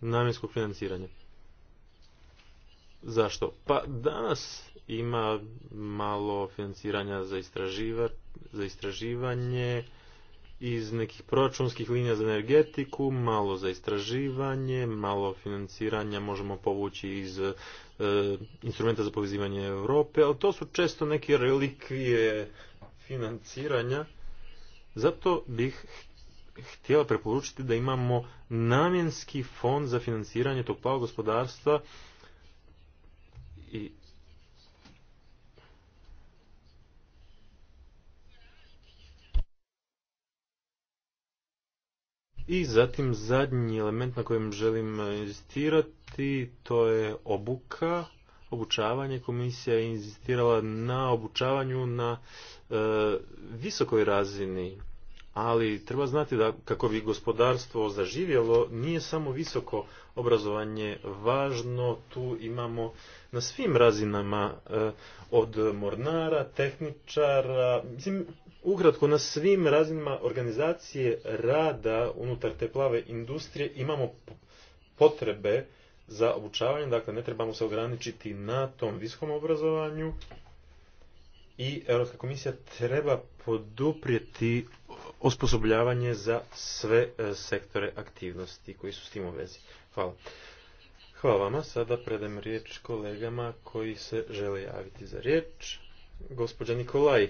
namjenskog financiranja. Zašto? Pa danas ima malo financiranja za, za istraživanje, iz nekih proračunskih linija za energetiku, malo za istraživanje, malo financiranja možemo povući iz e, instrumenta za povezivanje Europe, ali to su često neke relikvije financiranja. Zato bih htjela preporučiti da imamo namjenski fond za financiranje tog pao gospodarstva i I zatim zadnji element na kojem želim e, inzistirati, to je obuka, obučavanje. Komisija je inzistirala na obučavanju na e, visokoj razini, ali treba znati da kako bi gospodarstvo zaživjelo, nije samo visoko obrazovanje važno, tu imamo na svim razinama e, od mornara, tehničara, mislim, Ukratko, na svim razinama organizacije rada unutar te plave industrije imamo potrebe za obučavanje, dakle ne trebamo se ograničiti na tom viskom obrazovanju i Europska komisija treba poduprijeti osposobljavanje za sve e, sektore aktivnosti koji su s tim u vezi. Hvala. Hvala vama. Sada predajem riječ kolegama koji se žele javiti za riječ. Gospođa Nikolaj.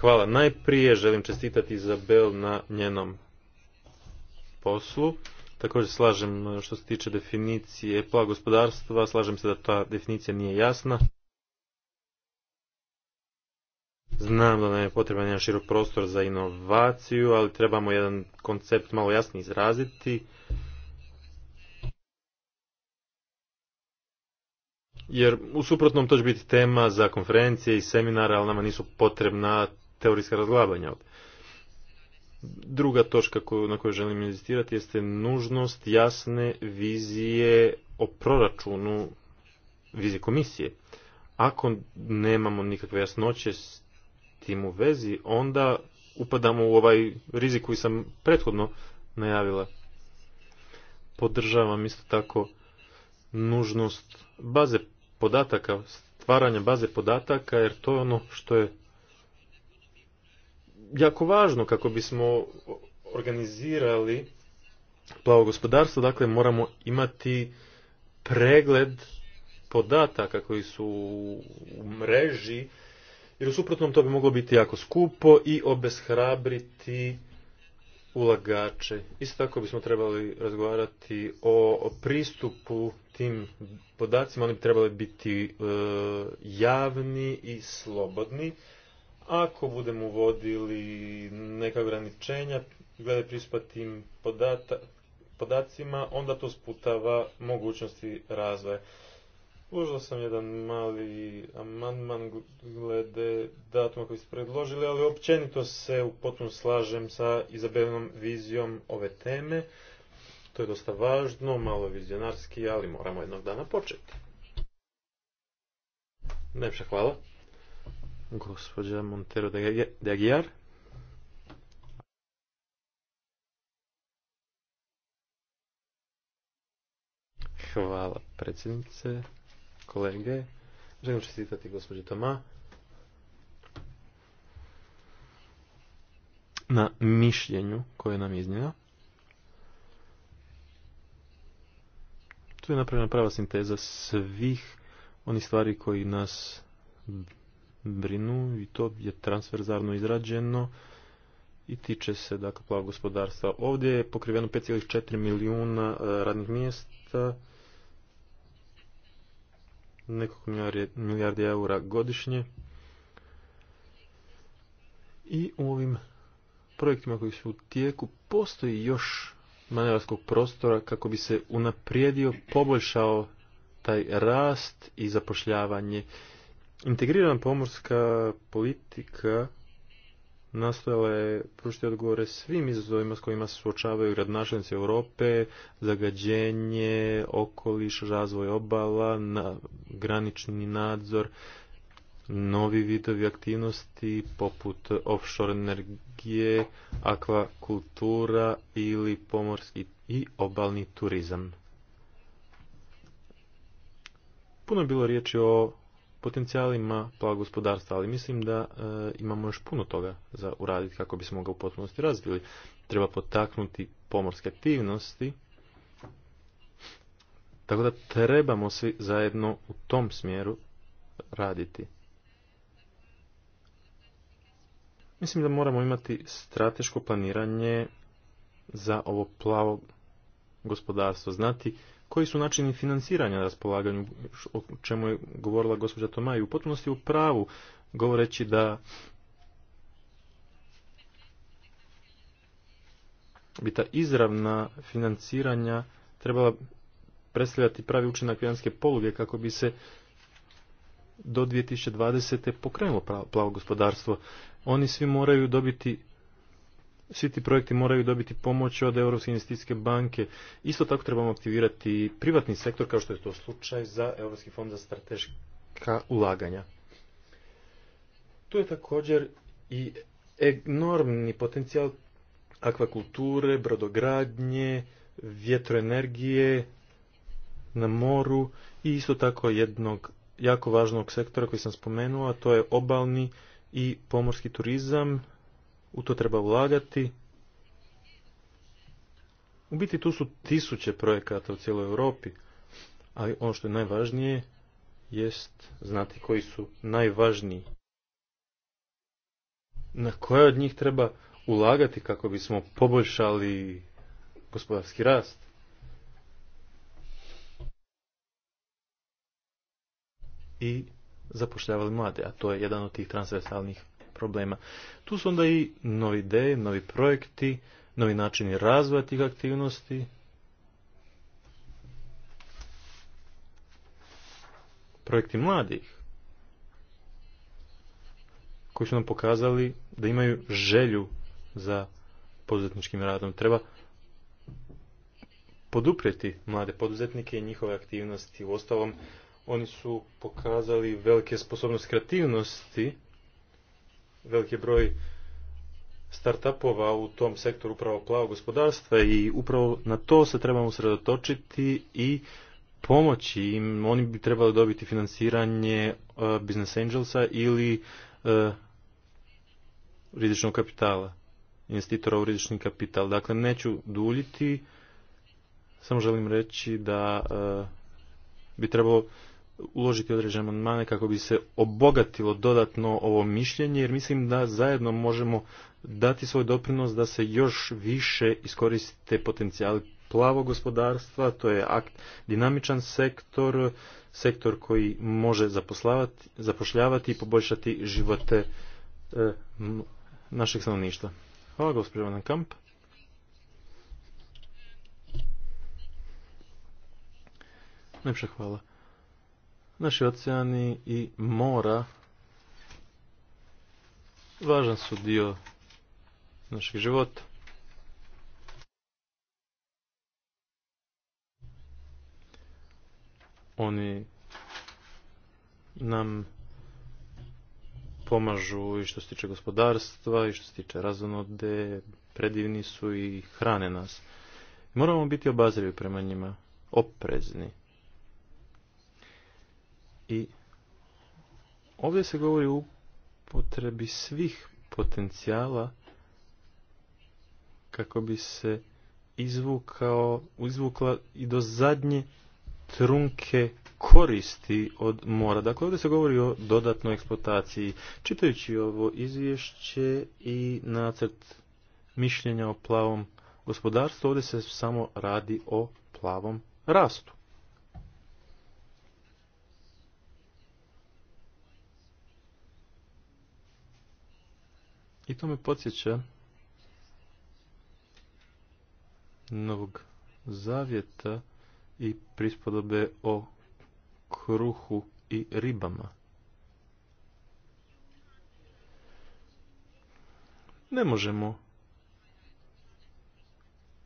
Hvala. Najprije želim čestitati Izabel na njenom poslu. Također slažem e, što se tiče definicije pla gospodarstva, slažem se da ta definicija nije jasna. Znam da nam je potreban jedan širok prostor za inovaciju, ali trebamo jedan koncept malo jasnije izraziti. Jer u suprotnom to će biti tema za konferencije i seminare, ali nama nisu potrebna teorijska razglabanja. Druga točka koju, na kojoj želim inzistirati jeste nužnost jasne vizije o proračunu vizije komisije. Ako nemamo nikakve jasnoće s tim u vezi, onda upadamo u ovaj rizik koji sam prethodno najavila. Podržavam isto tako nužnost baze podataka, stvaranja baze podataka, jer to je ono što je jako važno kako bismo organizirali plavo gospodarstvo, dakle moramo imati pregled podataka koji su u mreži, jer u suprotnom to bi moglo biti jako skupo i obeshrabriti ulagače. Isto tako bismo trebali razgovarati o pristupu tim podacima, oni bi trebali biti e, javni i slobodni ako budemo uvodili neka ograničenja glede pristupa tim podacima, onda to sputava mogućnosti razvoja. Uložio sam jedan mali amandman glede datuma koji ste predložili, ali općenito se u potpun slažem sa izabelenom vizijom ove teme. To je dosta važno, malo vizionarski, ali moramo jednog dana početi. Najpša hvala. Gospođa Montero de Aguiar. Hvala predsjednice, kolege. Želim čestitati gospođi Toma. Na mišljenju koje nam je Tu je napravljena prava sinteza svih onih stvari koji nas brinu i to je transverzarno izrađeno i tiče se dakle plavog gospodarstva. Ovdje je pokriveno 5,4 milijuna e, radnih mjesta, nekoliko milijardi eura godišnje. I u ovim projektima koji su u tijeku postoji još manevarskog prostora kako bi se unaprijedio, poboljšao taj rast i zapošljavanje Integrirana pomorska politika nastojala je pružiti odgovore svim izazovima s kojima se suočavaju gradonačelnici Europe, zagađenje, okoliš, razvoj obala, na, granični nadzor, novi vidovi aktivnosti poput offshore energije, akvakultura ili pomorski i obalni turizam. Puno je bilo riječi o potencijalima plavog gospodarstva, ali mislim da e, imamo još puno toga za uraditi kako bismo ga u potpunosti razvili. Treba potaknuti pomorske aktivnosti, tako da trebamo svi zajedno u tom smjeru raditi. Mislim da moramo imati strateško planiranje za ovo plavo gospodarstvo, znati koji su načini financiranja na raspolaganju, o čemu je govorila gospođa Tomaj, u potpunosti u pravu govoreći da bi ta izravna financiranja trebala predstavljati pravi učinak vijanske poluge kako bi se do 2020. pokrenulo plavo gospodarstvo. Oni svi moraju dobiti svi ti projekti moraju dobiti pomoć od Europske investicijske banke. Isto tako trebamo aktivirati privatni sektor kao što je to slučaj za Europski fond za strateška ulaganja. Tu je također i enormni potencijal akvakulture, brodogradnje, vjetroenergije na moru i isto tako jednog jako važnog sektora koji sam spomenuo, a to je obalni i pomorski turizam u to treba ulagati. U biti tu su tisuće projekata u cijeloj Europi, ali ono što je najvažnije jest znati koji su najvažniji. Na koje od njih treba ulagati kako bismo poboljšali gospodarski rast? I zapošljavali mlade, a to je jedan od tih transversalnih problema. Tu su onda i novi ideje, novi projekti, novi načini razvoja tih aktivnosti. Projekti mladih koji su nam pokazali da imaju želju za poduzetničkim radom. Treba poduprijeti mlade poduzetnike i njihove aktivnosti. Uostalom, oni su pokazali velike sposobnosti kreativnosti veliki broj startupova u tom sektoru upravo plavog gospodarstva i upravo na to se trebamo usredotočiti i pomoći im. Oni bi trebali dobiti financiranje e, Business Angelsa ili e, rizičnog kapitala, investitora u rizični kapital. Dakle, neću duljiti, samo želim reći da e, bi trebalo uložiti određene amandmane kako bi se obogatilo dodatno ovo mišljenje jer mislim da zajedno možemo dati svoj doprinos da se još više iskoriste potencijali plavog gospodarstva, to je akt, dinamičan sektor, sektor koji može zapošljavati i poboljšati živote e, našeg stanovništva. Hvala gospođo Kamp. Najpša hvala. Naši oceani i mora važan su dio naših života. Oni nam pomažu i što se tiče gospodarstva i što se tiče razonode, predivni su i hrane nas. Moramo biti obazrivi prema njima, oprezni. I ovdje se govori o potrebi svih potencijala kako bi se izvukao, izvukla i do zadnje trunke koristi od mora. Dakle, ovdje se govori o dodatnoj eksploataciji. Čitajući ovo izvješće i nacrt mišljenja o plavom gospodarstvu, ovdje se samo radi o plavom rastu. I to me podsjeća novog zavjeta i prispodobe o kruhu i ribama. Ne možemo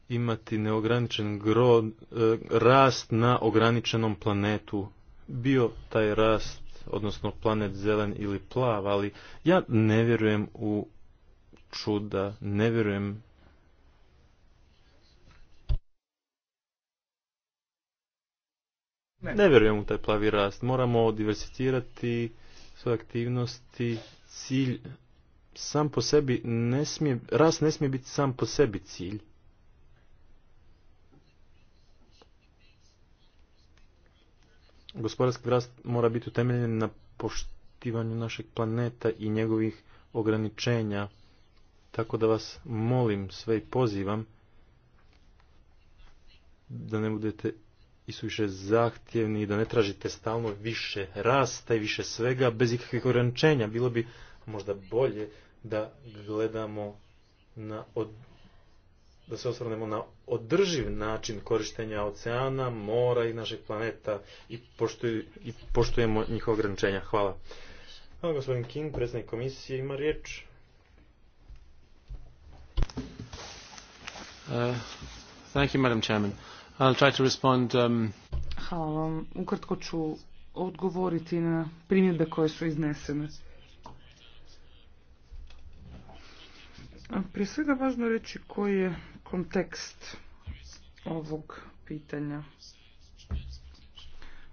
imati neograničen e, rast na ograničenom planetu. Bio taj rast, odnosno planet zelen ili plav, ali ja ne vjerujem u čuda, ne vjerujem Ne vjerujem u taj plavi rast. Moramo diversificirati svoje aktivnosti. Cilj sam po sebi ne smije, rast ne smije biti sam po sebi cilj. Gospodarski rast mora biti utemeljen na poštivanju našeg planeta i njegovih ograničenja. Tako da vas molim sve i pozivam da ne budete više zahtjevni i da ne tražite stalno više rasta i više svega bez ikakvih ograničenja. Bilo bi možda bolje da gledamo na od, da se osvrnemo na održiv način korištenja oceana, mora i našeg planeta i, poštujemo njihova ograničenja. Hvala. Hvala gospodin King, predsjednik komisije, ima riječ. Uh, um, Hvala vam. Ukratko ću odgovoriti na primjedbe koje su iznesene. Prije svega važno reći koji je kontekst ovog pitanja.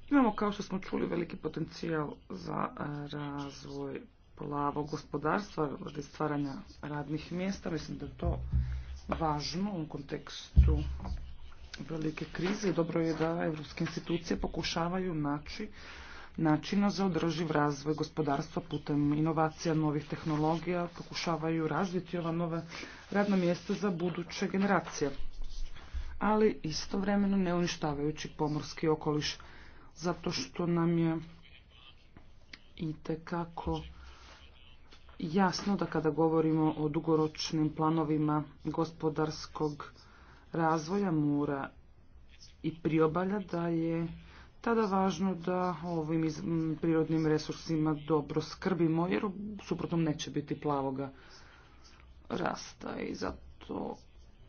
Imamo, kao što smo čuli, veliki potencijal za eh, razvoj plavog gospodarstva, radi stvaranja radnih mjesta. Mislim da to važno u kontekstu velike krize dobro je da evropske institucije pokušavaju naći načina za održiv razvoj gospodarstva putem inovacija novih tehnologija, pokušavaju razviti ova nova radna mjesta za buduće generacije, ali istovremeno ne uništavajući pomorski okoliš, zato što nam je i tekako jasno da kada govorimo o dugoročnim planovima gospodarskog razvoja mora i priobalja da je tada važno da ovim prirodnim resursima dobro skrbimo jer suprotno neće biti plavoga rasta i zato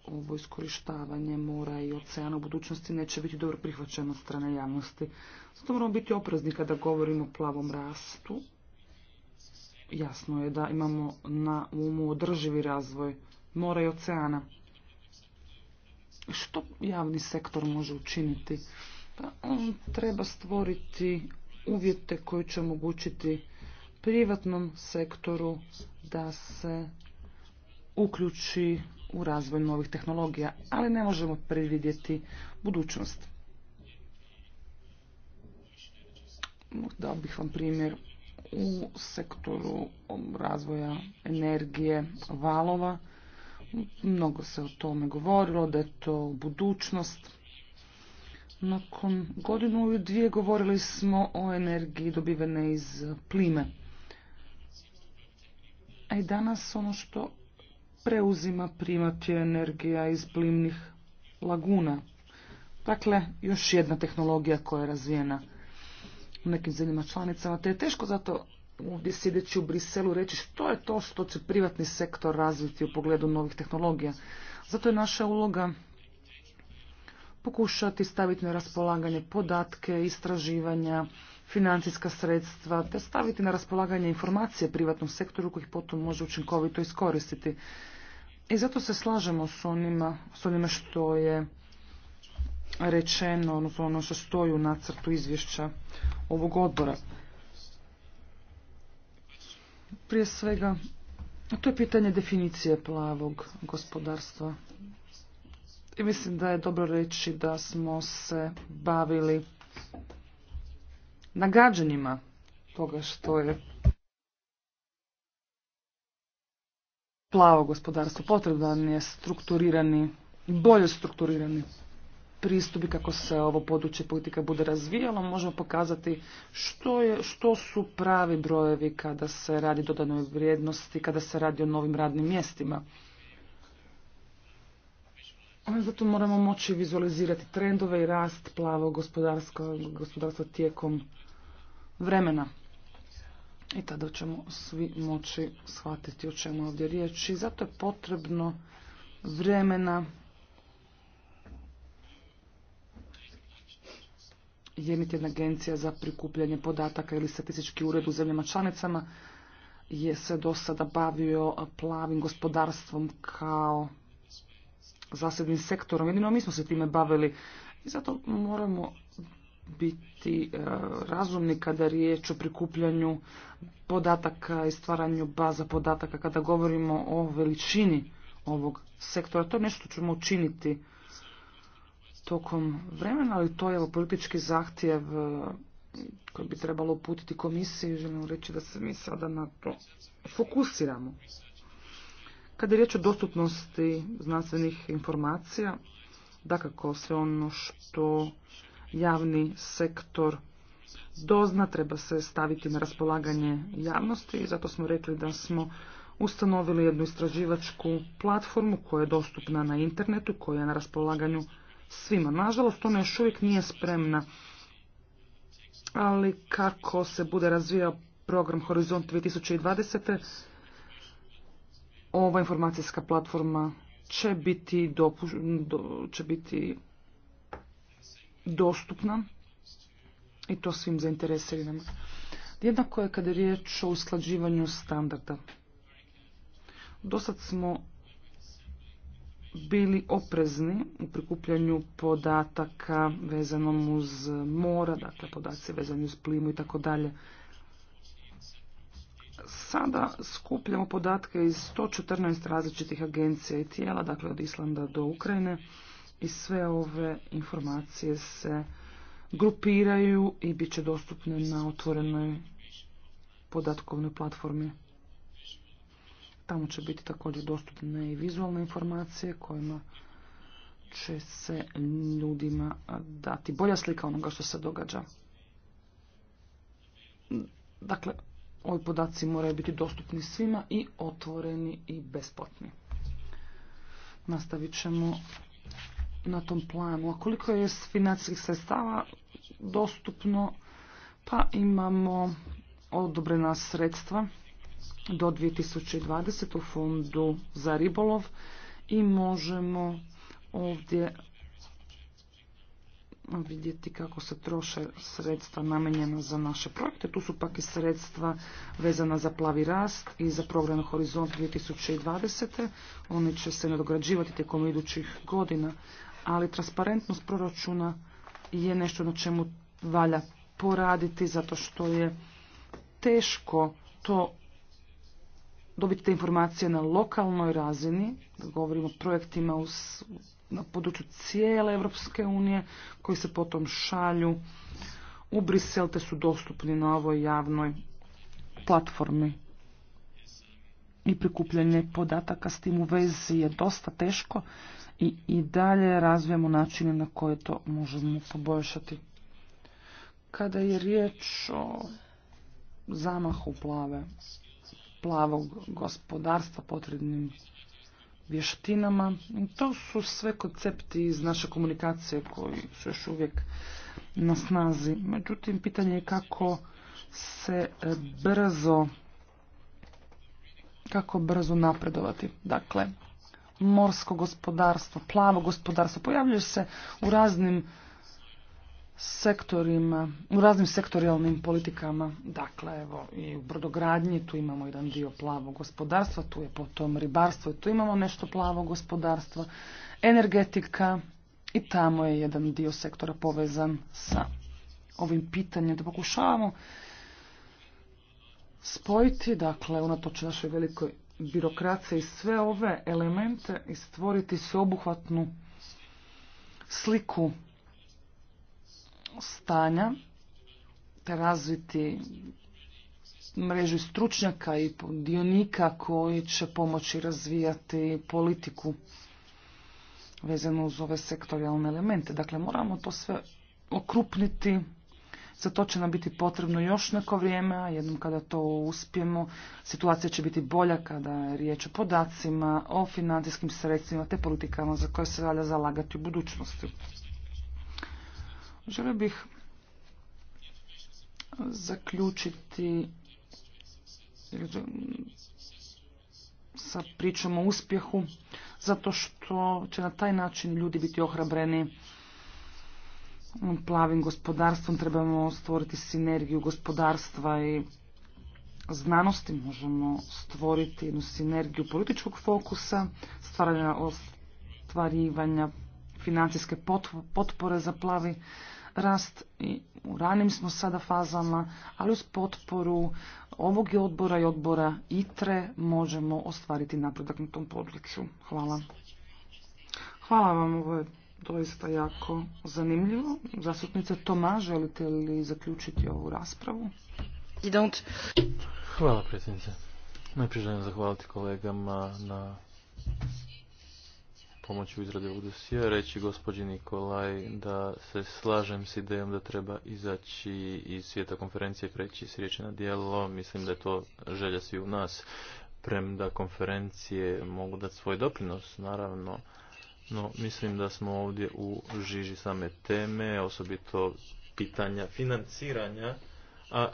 ovo iskorištavanje mora i oceana u budućnosti neće biti dobro prihvaćeno od strane javnosti. Zato moramo biti oprezni kada govorimo o plavom rastu Jasno je da imamo na umu održivi razvoj mora i oceana. Što javni sektor može učiniti? Pa on treba stvoriti uvjete koji će omogućiti privatnom sektoru da se uključi u razvoj novih tehnologija, ali ne možemo predvidjeti budućnost. Dao bih vam primjer u sektoru razvoja energije valova. Mnogo se o tome govorilo, da je to budućnost. Nakon godinu i dvije govorili smo o energiji dobivene iz plime. A i danas ono što preuzima primat je energija iz plimnih laguna. Dakle, još jedna tehnologija koja je razvijena u nekim zemljama članicama, te je teško zato ovdje sjedeći u Briselu reći što je to što će privatni sektor razviti u pogledu novih tehnologija. Zato je naša uloga pokušati staviti na raspolaganje podatke, istraživanja, financijska sredstva, te staviti na raspolaganje informacije privatnom sektoru koji ih potom može učinkovito iskoristiti. I zato se slažemo s, onima, s onima što je rečeno, odnosno ono što stoji u nacrtu izvješća ovog odbora. Prije svega, to je pitanje definicije plavog gospodarstva. I mislim da je dobro reći da smo se bavili nagađanjima toga što je plavo gospodarstvo. Potrebno je strukturirani, bolje strukturirani pristupi kako se ovo područje politika bude razvijalo, možemo pokazati što, je, što su pravi brojevi kada se radi dodanoj vrijednosti, kada se radi o novim radnim mjestima. Ono zato moramo moći vizualizirati trendove i rast plavog gospodarstva tijekom vremena. I tada ćemo svi moći shvatiti o čemu ovdje riječ. I zato je potrebno vremena jedna agencija za prikupljanje podataka ili statistički ured u zemljama članicama je se do sada bavio plavim gospodarstvom kao zasebnim sektorom. Jedino mi smo se time bavili i zato moramo biti e, razumni kada riječ o prikupljanju podataka i stvaranju baza podataka kada govorimo o veličini ovog sektora. To je nešto ćemo učiniti tokom vremena, ali to je politički zahtjev e, koji bi trebalo uputiti komisiji. Želim reći da se mi sada na to fokusiramo. Kad je riječ o dostupnosti znanstvenih informacija, kako sve ono što javni sektor dozna treba se staviti na raspolaganje javnosti i zato smo rekli da smo ustanovili jednu istraživačku platformu koja je dostupna na internetu, koja je na raspolaganju svima. Nažalost, ona još uvijek nije spremna. Ali kako se bude razvijao program Horizont 2020. Ova informacijska platforma će biti, do, će biti dostupna i to svim zainteresiranima. Jednako je kada je riječ o usklađivanju standarda. Dosad smo bili oprezni u prikupljanju podataka vezanom uz mora, dakle podaci vezani uz plimu i tako dalje. Sada skupljamo podatke iz 114 različitih agencija i tijela, dakle od Islanda do Ukrajine i sve ove informacije se grupiraju i bit će dostupne na otvorenoj podatkovnoj platformi. Tamo će biti također dostupne i vizualne informacije kojima će se ljudima dati bolja slika onoga što se događa. Dakle, ovi podaci moraju biti dostupni svima i otvoreni i besplatni. Nastavit ćemo na tom planu. A koliko je financijskih sredstava dostupno? Pa imamo odobrena sredstva do 2020 u fondu za ribolov i možemo ovdje vidjeti kako se troše sredstva namenjena za naše projekte. Tu su pak i sredstva vezana za plavi rast i za program Horizont 2020. Oni će se nadograđivati tijekom idućih godina, ali transparentnost proračuna je nešto na čemu valja poraditi zato što je teško to dobiti te informacije na lokalnoj razini, govorimo o projektima na području cijele Europske unije koji se potom šalju u Brisel te su dostupni na ovoj javnoj platformi. I prikupljanje podataka s tim u vezi je dosta teško i, i dalje razvijamo načine na koje to možemo poboljšati. Kada je riječ o zamahu plave plavog gospodarstva, potrebnim vještinama. To su sve koncepti iz naše komunikacije koji su još uvijek na snazi. Međutim, pitanje je kako se e, brzo kako brzo napredovati. Dakle, morsko gospodarstvo, plavo gospodarstvo pojavljuje se u raznim sektorima, u raznim sektorijalnim politikama, dakle evo i u brodogradnji, tu imamo jedan dio plavog gospodarstva, tu je potom ribarstvo i tu imamo nešto plavo gospodarstva, energetika i tamo je jedan dio sektora povezan sa ovim pitanjem da pokušavamo spojiti, dakle unatoč našoj velikoj i sve ove elemente i stvoriti sveobuhvatnu sliku stanja te razviti mrežu stručnjaka i dionika koji će pomoći razvijati politiku vezano uz ove sektorijalne elemente. Dakle, moramo to sve okrupniti. Za to će nam biti potrebno još neko vrijeme, a jednom kada to uspijemo, situacija će biti bolja kada je riječ o podacima, o financijskim sredstvima te politikama za koje se valja zalagati u budućnosti. Želio bih zaključiti sa pričom o uspjehu, zato što će na taj način ljudi biti ohrabreni plavim gospodarstvom. Trebamo stvoriti sinergiju gospodarstva i znanosti. Možemo stvoriti jednu sinergiju političkog fokusa, stvaranja ostvarivanja financijske potpore za plavi rast i u ranim smo sada fazama, ali uz potporu ovog i odbora i odbora ITRE možemo ostvariti napredak na tom području. Hvala. Hvala vam, ovo je doista jako zanimljivo. Zastupnice Toma, želite li zaključiti ovu raspravu? Hvala predsjednice. Najprije želim zahvaliti kolegama na pomoći u izradi ovog dosija reći gospođi Nikolaj da se slažem s idejom da treba izaći iz svijeta konferencije i preći s riječi na dijelo. Mislim da je to želja svi u nas, premda konferencije mogu dati svoj doprinos, naravno. No, mislim da smo ovdje u žiži same teme, osobito pitanja financiranja. A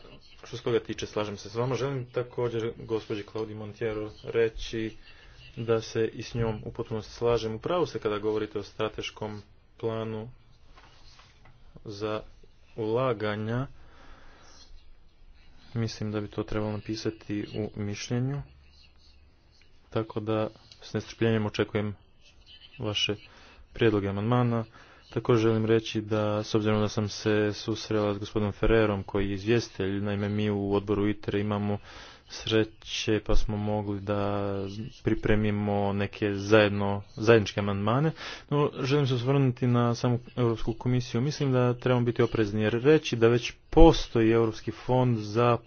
što se koga tiče, slažem se s vama. Želim također gospođi Claudi Montiero reći da se i s njom u potpunosti slažem. u pravu se kada govorite o strateškom planu za ulaganja, mislim da bi to trebalo napisati u mišljenju. Tako da s nestrpljenjem očekujem vaše prijedloge amandmana. Također želim reći da, s obzirom da sam se susrela s gospodinom Ferrerom, koji je izvjestitelj, naime mi u odboru ITRE imamo sreće pa smo mogli da pripremimo neke zajedno, zajedničke amandmane. No, želim se osvrnuti na samu Europsku komisiju. Mislim da trebamo biti oprezni jer reći da već postoji Europski fond za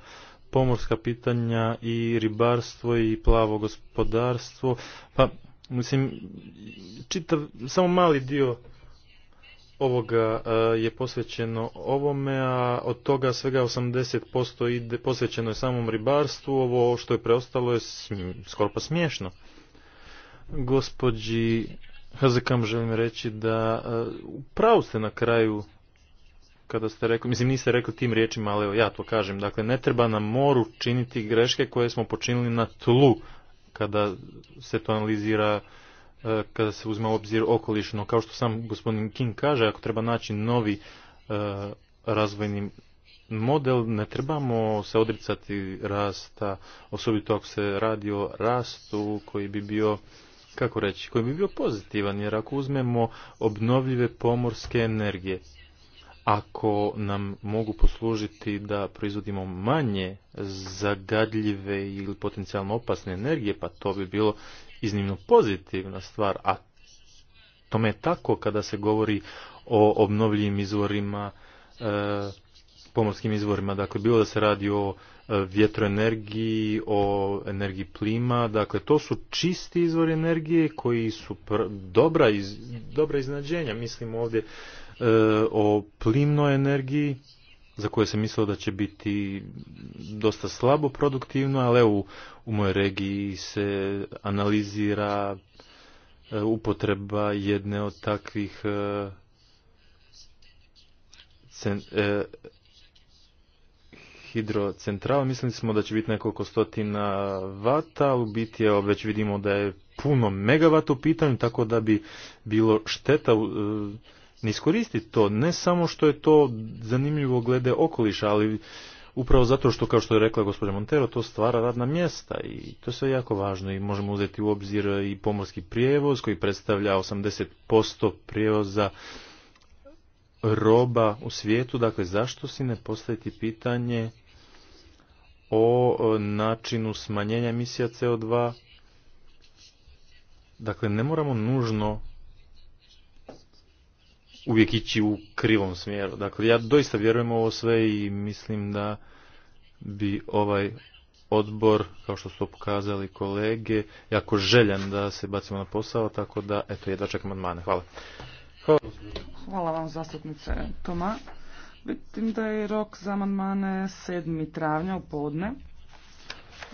pomorska pitanja i ribarstvo i plavo gospodarstvo. Pa, mislim, čitav, samo mali dio ovoga e, je posvećeno ovome, a od toga svega 80% ide posvećeno je samom ribarstvu, ovo što je preostalo je skoro pa smiješno. Gđi Hazekam želim reći da e, upravo ste na kraju kada ste rekli, mislim niste rekli tim riječima, ali ja to kažem, dakle ne treba na moru činiti greške koje smo počinili na tlu kada se to analizira E, kada se uzme u obzir okolišno. Kao što sam gospodin King kaže, ako treba naći novi e, razvojni model, ne trebamo se odricati rasta, osobito ako se radi o rastu koji bi bio kako reći, koji bi bio pozitivan, jer ako uzmemo obnovljive pomorske energije, ako nam mogu poslužiti da proizvodimo manje zagadljive ili potencijalno opasne energije, pa to bi bilo iznimno pozitivna stvar, a tome je tako kada se govori o obnovljivim izvorima, e, pomorskim izvorima, dakle bilo da se radi o e, vjetroenergiji, o energiji plima, dakle to su čisti izvori energije koji su dobra, iz, dobra mislim ovdje e, o plimnoj energiji, za koje sam mislio da će biti dosta slabo produktivno, ali evo u mojoj regiji se analizira e, upotreba jedne od takvih e, e, hidrocentrala. Mislili smo da će biti nekoliko stotina vata, u biti evo, već vidimo da je puno megavata u pitanju, tako da bi bilo šteta ne iskoristiti to, ne samo što je to zanimljivo glede okoliša, ali upravo zato što, kao što je rekla gospođa Montero, to stvara radna mjesta i to je sve jako važno i možemo uzeti u obzir i pomorski prijevoz koji predstavlja 80% prijevoza roba u svijetu, dakle zašto si ne postaviti pitanje o načinu smanjenja emisija CO2 Dakle, ne moramo nužno uvijek ići u krivom smjeru. Dakle, ja doista vjerujem u ovo sve i mislim da bi ovaj odbor, kao što su to pokazali kolege, jako željan da se bacimo na posao, tako da, eto, jedva čekam odmane. Hvala. Hvala. Hvala vam, zastupnice Toma. Vidim da je rok za amandmane 7. travnja u podne.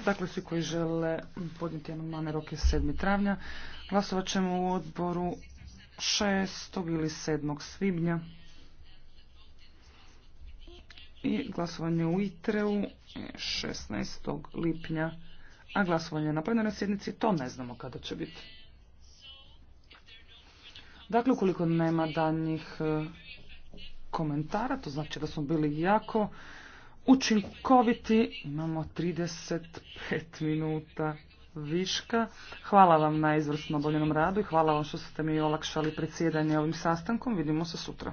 Dakle, svi koji žele podnijeti amandmane, rok je 7. travnja. Glasovat ćemo u odboru 6. ili 7. svibnja i glasovanje u Itreu 16. lipnja, a glasovanje na plenarnoj sjednici to ne znamo kada će biti. Dakle, ukoliko nema danjih e, komentara, to znači da smo bili jako učinkoviti, imamo 35 minuta viška. Hvala vam na izvrsno boljenom radu i hvala vam što ste mi olakšali predsjedanje ovim sastankom. Vidimo se sutra.